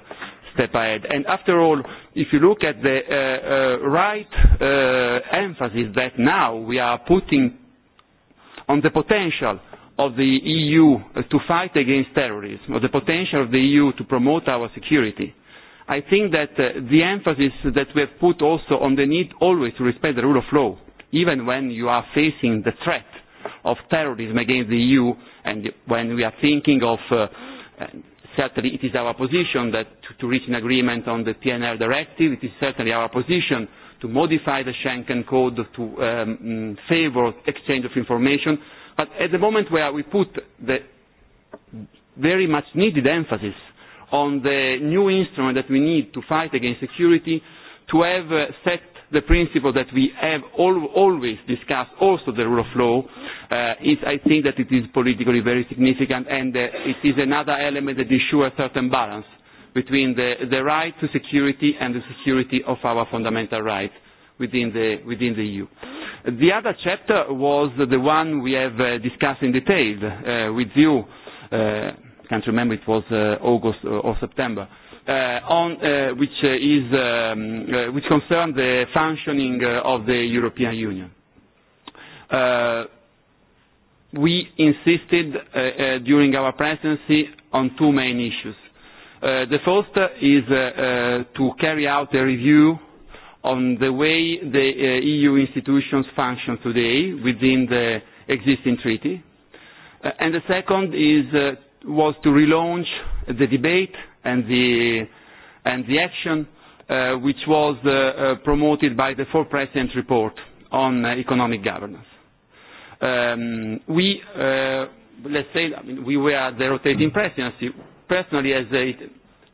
step ahead. And after all, if you look at the uh, uh, right uh, emphasis that now we are putting on the potential of the EU uh, to fight against terrorism, or the potential of the EU to promote our security, I think that uh, the emphasis that we have put also on the need always to respect the rule of law even when you are facing the threat of terrorism against the EU and when we are thinking of, uh, certainly it is our position that to, to reach an agreement on the PNR directive, it is certainly our position to modify the Schengen Code to um, favour exchange of information. But at the moment where we put the very much needed emphasis on the new instrument that we need to fight against security, to have uh, set the principle that we have al always discussed, also the rule of law, uh, is, I think that it is politically very significant and uh, it is another element that ensures a certain balance between the, the right to security and the security of our fundamental rights within the, within the EU. The other chapter was the one we have uh, discussed in detail uh, with you. Uh, can't remember it was uh, August or, uh, or September. Uh, uh, on, uh, which, uh, is, um, uh, which concern the functioning uh, of the European Union. Uh, we insisted uh, uh, during our presidency on two main issues. Uh, the first is uh, uh, to carry out a review on the way the uh, EU institutions function today within the existing treaty. Uh, and the second is, uh, was to relaunch the debate and the, and the action uh, which was uh, uh, promoted by the four presidents report on uh, economic governance. Um, we, uh, let's say, I mean, we were the rotating presidency. Personally, as a,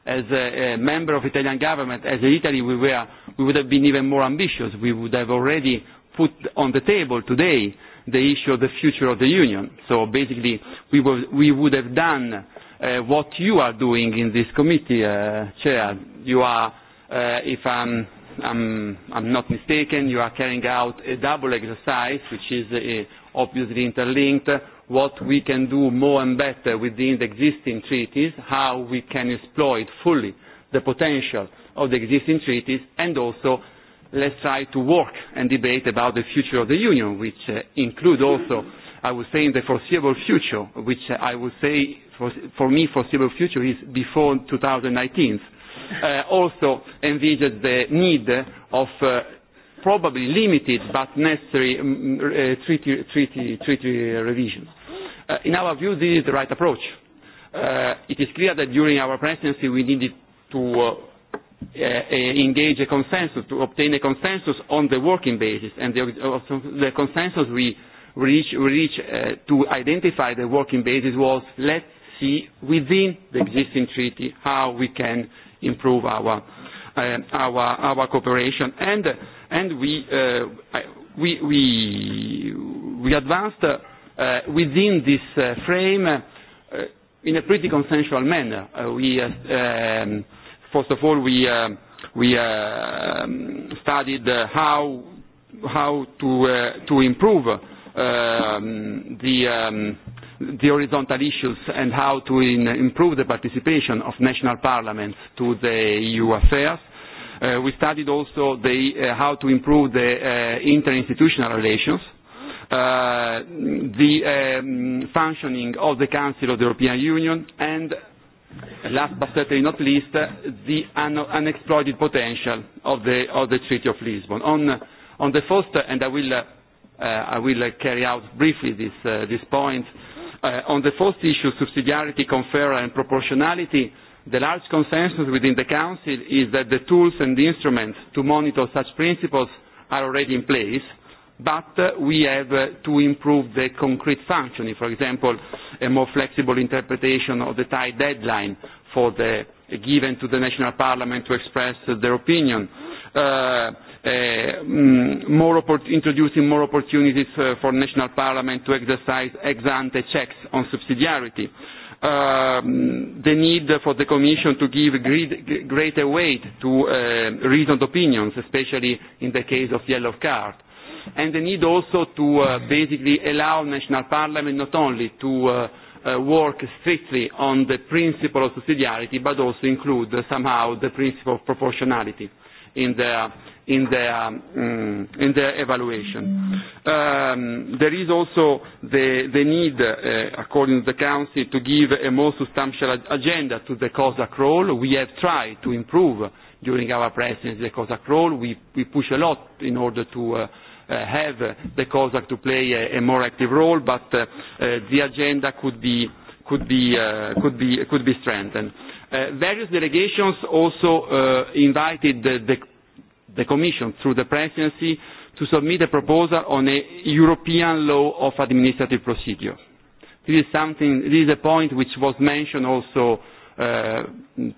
as a, a member of Italian government, as in Italy, we, were, we would have been even more ambitious. We would have already put on the table today the issue of the future of the Union. So basically, we, were, we would have done uh, what you are doing in this committee, uh, Chair. You are, uh, if I'm, I'm, I'm not mistaken, you are carrying out a double exercise, which is uh, obviously interlinked, what we can do more and better within the existing treaties, how we can exploit fully the potential of the existing treaties, and also let's try to work and debate about the future of the Union, which uh, include also I would say in the foreseeable future, which I would say for, for me foreseeable future is before 2019, uh, also envisages the need of uh, probably limited but necessary um, uh, treaty, treaty, treaty revisions. Uh, in our view, this is the right approach. Uh, it is clear that during our presidency we needed to uh, uh, uh engage a consensus, to obtain a consensus on the working basis. And the, uh, the consensus we reach, reach uh, to identify the working basis was let's see within the existing treaty how we can improve our, uh, our, our cooperation. And, and we, uh, we, we, we advanced uh, uh, within this uh, frame uh, in a pretty consensual manner. Uh, we, uh, um, first of all, we, uh, we uh, um, studied uh, how, how to, uh, to improve uh, um, the, um, the horizontal issues and how to in improve the participation of national parliaments to the EU affairs. Uh, we studied also the, uh, how to improve the uh, interinstitutional relations, uh, the um, functioning of the Council of the European Union, and last but certainly not least, uh, the un unexploited potential of the, of the Treaty of Lisbon. On, on the first, and I will uh, Uh, I will uh, carry out briefly this, uh, this point. Uh, on the first issue, subsidiarity, confer and proportionality, the large consensus within the Council is that the tools and the instruments to monitor such principles are already in place, but uh, we have uh, to improve the concrete functioning, for example, a more flexible interpretation of the tight deadline for the given to the national parliament to express uh, their opinion. Uh, uh, mm, more introducing more opportunities uh, for national parliament to exercise ex ante checks on subsidiarity. Um, the need for the Commission to give great, greater weight to uh, reasoned opinions, especially in the case of yellow card. And the need also to uh, basically allow national parliament not only to uh, uh, work strictly on the principle of subsidiarity, but also include uh, somehow the principle of proportionality in the in their, um, in their evaluation. Um, there is also the, the need, uh, according to the Council, to give a more substantial agenda to the COSAC role. We have tried to improve during our presidency the COSAC role. We, we push a lot in order to uh, uh, have the COSAC to play a, a more active role, but uh, uh, the agenda could be, could be, uh, could be, could be strengthened. Uh, various delegations also uh, invited the, the the Commission, through the Presidency, to submit a proposal on a European law of administrative procedure. This is something, this is a point which was mentioned also uh,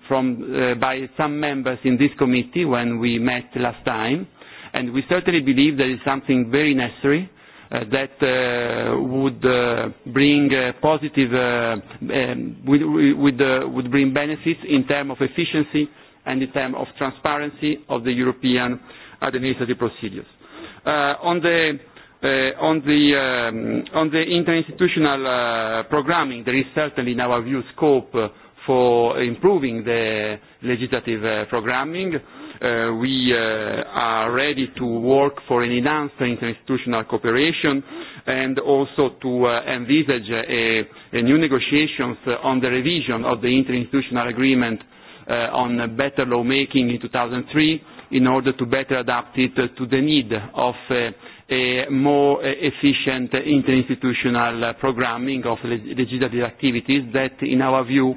from, uh, by some members in this committee when we met last time, and we certainly believe that is something very necessary uh, that uh, would uh, bring uh, positive, uh, um, would, would, uh, would bring benefits in terms of efficiency, uh, and in terms of transparency of the European administrative procedures. Uh, on the uh, on the um, on the interinstitutional uh, programming, there is certainly, in our view, scope uh, for improving the legislative uh, programming. Uh, we uh, are ready to work for an enhanced interinstitutional cooperation and also to uh, envisage a, a new negotiations on the revision of the interinstitutional agreement uh, uh, on better lawmaking in 2003 in order to better adapt it uh, to the need of uh, a more uh, efficient interinstitutional uh, programming of legislative activities that, in our view,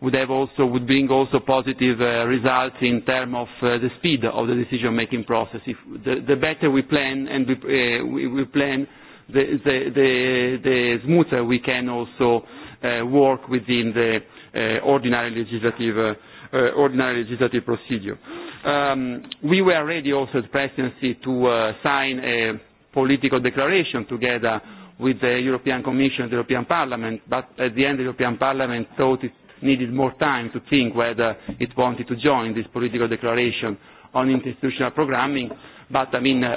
would, have also, would bring also positive uh, results in terms of uh, the speed of the decision-making process. If the, the better we plan, and we, uh, we, we plan the, the, the, the smoother we can also uh, work within the uh, ordinary legislative uh, uh, ordinary legislative procedure. Um, we were ready also as presidency to uh, sign a political declaration together with the European Commission, the European Parliament, but at the end the European Parliament thought it needed more time to think whether it wanted to join this political declaration on institutional programming. But I mean, uh,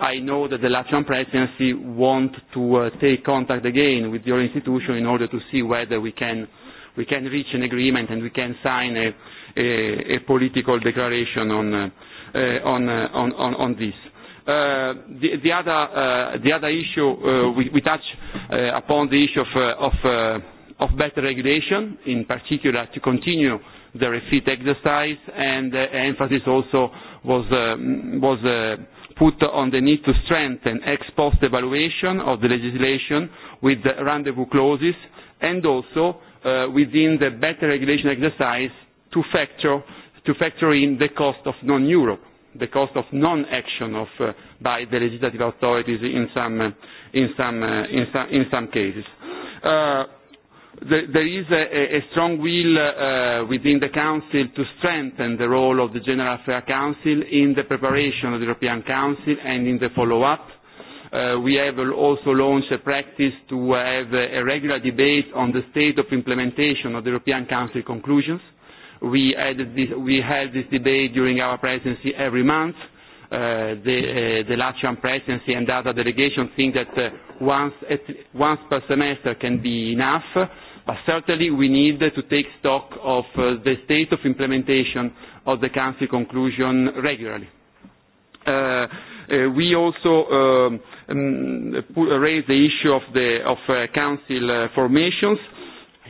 I know that the Latvian presidency want to uh, take contact again with your institution in order to see whether we can, we can reach an agreement and we can sign a, a, a political declaration on, uh, on, uh, on, on, on this. Uh, the, the, other, uh, the other issue uh, we, we touch uh, upon the issue of, uh, of, uh, of better regulation, in particular to continue the refit exercise and uh, emphasis also was, uh, was uh, put on the need to strengthen ex post evaluation of the legislation with the rendezvous clauses and also uh, within the better regulation exercise to factor, to factor in the cost of non-Europe, the cost of non-action of, uh, by the legislative authorities in some, uh, in some, uh, in some, in some cases. Uh, there, there is a, a strong will uh, within the Council to strengthen the role of the General Affairs Council in the preparation of the European Council and in the follow-up. Uh, we have also launched a practice to have a, a regular debate on the state of implementation of the European Council conclusions We, added this, we had this debate during our presidency every month. Uh, the, uh, the Latvian presidency and other delegations think that uh, once, at, once per semester can be enough, but certainly we need to take stock of uh, the state of implementation of the Council conclusion regularly. Uh, uh, we also um, um, raised the issue of, the, of uh, Council uh, formations. Uh,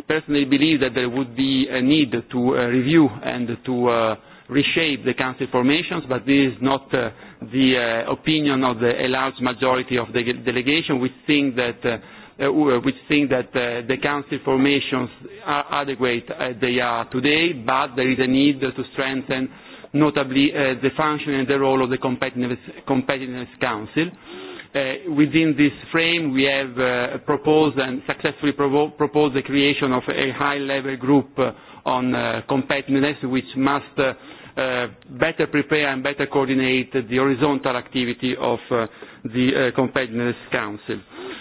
personally believe that there would be a need to uh, review and to uh, reshape the council formations, but this is not uh, the uh, opinion of the, a large majority of the delegation. We think that, uh, uh, uh, we think that uh, the council formations are adequate as they are today, but there is a need to strengthen notably uh, the function and the role of the competitiveness, competitiveness council. Uh, Uh, within this frame, we have uh, proposed and successfully provo- proposed the creation of a high-level group uh, on uh, competitiveness, which must uh, uh, better prepare and better coordinate the horizontal activity of uh, the uh, Competitiveness Council.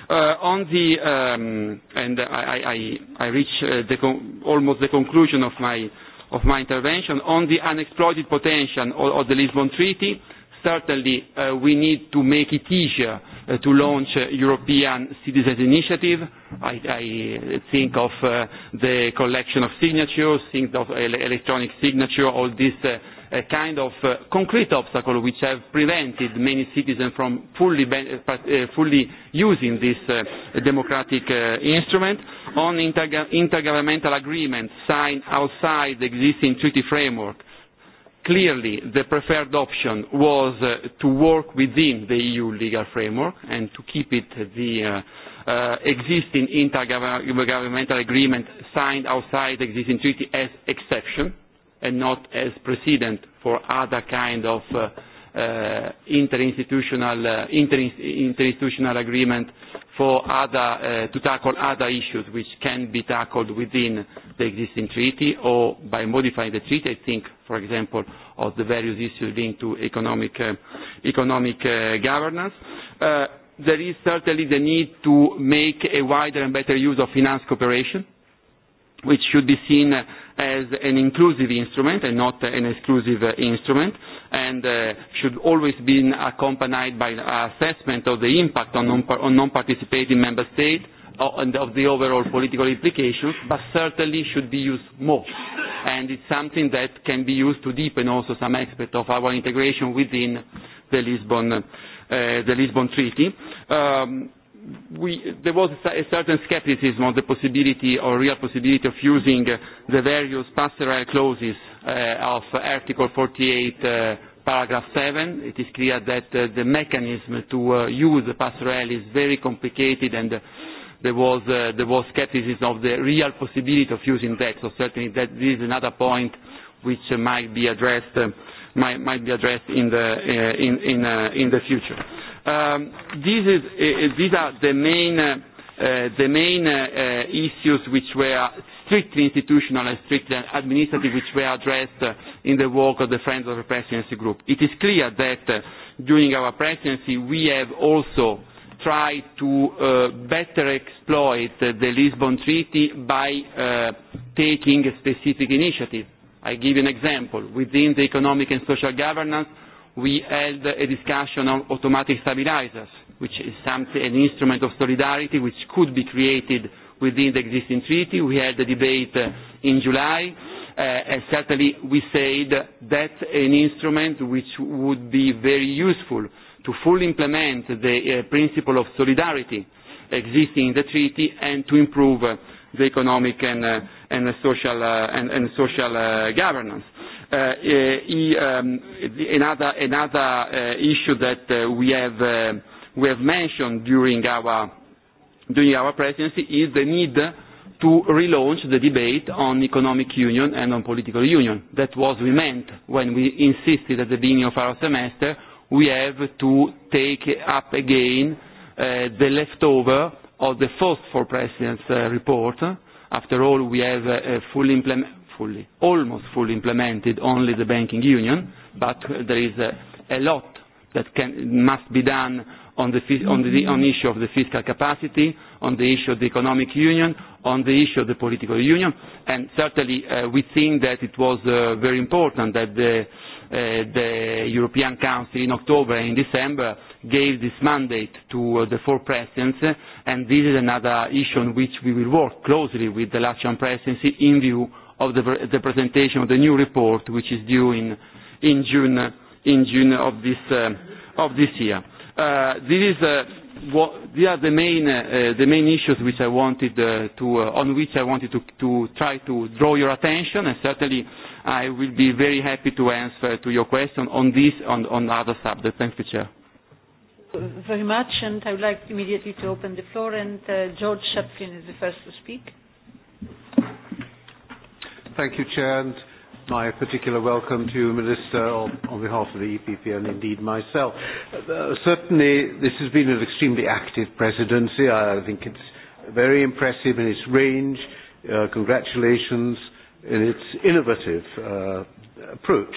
Uh, on the, um, and I, I, I reach uh, the con- almost the conclusion of my, of my intervention, on the unexploited potential of, of the Lisbon Treaty, uh, certainly uh, we need to make it easier uh, to launch a uh, European citizens initiative. I, I uh, think of uh, the collection of signatures, think of ele electronic signature, all this uh, a uh, kind of uh, concrete obstacle which have prevented many citizens from fully, ben uh, fully using this uh, democratic uh, instrument. On intergo intergovernmental agreements signed outside the existing treaty framework, uh, clearly the preferred option was uh, to work within the EU legal framework and to keep it uh, the uh, uh, existing intergovernmental agreement signed outside the existing treaty as exception and not as precedent for other kind of uh, uh, interinstitutional, uh, inter interinstitutional agreement for other, uh, to tackle other issues which can be tackled within the existing treaty or by modifying the treaty. I think, for example, of the various issues linked to economic, uh, economic uh, governance. Uh, there is certainly the need to make a wider and better use of finance cooperation, which should be seen as an inclusive instrument and not an exclusive uh, instrument and uh, should always be accompanied by assessment of the impact on non-participating non member states uh, and of the overall political implications, but certainly should be used more. And it's something that can be used to deepen also some aspect of our integration within the Lisbon, uh, the Lisbon Treaty. Um, we, there was a certain skepticism on the possibility or real possibility of using uh, the various passerelle clauses uh, of Article 48, uh, paragraph 7. It is clear that uh, the mechanism to uh, use the passerelle is very complicated and uh, there was, uh, there was skepticism of the real possibility of using that. So certainly that this is another point which uh, might be addressed, uh, might, might be addressed in, the, uh, in, in, uh, in the future. Uh, Um, this is, uh, uh, these are the main, uh, the main uh, issues which were strictly institutional and strictly administrative, which were addressed uh, in the work of the Friends of the Presidency Group. It is clear that uh, during our presidency we have also try to uh, better exploit uh, the Lisbon Treaty by uh, taking a specific initiative. I give you an example. Within the economic and social governance, we held a discussion on automatic stabilizers, which is something, an instrument of solidarity which could be created within the existing treaty. We had the debate uh, in July. Uh, and certainly we said that's an instrument which would be very useful to fully implement the uh, principle of solidarity existing in the treaty and to improve uh, the economic and, uh, and the social, uh, and, and social uh, governance Uh, uh, um, another, another uh, issue that we have, we have mentioned during our, during our presidency is the need to relaunch the debate on economic union and on political union. That was we meant when we insisted at the beginning of our semester we have to take up again uh, the leftover of the first four presidents uh, report. After all, we have uh, full implement fully, almost fully implemented only the banking union, but there is a, a lot that can, must be done on the, on the on issue of the fiscal capacity, on the issue of the economic union, on the issue of the political union, and certainly uh, we think that it was uh, very important that the, uh, the European Council in October and in December gave this mandate to uh, the four presidents, uh, and this is another issue on which we will work closely with the Latvian presidency in view of the, the presentation of the new report, which is due in, in, June, in June of this, uh, of this year. Uh, this is, uh, what, these are the main, uh, the main issues which I wanted, uh, to, uh, on which I wanted to, to try to draw your attention, and certainly I will be very happy to answer to your question on this and on, on other subjects. Thank you, Chair very much, and I would like immediately to open the floor, and uh, George Shapkin is the first to speak. Thank you, Chair, and my particular welcome to Minister on, on behalf of the EPP and indeed myself. Uh, certainly, this has been an extremely active presidency. I, I think it's very impressive in its range. Uh, congratulations in its innovative uh, approach.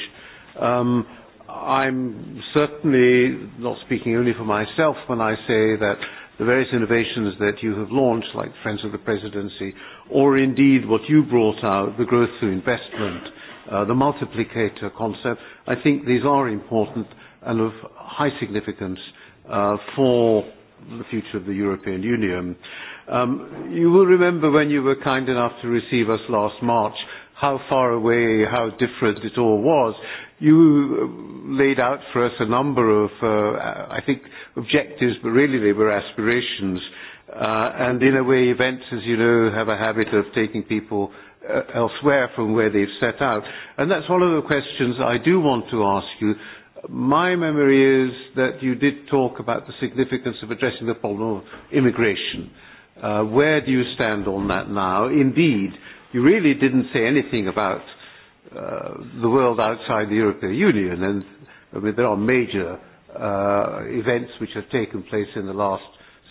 Um, I'm certainly not speaking only for myself when I say that the various innovations that you have launched, like Friends of the Presidency, or indeed what you brought out, the growth through investment, uh, the multiplicator concept, I think these are important and of high significance uh, for the future of the European Union. Um, you will remember when you were kind enough to receive us last March how far away, how different it all was. You uh, laid out for us a number of, uh, I think, objectives, but really they were aspirations. Uh, and in a way, events, as you know, have a habit of taking people uh, elsewhere from where they've set out. And that's one of the questions I do want to ask you. My memory is that you did talk about the significance of addressing the problem of immigration. Uh, where do you stand on that now? Indeed, you really didn't say anything about uh, uh, the world outside the European Union. And I mean, there are major uh, events which have taken place in the last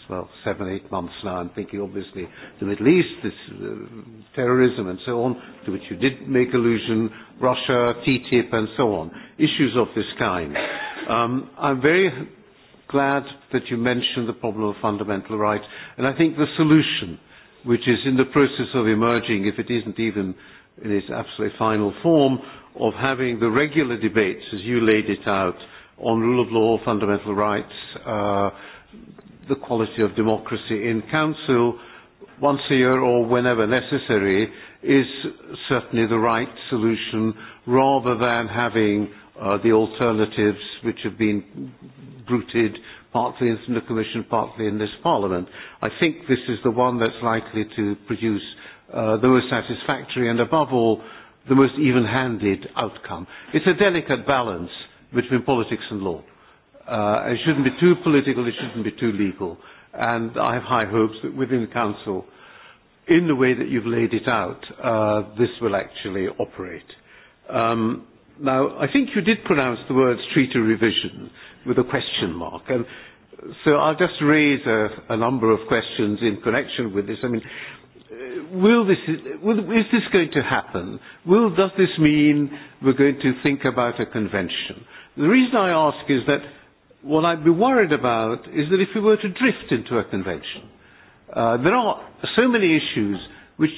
well, seven, eight months now. I'm thinking obviously the Middle East, this, uh, terrorism and so on, to which you did make allusion, Russia, TTIP and so on, issues of this kind. Um, I'm very glad that you mentioned the problem of fundamental rights, and I think the solution, which is in the process of emerging, if it isn't even uh, in its absolutely final form of having the regular debates as you laid it out on rule of law, fundamental rights, uh, the quality of democracy in council once a year or whenever necessary is certainly the right solution rather than having uh, the alternatives which have been bruited partly in the Commission, partly in this Parliament. I think this is the one that's likely to produce uh, the most satisfactory and above all the most even-handed outcome. It's a delicate balance between politics and law. Uh, it shouldn't be too political, it shouldn't be too legal. And I have high hopes that within the Council, in the way that you've laid it out, uh, this will actually operate. Um, now, I think you did pronounce the words treaty revision with a question mark. And so I'll just raise a, a number of questions in connection with this. I mean, Uh, will this, will, is this going to happen? Will, does this mean we're going to think about a convention? The reason I ask is that what I'd be worried about is that if we were to drift into a convention, uh, there are so many issues which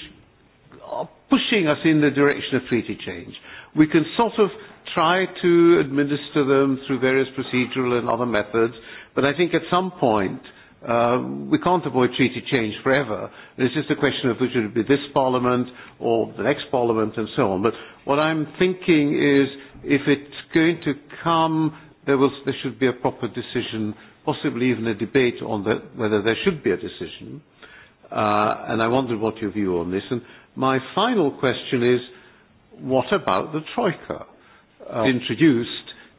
are pushing us in the direction of treaty change. We can sort of try to administer them through various procedural and other methods, but I think at some point, uh, Uh, we can't avoid treaty change forever. It's just a question of should it be this parliament or the next parliament and so on. But what I'm thinking is if it's going to come, there, will, there should be a proper decision, possibly even a debate on the, whether there should be a decision. Uh, and I wondered what your view on this. And my final question is, what about the Troika? Uh, introduced,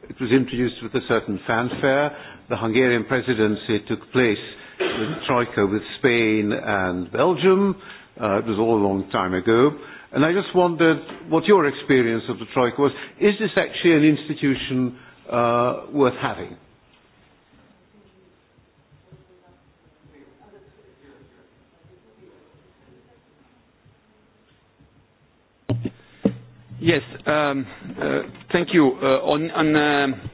it was introduced with a certain fanfare the Hungarian presidency took place with Troika with Spain and Belgium. Uh, it was all a long time ago. And I just wondered what your experience of the Troika was. Is this actually an institution uh, worth having? Yes. Um, uh, thank you. Uh, on on um,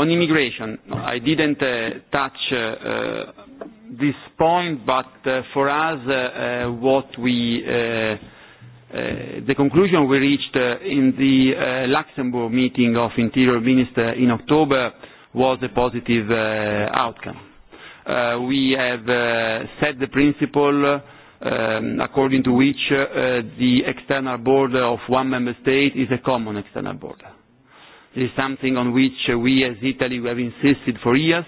On immigration, I didn't uh, touch uh, uh, this point, but uh, for us, uh, uh, what we, uh, uh, the conclusion we reached uh, in the uh, Luxembourg meeting of Interior Minister in October was a positive uh, outcome. Uh, we have uh, set the principle um, according to which uh, the external border of one member state is a common external border It is something on which uh, we as Italy we have insisted for years,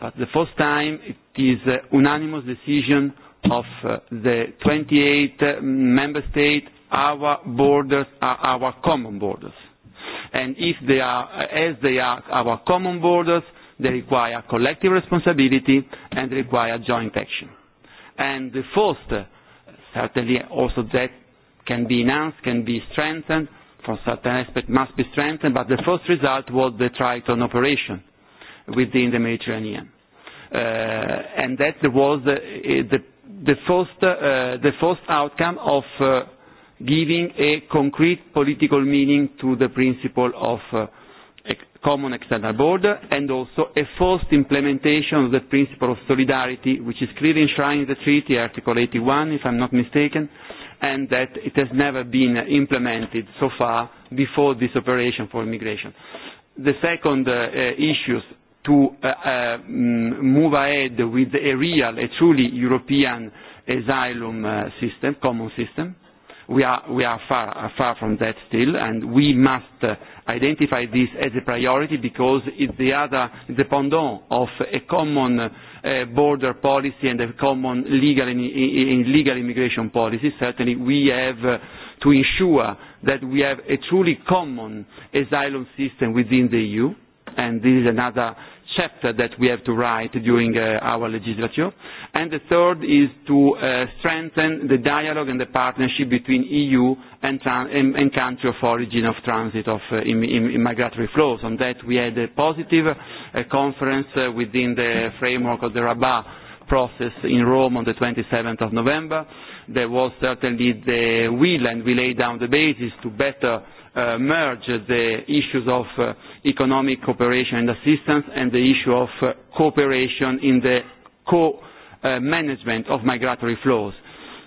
but the first time it is a uh, unanimous decision of uh, the 28 uh, member states. Our borders are our common borders. And if they are, as they are our common borders, they require collective responsibility and require joint action. And the first, certainly also that can be enhanced, can be strengthened, for certain aspects must be strengthened, but the first result was the Triton operation within the Mediterranean. Uh, and that was the, eh, the, the, first, uh, the first outcome of uh, giving a concrete political meaning to the principle of uh, common external border and also a forced implementation of the principle of solidarity, which is clearly enshrined in the treaty, Article 81, if I'm not mistaken, uh, and that it has never been implemented so far before this operation for immigration. The second uh, uh, issue to uh, uh, mm, move ahead with a real, a truly European asylum uh, system, common system. We are, we are far, uh, far from that still, and we must uh, identify this as a priority because it's the other, the pendant of a common uh, uh, border policy and a common legal and illegal immigration policy. Certainly we have uh, to ensure that we have a truly common asylum system within the EU and this is another chapter that we have to write during uh, our legislature. And the third is to uh, strengthen the dialogue and the partnership between EU and, and, and country of origin of transit of uh, in, in migratory flows. On that we had a positive uh, conference uh, within the framework of the Rabat process in Rome on the 27th of November. There was certainly the will and we laid down the basis to better uh, merge the issues of uh, economic cooperation and assistance and the issue of uh, cooperation in the co-management uh, of migratory flows.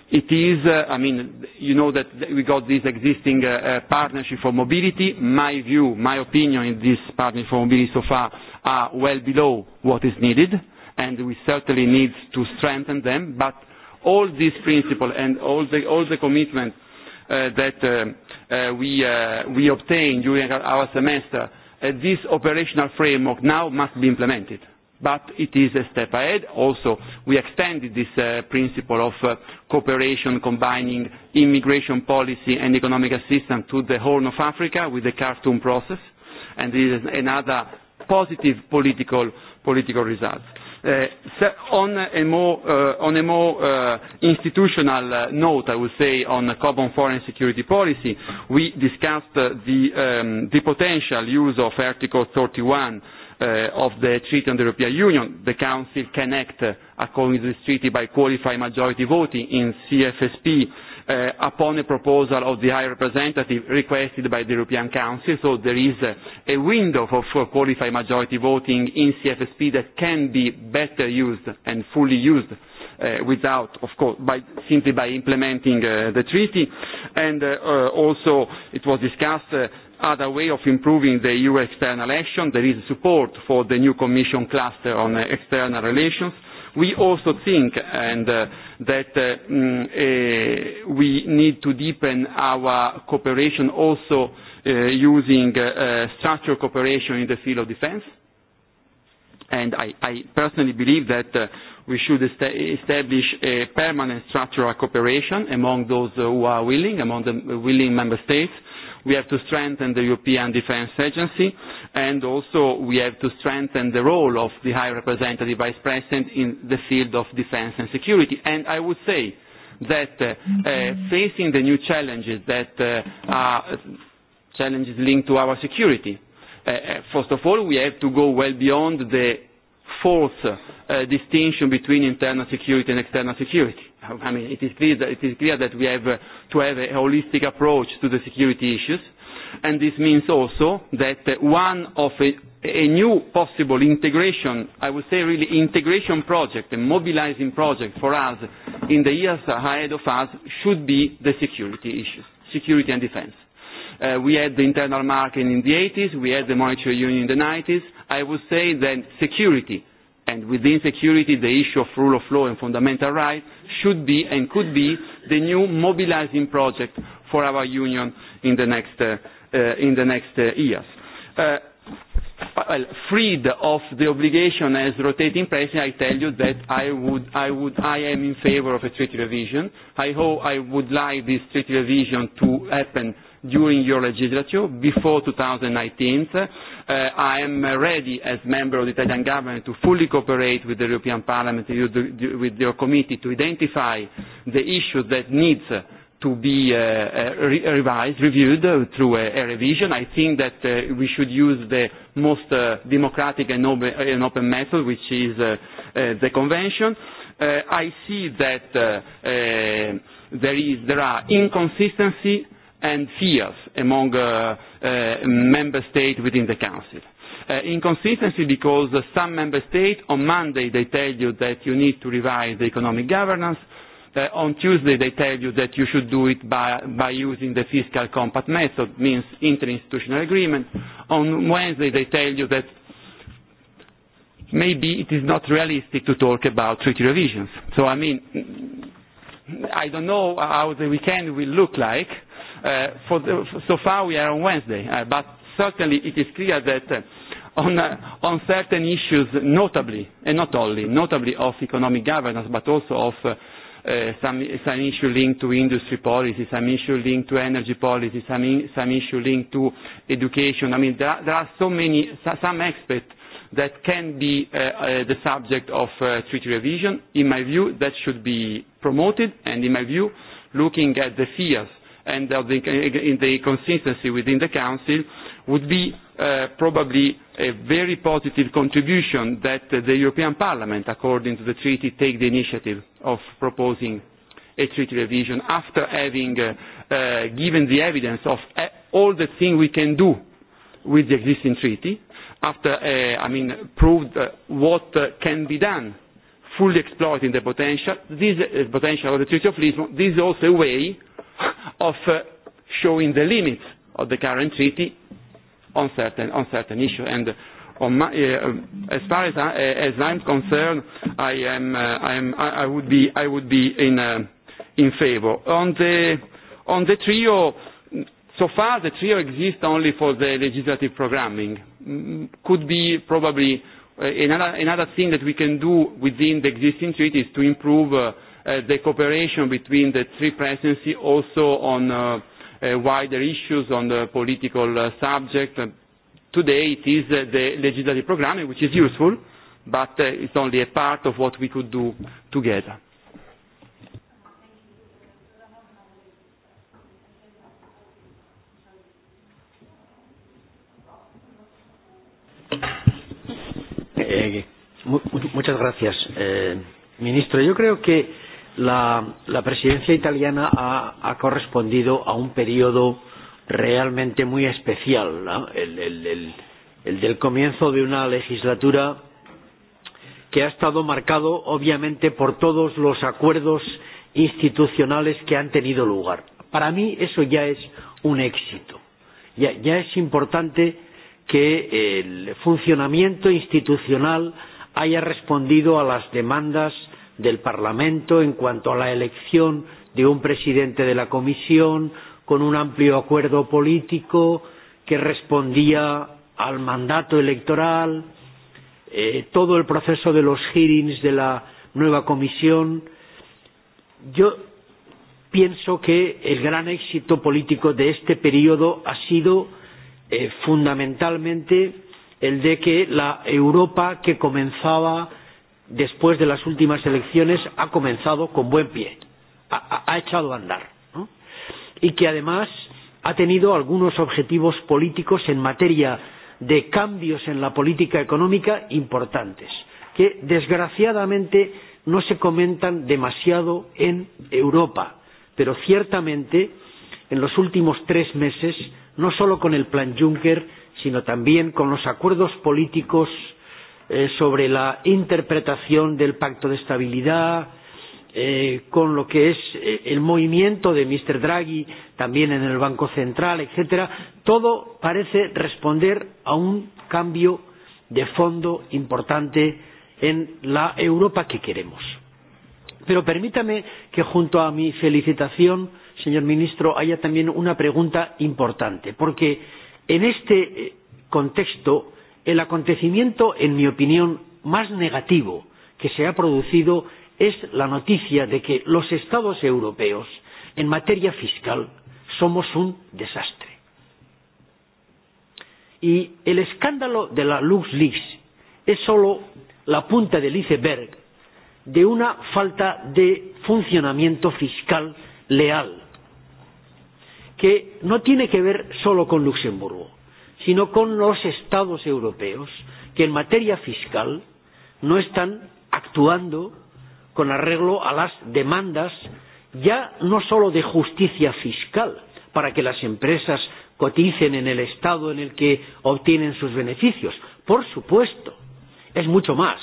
It is, uh, I mean, you know that we got this existing uh, uh, partnership for mobility. My view, my opinion in this partnership for mobility so far are well below what is needed and we certainly need to strengthen them, but all these principles and all the, all the commitment uh, that uh, uh, we, uh, we obtained during our semester uh, this operational framework now must be implemented. But it is a step ahead. Also, we extended this uh, principle of uh, cooperation combining immigration policy and economic assistance to the Horn of Africa with the Khartoum process. And this is another positive political, political result. Uh, Uh, eh, so on a more, uh, on a more uh, institutional uh, note, I would say, on the common foreign security policy, we discussed uh, the, um, the potential use of Article 31 uh, eh, of the Treaty on the European Union. The Council can act uh, according to this treaty by qualified majority voting in CFSP uh, upon a proposal of the High Representative requested by the European Council. So there is a, a window for, for qualified majority voting in CFSP that can be better used and fully used uh, without, of course, by, simply by implementing uh, the treaty. And uh, uh, also it was discussed uh, other way of improving the EU external action. There is support for the new Commission cluster on uh, external relations. Uh, We also think and, uh, that uh, mm, uh, we need to deepen our cooperation also uh, using uh, uh structural cooperation in the field of defense. And I, I personally believe that uh, we should establish a permanent structural cooperation among those who are willing, among the willing member states, uh, We have to strengthen the European Defence Agency, and also we have to strengthen the role of the High Representative Vice President in the field of defence and security. And I would say that uh, uh, facing the new challenges that uh, are challenges linked to our security, uh, uh first of all, we have to go well beyond the false uh, distinction between internal security and external security I mean, it is clear that, it is clear that we have uh, to have a holistic approach to the security issues. And this means also that uh, one of a, a new possible integration, I would say really integration project and mobilizing project for us in the years ahead of us should be the security issues, security and defense. Uh, we had the internal market in the 80s, we had the monetary union in the 90s. I would say that security and within security the issue of rule of law and fundamental rights should be and could be the new mobilizing project for our union in the next, uh, uh, in the next uh, years. Uh, well, freed of the obligation as rotating president, I tell you that I, would, I, would, I am in favor of a treaty revision. I hope I would like this treaty revision to happen during your legislature before 2019. Uh, I am ready as member of the Italian government to fully cooperate with the European Parliament, with your committee to identify the issues that needs to be uh, uh, re revised, reviewed uh, through a, a revision. I think that uh, we should use the most uh, democratic and open, uh, and open method, which is uh, uh, the convention. Uh, I see that uh, uh, there, is, there are inconsistency and fears among uh, uh, member states within the Council. Uh, inconsistency because uh, some member states on Monday they tell you that you need to revise the economic governance, uh, on Tuesday they tell you that you should do it by, by using the fiscal compact method, means interinstitutional agreement, on Wednesday they tell you that maybe it is not realistic to talk about treaty revisions. So I mean, I don't know how the weekend will look like, uh, for the, so far we are on Wednesday, uh, but certainly it is clear that uh, on, uh, on certain issues, notably, and not only, notably of economic governance, but also of uh, Uh, some, some issue linked to industry policy, some issue linked to energy policy, some, in, some issue linked to education. I mean, there are, there are so many, so, some aspects that can be uh, uh, the subject of uh, treaty revision. In my view, that should be promoted, and in my view, looking at the fears and of the, in the consistency within the Council would be uh, probably a very positive contribution that uh, the European Parliament, according to the treaty, take the initiative of proposing a treaty revision after having uh, uh, given the evidence of uh, all the things we can do with the existing treaty, after, uh, I mean, proved uh, what uh, can be done, fully exploiting the potential, this uh, potential of the Treaty of Lisbon, this is also a way uh, of uh, showing the limits of the current treaty on certain, on certain issues. And uh, on my, uh, uh, as far as, I, uh, as I'm concerned, I, am, uh, I, am, I, I would be, I would be in, uh, in favour. On the, on the trio, so far the trio exists only for the legislative programming. Mm, could be probably uh, another, another thing that we can do within the existing treaty is to improve uh, uh, the cooperation between the three presidencies also on uh, uh, wider issues on the political uh, subject. Uh, today it is uh, the legislative programme, which is useful, but uh, it's only a part of what we could do together. Eh, eh muchas gracias, eh, ministro. Yo creo que la, la presidencia italiana ha, ha correspondido a un periodo realmente muy especial, ¿no? el, el, el, el del comienzo de una legislatura que ha estado marcado obviamente por todos los acuerdos institucionales que han tenido lugar. Para mí eso ya es un éxito. Ya, ya es importante que el funcionamiento institucional haya respondido a las demandas eh, del Parlamento en cuanto a la elección de un presidente de la Comisión con un amplio acuerdo político que respondía al mandato electoral, eh, todo el proceso de los hearings de la nueva Comisión. Yo pienso que el gran éxito político de este periodo ha sido eh, fundamentalmente el de que la Europa que comenzaba después de las últimas elecciones ha comenzado con buen pie, ha, ha echado a andar. ¿no? Y que además ha tenido algunos objetivos políticos en materia de cambios en la política económica importantes, que desgraciadamente no se comentan demasiado en Europa, pero ciertamente en los últimos tres meses, no solo con el plan Juncker, sino también con los acuerdos políticos eh, eh, sobre la interpretación del Pacto de Estabilidad, eh, con lo que es eh, el movimiento de Mr. Draghi también en el Banco Central, etcétera, todo parece responder a un cambio de fondo importante en la Europa que queremos. Pero permítame que junto a mi felicitación, señor ministro, haya también una pregunta importante, porque en este eh, contexto El acontecimiento, en mi opinión, más negativo que se ha producido es la noticia de que los Estados europeos, en materia fiscal, somos un desastre. Y el escándalo de la LuxLeaks es solo la punta del iceberg de una falta de funcionamiento fiscal leal, que no tiene que ver solo con Luxemburgo sino con los Estados europeos, que en materia fiscal no están actuando con arreglo a las demandas ya no solo de justicia fiscal, para que las empresas coticen en el Estado en el que obtienen sus beneficios, por supuesto, es mucho más,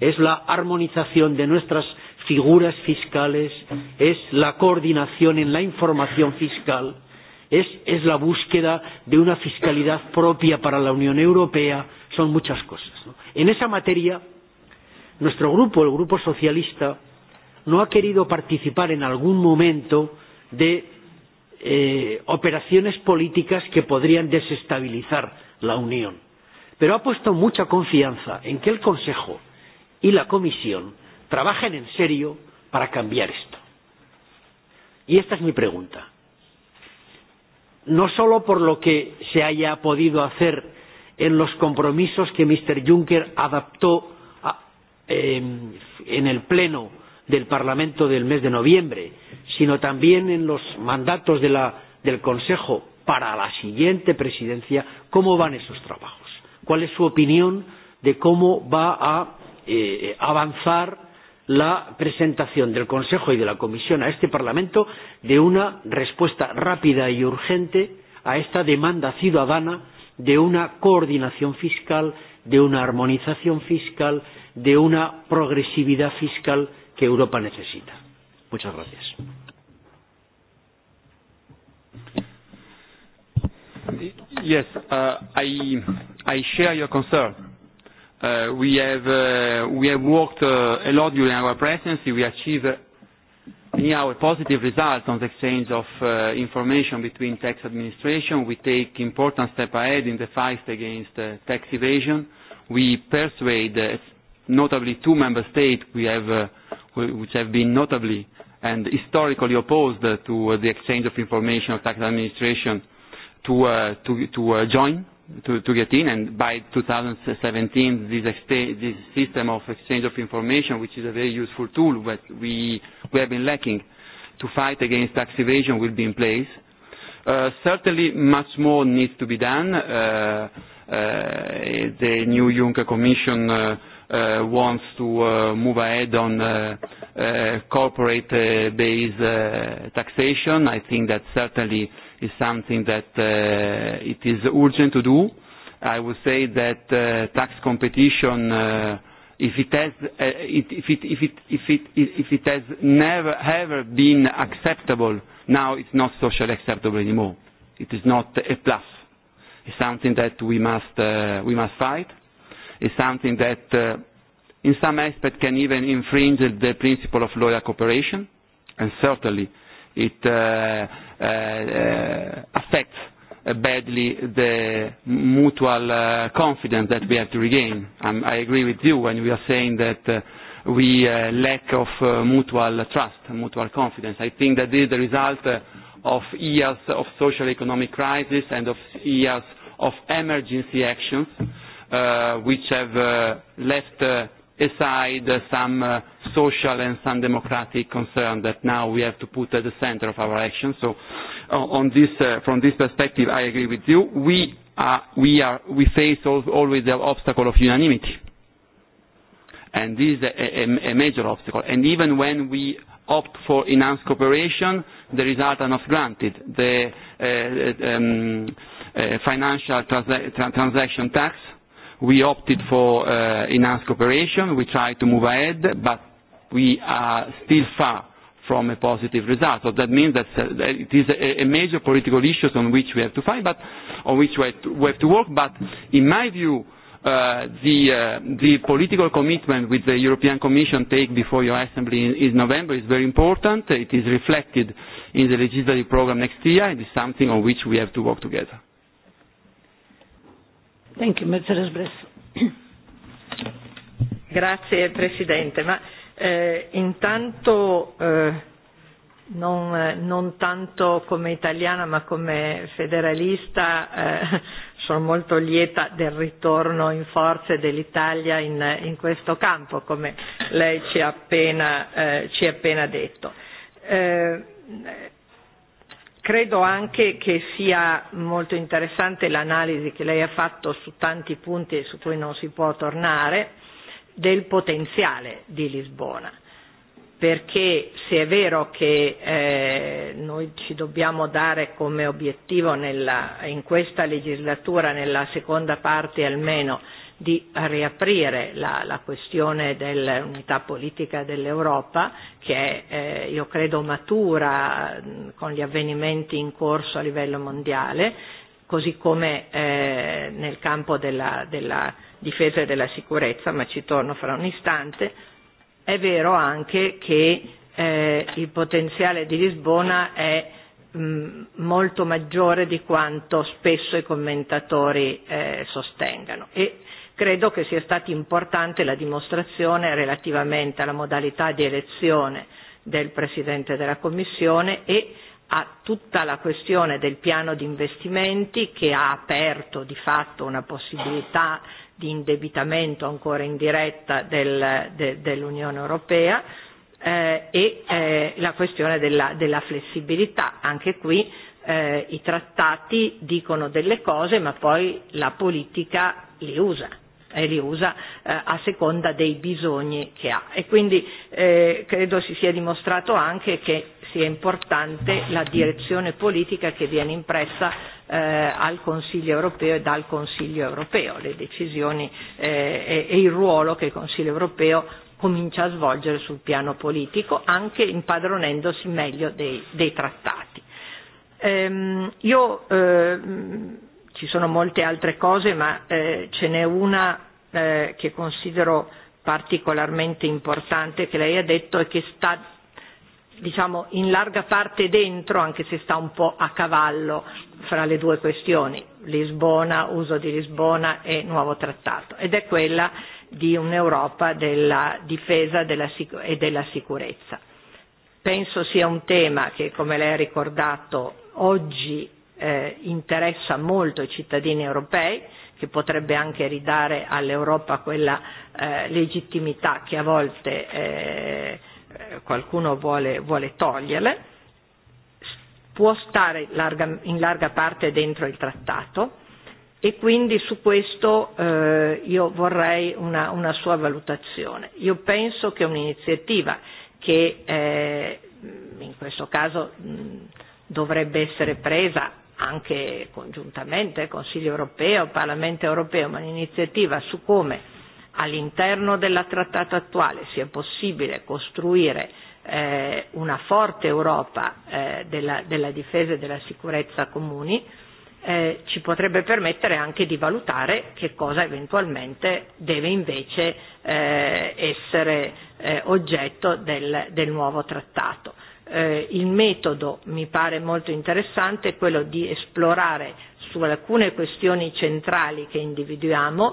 es la armonización de nuestras figuras fiscales, es la coordinación en la información fiscal, es, es la búsqueda de una fiscalidad propia para la Unión Europea, son muchas cosas. ¿no? En esa materia, nuestro grupo, el Grupo Socialista, no ha querido participar en algún momento de eh, operaciones políticas que podrían desestabilizar la Unión. Pero ha puesto mucha confianza en que el Consejo y la Comisión trabajen en serio para cambiar esto. Y esta es mi pregunta no solo por lo que se haya podido hacer en los compromisos que Mr. Juncker adaptó a, eh, en el Pleno del Parlamento del mes de noviembre, sino también en los mandatos de la, del Consejo para la siguiente presidencia, cómo van esos trabajos, cuál es su opinión de cómo va a eh, avanzar la presentación del Consejo y de la Comisión a este Parlamento de una respuesta rápida y urgente a esta demanda ciudadana de una coordinación fiscal, de una armonización fiscal, de una progresividad fiscal que Europa necesita. Muchas gracias. Yes, uh, I, I share your concern Uh, we have uh, we have worked uh, a lot during our presidency. We achieved anyhow uh, a positive result on the exchange of uh, information between tax administration. We take important step ahead in the fight against uh, tax evasion. We persuade uh, notably two member states we have, uh, which have been notably and historically opposed uh, to uh, the exchange of information of tax administration to, uh, to, to uh, join to, to get in, and by 2017, this, exta- this system of exchange of information, which is a very useful tool that we, we have been lacking to fight against tax evasion, will be in place. Uh, certainly, much more needs to be done. Uh, uh, the new Juncker Commission uh, uh, wants to uh, move ahead on uh, uh, corporate-based uh, uh, taxation. I think that certainly uh, is something that uh, it is urgent to do. I would say that uh, tax competition, uh, if it has, uh, it, if, it, if, it, if, it, if it has never ever been acceptable, now it's not socially acceptable anymore. It is not a plus. It's something that we must, uh, we must fight. It's something that, uh, in some aspect, can even infringe the principle of loyal cooperation. And certainly, it, uh, uh, uh, affects uh, badly the mutual uh, confidence that we have to regain. Um, I agree with you when we are saying that uh, we uh, lack of uh, mutual trust, mutual confidence. I think that this is the result uh, of years of social economic crisis and of years of emergency actions uh, which have uh, left uh, aside some uh, social and some democratic concern that now we have to put at the center of our action. So uh, on this, uh, from this perspective, I agree with you. We, uh, we, are, we face al always the obstacle of unanimity. And this is a, a, a major obstacle. And even when we opt for enhanced cooperation, the results are not granted. The uh, um, uh, financial trans transaction tax uh, We opted for uh, enhanced cooperation. We tried to move ahead, but we are still far from a positive result. So that means that uh, it is a, a major political issue on which we have to fight, but on which we have to, we have to work. But in my view, uh, the, uh, the political commitment which the European Commission take before your assembly in, in November is very important. It is reflected in the legislative program next year. It is something on which we have to work together. Thank you, Mercedes Bresso. [COUGHS] Grazie Presidente, ma eh, intanto eh, non, non tanto come italiana ma come federalista eh, [LAUGHS] sono molto lieta del ritorno in forze dell'Italia in, in questo campo, come lei ci ha appena, eh, ci ha appena detto. Eh, Credo anche che sia molto interessante l'analisi che lei ha fatto su tanti punti e su cui non si può tornare del potenziale di Lisbona, perché se è vero che eh, noi ci dobbiamo dare come obiettivo nella, in questa legislatura, nella seconda parte almeno, di riaprire la, la questione dell'unità politica dell'Europa, che è, eh, io credo, matura mh, con gli avvenimenti in corso a livello mondiale, così come eh, nel campo della, della difesa e della sicurezza, ma ci torno fra un istante, è vero anche che eh, il potenziale di Lisbona è mh, molto maggiore di quanto spesso i commentatori eh, sostengano e Credo che sia stata importante la dimostrazione relativamente alla modalità di elezione del Presidente della Commissione e a tutta la questione del piano di investimenti che ha aperto di fatto una possibilità di indebitamento ancora indiretta del, de, dell'Unione Europea eh, e eh, la questione della, della flessibilità. Anche qui eh, i trattati dicono delle cose ma poi la politica le usa e li usa eh, a seconda dei bisogni che ha. E quindi eh, credo si sia dimostrato anche che sia importante la direzione politica che viene impressa eh, al Consiglio europeo e dal Consiglio europeo, le decisioni eh, e, e il ruolo che il Consiglio europeo comincia a svolgere sul piano politico, anche impadronendosi meglio dei, dei trattati. Ehm, io ehm, Ci sono molte altre cose, ma eh, ce n'è una eh, che considero particolarmente importante che lei ha detto e che sta diciamo in larga parte dentro, anche se sta un po' a cavallo fra le due questioni, Lisbona, uso di Lisbona e nuovo trattato, ed è quella di un'Europa della difesa della sic- e della sicurezza. Penso sia un tema che, come lei ha ricordato, oggi eh, interessa molto i cittadini europei, che potrebbe anche ridare all'Europa quella eh, legittimità che a volte eh, eh, qualcuno vuole, vuole toglierle, può stare larga, in larga parte dentro il trattato e quindi su questo eh, io vorrei una, una sua valutazione. Io penso che un'iniziativa che eh, in questo caso mh, mm, dovrebbe essere presa anche congiuntamente Consiglio europeo, Parlamento europeo, ma un'iniziativa su come all'interno della trattata attuale sia possibile costruire eh, una forte Europa eh, della, della difesa e della sicurezza comuni, eh, ci potrebbe permettere anche di valutare che cosa eventualmente deve invece eh, essere eh, oggetto del, del nuovo trattato Eh, il metodo mi pare molto interessante è quello di esplorare su alcune questioni centrali che individuiamo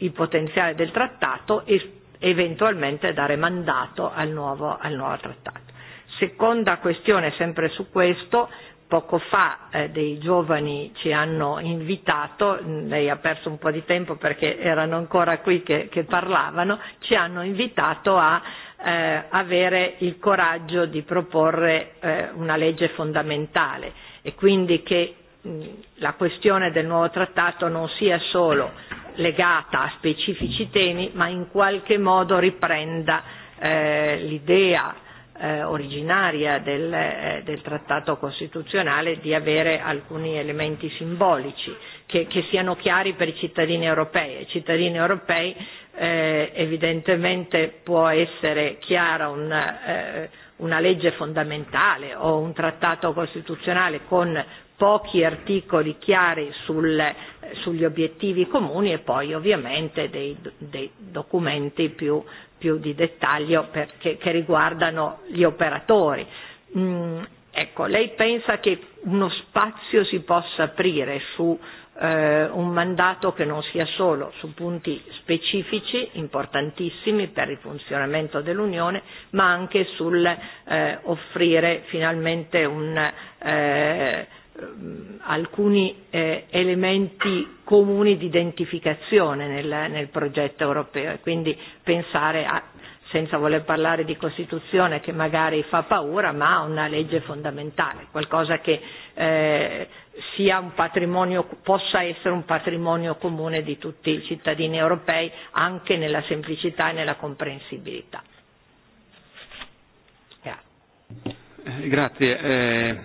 il potenziale del trattato e eventualmente dare mandato al nuovo, al nuovo trattato. Seconda questione, sempre su questo, poco fa eh, dei giovani ci hanno invitato, lei ha perso un po' di tempo perché erano ancora qui che, che parlavano, ci hanno invitato a eh, avere il coraggio di proporre eh, una legge fondamentale e quindi che mh, la questione del nuovo trattato non sia solo legata a specifici temi, ma in qualche modo riprenda eh, l'idea eh, originaria del, eh, del trattato costituzionale di avere alcuni elementi simbolici che, che siano chiari per i cittadini europei. E I cittadini europei eh, evidentemente può essere chiara un, eh, una legge fondamentale o un trattato costituzionale con pochi articoli chiari sul, sugli obiettivi comuni e poi ovviamente dei, dei documenti più, più di dettaglio perché, che riguardano gli operatori. Mm, ecco, lei pensa che uno spazio si possa aprire su eh, eh, un mandato che non sia solo su punti specifici importantissimi per il funzionamento dell'Unione, ma anche sul eh, offrire finalmente un, eh, alcuni eh, elementi comuni di identificazione nel, nel progetto europeo e quindi pensare a senza voler parlare di Costituzione che magari fa paura, ma una legge fondamentale, qualcosa che eh, sia un patrimonio, possa essere un patrimonio comune di tutti i cittadini europei, anche nella semplicità e nella comprensibilità. Grazie. Grazie, eh,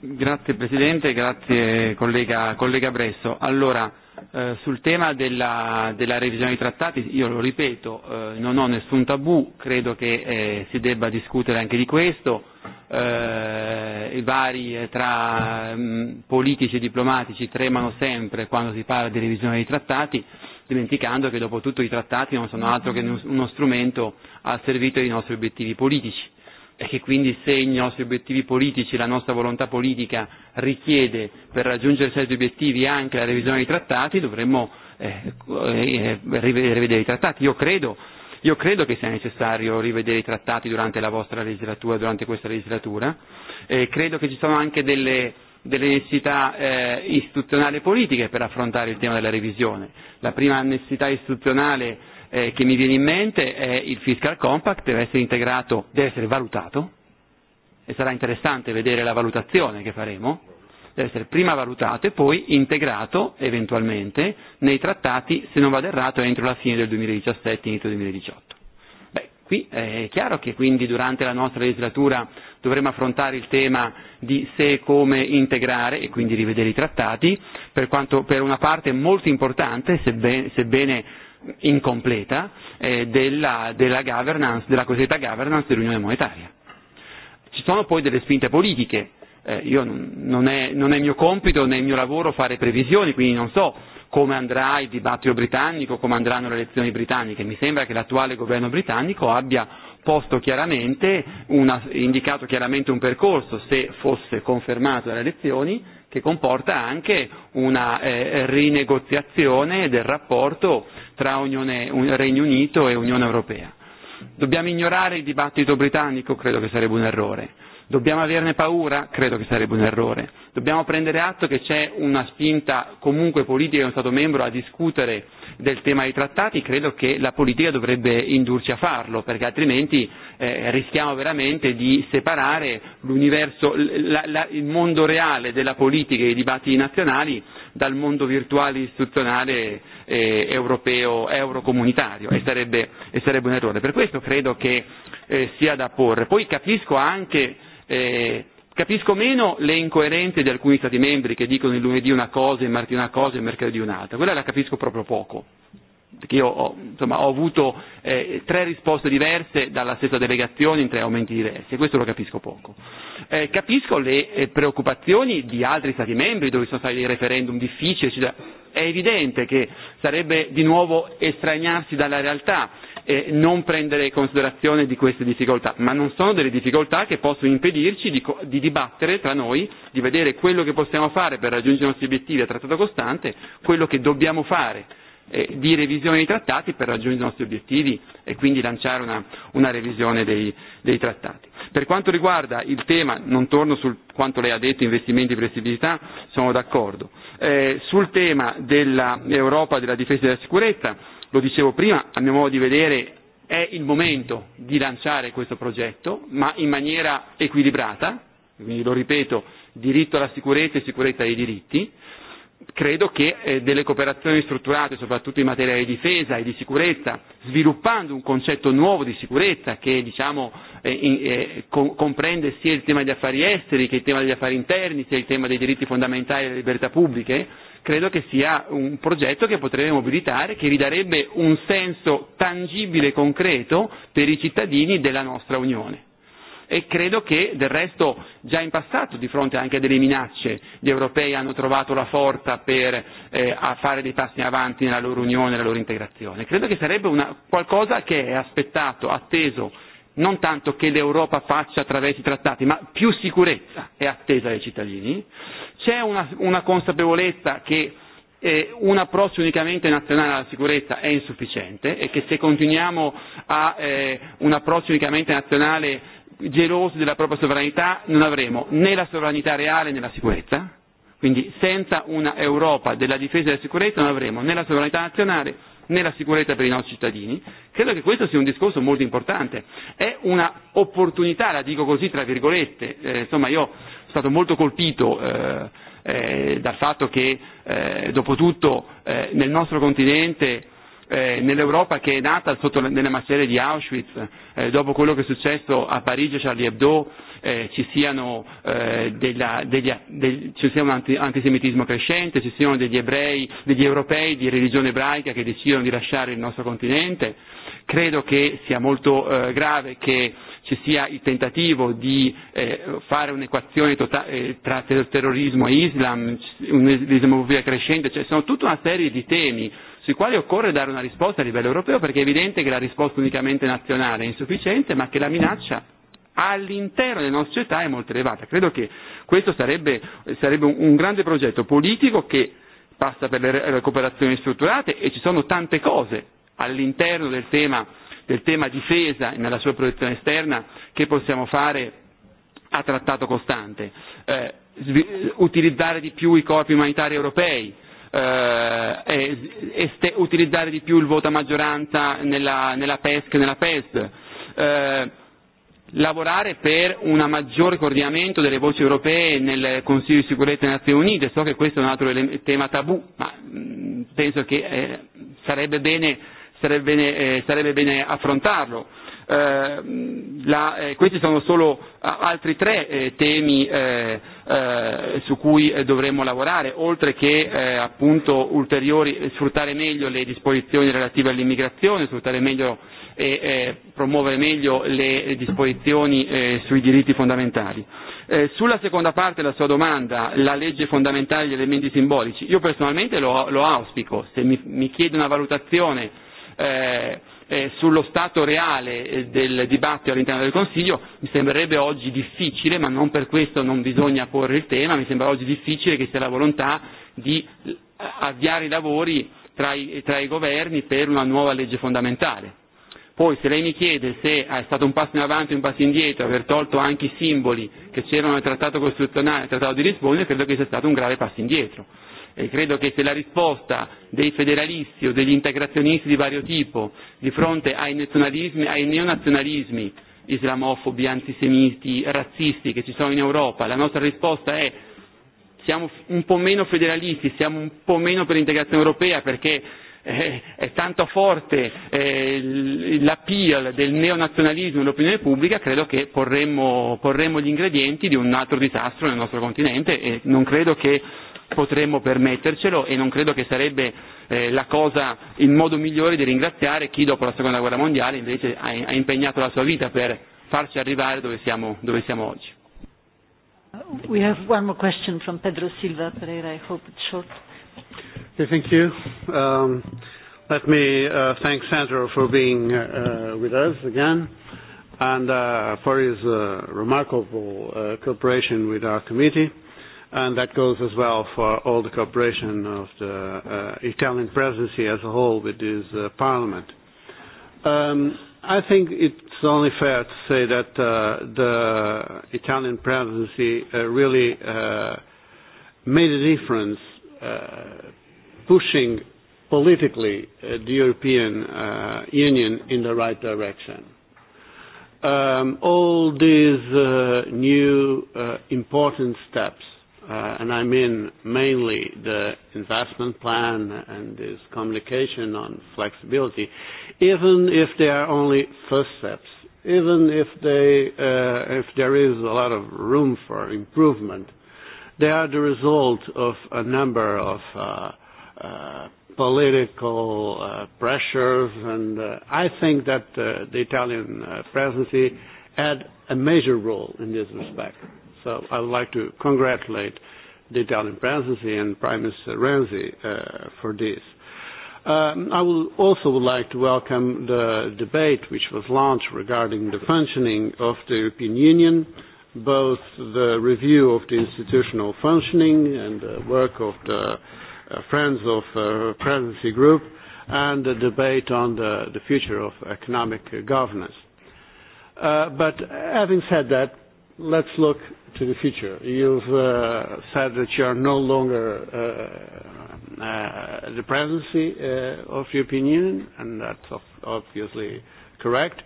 grazie Presidente, grazie collega, collega Bresso. Allora, eh, sul tema della, della revisione dei trattati, io lo ripeto, eh, non ho nessun tabù, credo che eh, si debba discutere anche di questo eh, i vari eh, tra mh, mm, politici e diplomatici tremano sempre quando si parla di revisione dei trattati, dimenticando che dopo tutto i trattati non sono altro che mm-hmm. uno strumento al servizio dei nostri obiettivi politici e che quindi se i nostri obiettivi politici, la nostra volontà politica richiede per raggiungere certi obiettivi anche la revisione dei trattati, dovremmo eh, eh rivedere i trattati. Io credo Io credo che sia necessario rivedere i trattati durante la vostra legislatura, durante questa legislatura, e credo che ci sono anche delle, delle necessità eh, istituzionali e politiche per affrontare il tema della revisione. La prima necessità istituzionale eh, che mi viene in mente è il fiscal compact deve essere integrato, deve essere valutato e sarà interessante vedere la valutazione che faremo deve essere prima valutato e poi integrato eventualmente nei trattati, se non vado errato, entro la fine del 2017, inizio 2018. Beh, qui eh, è chiaro che quindi durante la nostra legislatura dovremo affrontare il tema di se e come integrare e quindi rivedere i trattati, per, quanto, per una parte molto importante, sebbene, sebbene incompleta, eh, della, della, governance, della cosiddetta governance dell'Unione Monetaria. Ci sono poi delle spinte politiche, eh, io non è, non è mio compito né il mio lavoro fare previsioni, quindi non so come andrà il dibattito britannico, come andranno le elezioni britanniche. Mi sembra che l'attuale governo britannico abbia posto chiaramente, una, indicato chiaramente un percorso, se fosse confermato dalle elezioni, che comporta anche una eh, rinegoziazione del rapporto tra Unione, un, Regno Unito e Unione Europea. Dobbiamo ignorare il dibattito britannico? Credo che sarebbe un errore Dobbiamo averne paura? Credo che sarebbe un errore. Dobbiamo prendere atto che c'è una spinta comunque politica di uno Stato membro a discutere del tema dei trattati, credo che la politica dovrebbe indurci a farlo, perché altrimenti eh, rischiamo veramente di separare l'universo, la, la, il mondo reale della politica e dei dibattiti nazionali dal mondo virtuale istituzionale eh, europeo, eurocomunitario e sarebbe, e sarebbe un errore. Per questo credo che eh, sia da porre. Poi capisco anche Eh, capisco meno le incoerenze di alcuni Stati membri che dicono il lunedì una cosa, il martedì una cosa e il mercoledì un'altra, quella la capisco proprio poco. Perché io ho, insomma, ho avuto eh, tre risposte diverse dalla stessa delegazione in tre aumenti diversi e questo lo capisco poco. Eh, capisco le eh, preoccupazioni di altri Stati membri dove sono stati dei referendum difficili, eccetera. è evidente che sarebbe di nuovo estraniarsi dalla realtà eh, non prendere considerazione di queste difficoltà, ma non sono delle difficoltà che possono impedirci di, di dibattere tra noi, di vedere quello che possiamo fare per raggiungere i nostri obiettivi a trattato costante, quello che dobbiamo fare eh, di revisione dei trattati per raggiungere i nostri obiettivi e quindi lanciare una, una revisione dei, dei trattati. Per quanto riguarda il tema, non torno su quanto lei ha detto, investimenti e flessibilità, sono d'accordo. Eh, sul tema dell'Europa della difesa e della sicurezza, Lo dicevo prima, a mio modo di vedere è il momento di lanciare questo progetto, ma in maniera equilibrata, quindi lo ripeto, diritto alla sicurezza e sicurezza ai diritti, credo che eh, delle cooperazioni strutturate, soprattutto in materia di difesa e di sicurezza, sviluppando un concetto nuovo di sicurezza che diciamo, eh, in, eh, co- comprende sia il tema degli affari esteri che il tema degli affari interni, sia il tema dei diritti fondamentali e delle libertà pubbliche, credo che sia un progetto che potrebbe mobilitare, che ridarebbe un senso tangibile e concreto per i cittadini della nostra Unione. E credo che del resto già in passato, di fronte anche a delle minacce, gli europei hanno trovato la forza per eh, a fare dei passi avanti nella loro unione, nella loro integrazione. Credo che sarebbe una, qualcosa che è aspettato, atteso non tanto che l'Europa faccia attraverso i trattati, ma più sicurezza è attesa dai cittadini, c'è una, una consapevolezza che eh, un approccio unicamente nazionale alla sicurezza è insufficiente e che se continuiamo a eh, un approccio unicamente nazionale gelosi della propria sovranità non avremo né la sovranità reale né la sicurezza, quindi senza un'Europa della difesa e della sicurezza non avremo né la sovranità nazionale nella sicurezza per i nostri cittadini, credo che questo sia un discorso molto importante. È un'opportunità, la dico così tra virgolette, eh, insomma io sono stato molto colpito eh, eh, dal fatto che eh, dopo tutto eh, nel nostro continente eh, nell'Europa che è nata sotto, nelle macerie di Auschwitz, eh, dopo quello che è successo a Parigi a Charlie Hebdo, eh, ci, siano, eh, della, degli, del, ci sia un anti, antisemitismo crescente, ci siano degli ebrei, degli europei di religione ebraica che decidono di lasciare il nostro continente. Credo che sia molto eh, grave che ci sia il tentativo di eh, fare un'equazione tota- eh, tra ter- terrorismo e Islam, un'islamofobia crescente, cioè sono tutta una serie di temi sui quali occorre dare una risposta a livello europeo perché è evidente che la risposta unicamente nazionale è insufficiente ma che la minaccia all'interno della nostra società è molto elevata. Credo che questo sarebbe, sarebbe un, un grande progetto politico che passa per le, le cooperazioni strutturate e ci sono tante cose all'interno del tema, del tema difesa e nella sua proiezione esterna che possiamo fare a trattato costante. Eh, utilizzare di più i corpi umanitari europei, eh, e este- utilizzare di più il voto a maggioranza nella, nella PESC e nella PESD. Eh, lavorare per un maggiore coordinamento delle voci europee nel Consiglio di sicurezza delle Nazioni Unite. So che questo è un altro tema tabù, ma mm, penso che eh, sarebbe bene, sarebbe bene, eh, sarebbe bene affrontarlo. Eh, la, eh, questi sono solo altri tre eh, temi eh, eh, su cui eh, dovremmo lavorare, oltre che eh, appunto ulteriori, sfruttare meglio le disposizioni relative all'immigrazione, sfruttare meglio e eh, promuovere meglio le disposizioni eh, sui diritti fondamentali. Eh, sulla seconda parte della sua domanda, la legge fondamentale, gli elementi simbolici, io personalmente lo, lo auspico, se mi, mi chiede una valutazione eh, eh, sullo stato reale eh, del dibattito all'interno del Consiglio mi sembrerebbe oggi difficile, ma non per questo non bisogna porre il tema, mi sembra oggi difficile che sia la volontà di eh, avviare i lavori tra i, tra i governi per una nuova legge fondamentale Poi se lei mi chiede se è stato un passo in avanti o un passo indietro aver tolto anche i simboli che c'erano nel trattato costituzionale, nel trattato di Lisbona, credo che sia stato un grave passo indietro. E credo che se la risposta dei federalisti o degli integrazionisti di vario tipo di fronte ai nazionalismi, ai neonazionalismi islamofobi, antisemiti, razzisti che ci sono in Europa, la nostra risposta è siamo un po' meno federalisti, siamo un po' meno per l'integrazione europea perché eh, è tanto forte eh, l'appeal del neonazionalismo nell'opinione e pubblica, credo che porremmo, porremmo gli ingredienti di un altro disastro nel nostro continente e non credo che potremmo permettercelo e non credo che sarebbe eh, la cosa, il modo migliore di ringraziare chi dopo la seconda guerra mondiale invece ha, ha impegnato la sua vita per farci arrivare dove siamo, dove siamo oggi. We have one more question from Pedro Silva Pereira, I hope it's short. Okay, thank you. Um, let me uh, thank Sandro for being uh, uh, with us again and uh, for his uh, remarkable uh, cooperation with our committee. And that goes as well for all the cooperation of the uh, Italian presidency as a whole with this uh, parliament. Um, I think it's only fair to say that uh, the Italian presidency uh, really uh, made a difference uh, pushing politically uh, the European uh, Union in the right direction. Um, all these uh, new uh, important steps, uh, and I mean mainly the investment plan and this communication on flexibility, even if they are only first steps, even if, they, uh, if there is a lot of room for improvement, they are the result of a number of uh, uh, political uh, pressures, and uh, I think that uh, the Italian uh, presidency had a major role in this respect. So I would like to congratulate the Italian presidency and Prime Minister Renzi uh, for this. Um, I will also would like to welcome the debate which was launched regarding the functioning of the European Union, both the review of the institutional functioning and the work of the uh, uh, friends of uh, presidency group and the debate on the, the future of economic governance. Uh, but having said that, let's look to the future. You've uh, said that you are no longer uh, uh, the presidency uh, of the European Union, and that's of, obviously correct.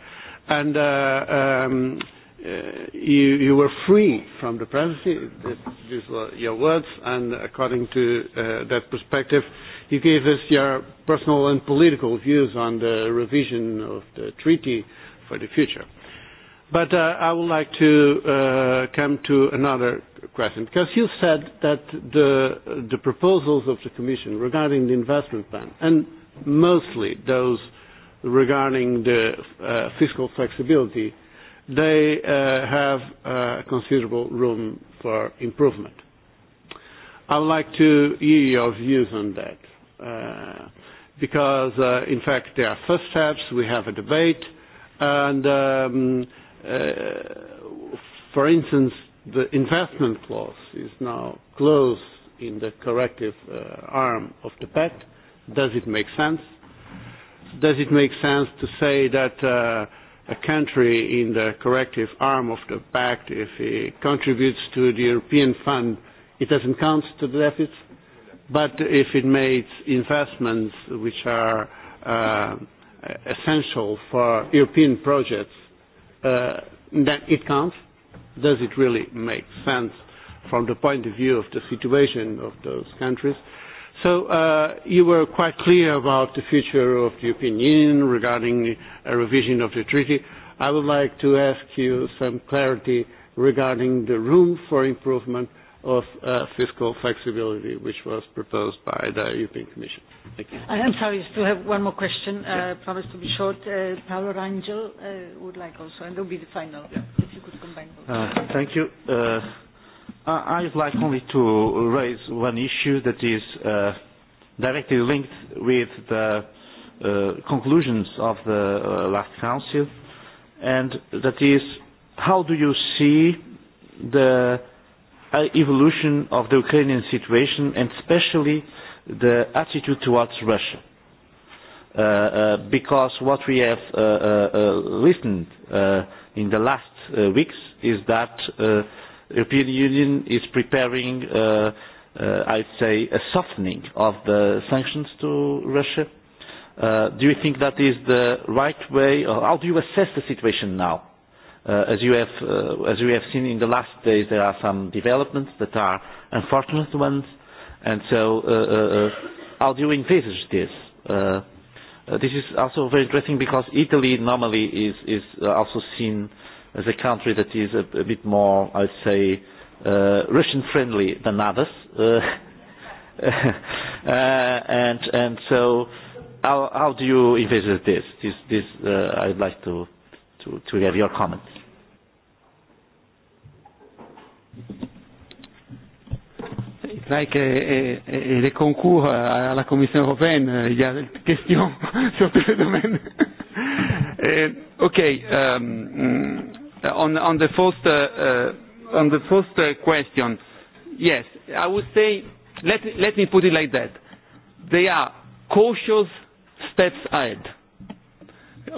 And uh, um, uh, you, you were free from the presidency. These were your words, and according to uh, that perspective, you gave us your personal and political views on the revision of the treaty for the future. But uh, I would like to uh, come to another question, because you said that the, the proposals of the Commission regarding the investment plan, and mostly those regarding the uh, fiscal flexibility, uh, they uh, have uh, considerable room for improvement. I would like to hear your views on that, uh, because uh, in fact there are first steps, we have a debate, and um, uh, for instance, the investment clause is now closed in the corrective uh, arm of the PET. Does it make sense? Does it make sense to say that uh, a country in the corrective arm of the pact, if it contributes to the European fund, it doesn't count to the deficit. But if it makes investments which are uh, essential for European projects, uh, then it counts. Does it really make sense from the point of view of the situation of those countries? Uh, So uh, you were quite clear about the future of the European Union regarding a revision of the treaty. I would like to ask you some clarity regarding the room for improvement of uh, fiscal flexibility, which was proposed by the European Commission. Thank you. I'm sorry, I still have one more question. Uh, yeah. Uh, promise to be short. Uh, Paolo Rangel uh, would like also, and it will be the final, yeah. if you could combine both. Uh, thank you. Uh, Uh, I would like only to raise one issue that is uh, directly linked with the uh, conclusions of the uh, last council, and that is how do you see the uh, evolution of the Ukrainian situation and especially the attitude towards Russia? Uh, uh, because what we have uh, uh, uh listened uh, in the last uh, weeks is that uh, European Union is preparing, uh, uh, I'd say, a softening of the sanctions to Russia. Uh, do you think that is the right way, or how do you assess the situation now? Uh, as, you have, uh, as we have seen in the last days, there are some developments that are unfortunate ones, and so uh, uh, uh how do you envisage this? Uh, uh, this is also very interesting because Italy normally is, is uh, also seen uh, as a country that is a, a bit more, I'd say, uh, Russian-friendly than others. Uh, [LAUGHS] uh, and, and so how, how do you envisage this? this, this uh, I'd like to, to, to have your comments. C'est vrai que et, eh, et eh, les concours à la Commission européenne, il y a des questions sur tous les domaines. Uh, okay. Um, mm, on, on the first, uh, uh, on the first uh, question, yes, I would say, let, let me put it like that. They are cautious steps ahead.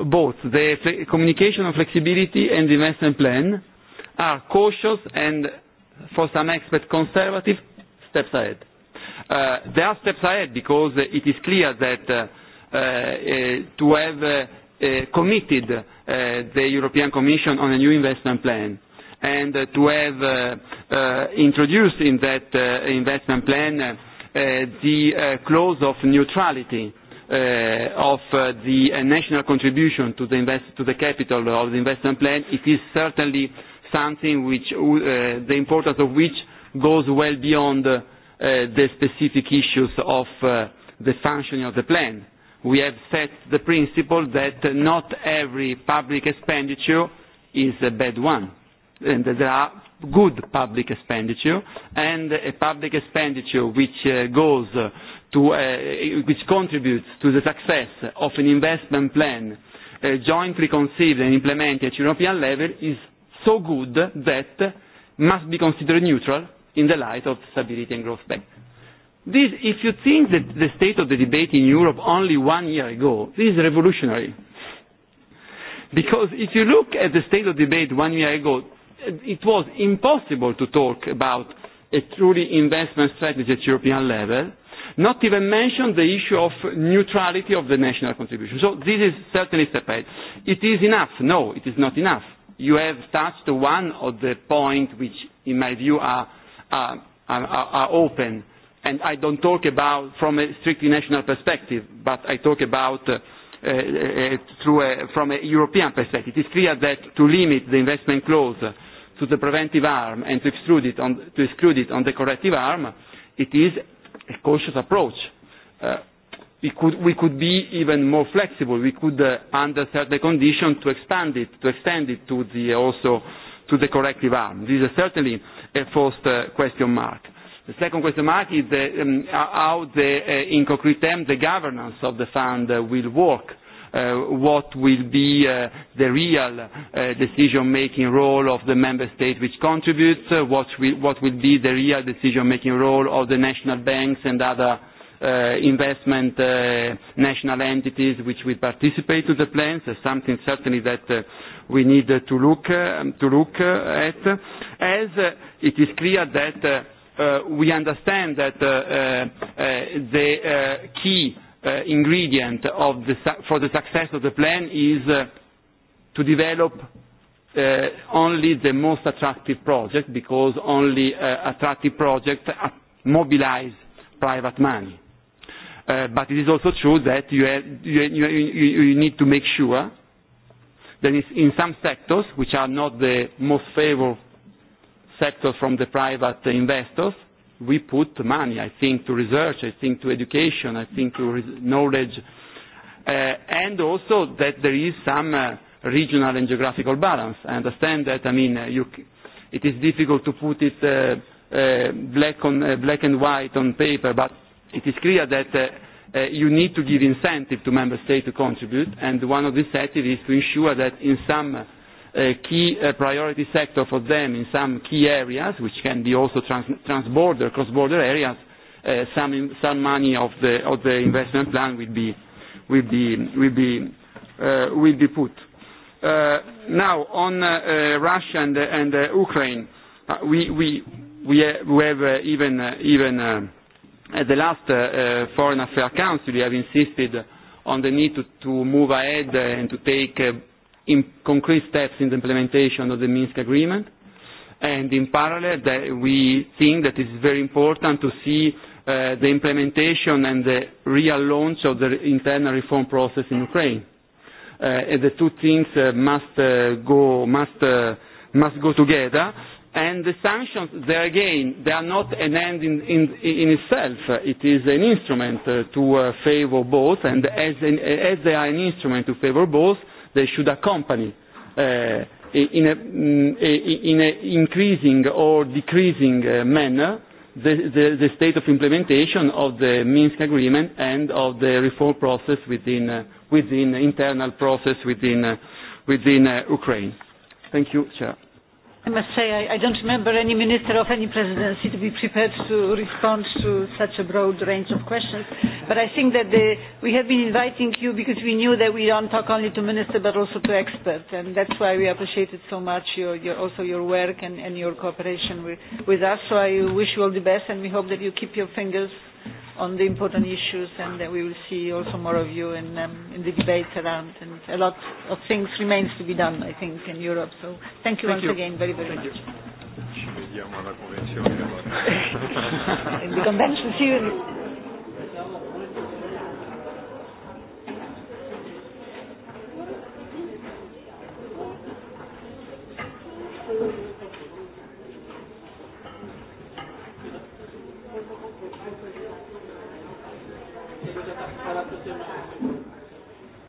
Both the communication on flexibility and the investment plan are cautious and, for some experts, conservative steps ahead. Uh, they are steps ahead because it is clear that uh, to have Uh, committed uh, the European Commission on a new investment plan and uh, to have uh, uh, introduced in that uh, investment plan uh, the uh, clause of neutrality uh, of uh, the uh, national contribution to the, invest to the capital of the investment plan, it is certainly something which, uh, the importance of which goes well beyond uh, the specific issues of uh, the functioning of the plan we have set the principle that not every public expenditure is a bad one. And there are good public expenditure and a public expenditure which uh, goes uh, to, uh, which contributes to the success of an investment plan uh, jointly conceived and implemented at European level is so good that must be considered neutral in the light of stability and growth pact. This, if you think that the state of the debate in Europe only one year ago, this is revolutionary. Because if you look at the state of debate one year ago, it was impossible to talk about a truly investment strategy at European level, not even mention the issue of neutrality of the national contribution. So this is certainly step ahead. It is enough. No, it is not enough. You have touched one of the points which, in my view, are, are, are, are open and I don't talk about from a strictly national perspective, but I talk about uh, uh, uh, through a, from a European perspective. It's clear that to limit the investment clause to the preventive arm and to exclude it on, to exclude it on the corrective arm, it is a cautious approach. Uh, we could, we could be even more flexible. We could, uh, under certain conditions, to expand it, to extend it to the, also to the corrective arm. This is certainly a first uh, question mark The second question mark is the, um, how the, uh, in concrete terms the governance of the fund uh, will work. Uh, what will be uh, the real uh, decision-making role of the member state which contributes, uh, what, will, what will be the real decision-making role of the national banks and other uh, investment uh, national entities which will participate to the plans, uh, something certainly that uh, we need uh, to look, uh, to look uh, at, as uh, it is clear that uh, uh, we understand that uh, uh, uh, the uh, key uh, ingredient of the su- for the success of the plan is uh, to develop uh, only the most attractive project because only uh, attractive projects mobilize private money. Uh, but it is also true that you, have, you, you, you, you need to make sure that in some sectors, which are not the most favored sector from the private investors. We put money, I think, to research, I think to education, I think to knowledge, uh, and also that there is some uh, regional and geographical balance. I understand that, I mean, uh, you, it is difficult to put it uh, uh, black, on, uh, black and white on paper, but it is clear that uh, uh, you need to give incentive to member states to contribute, and one of the incentives is to ensure that in some uh, a key uh, priority sector for them in some key areas, which can be also trans transborder, cross-border areas, uh, some, some money of the, of the investment plan will be, will be, will be, uh, will be put. Uh, now, on uh, uh, Russia and, uh, and uh, Ukraine, uh, we, we, we have, we have uh, even, uh, even uh, at the last uh, uh, Foreign Affairs Council, we have insisted on the need to, to move ahead and to take uh, in concrete steps in the implementation of the Minsk Agreement. And in parallel, that we think that it's very important to see uh, the implementation and the real launch of the internal reform process in Ukraine. Uh, and the two things uh, must, uh, go, must, uh, must go together. And the sanctions, there again, they are not an end in, in, in itself. It is an instrument uh, to uh, favour both, and as, an, as they are an instrument to favour both, they should accompany uh, in an mm, in a increasing or decreasing uh, manner the, the, the state of implementation of the Minsk agreement and of the reform process within, uh, within internal process within, uh, within uh, Ukraine. Thank you, Chair. I must say I, I don't remember any minister of any presidency to be prepared to respond to such a broad range of questions. But I think that the, we have been inviting you because we knew that we don't talk only to ministers but also to experts, and that's why we appreciated so much your, your, also your work and, and your cooperation with, with us. So I wish you all the best, and we hope that you keep your fingers on the important issues, and uh, we will see also more of you in, um, in the debates around. And a lot of things remains to be done, I think, in Europe. So thank you thank once you. again very, very thank much. You. Ci vediamo alla convenzione. in [LAUGHS] the convention, see you. Thank you.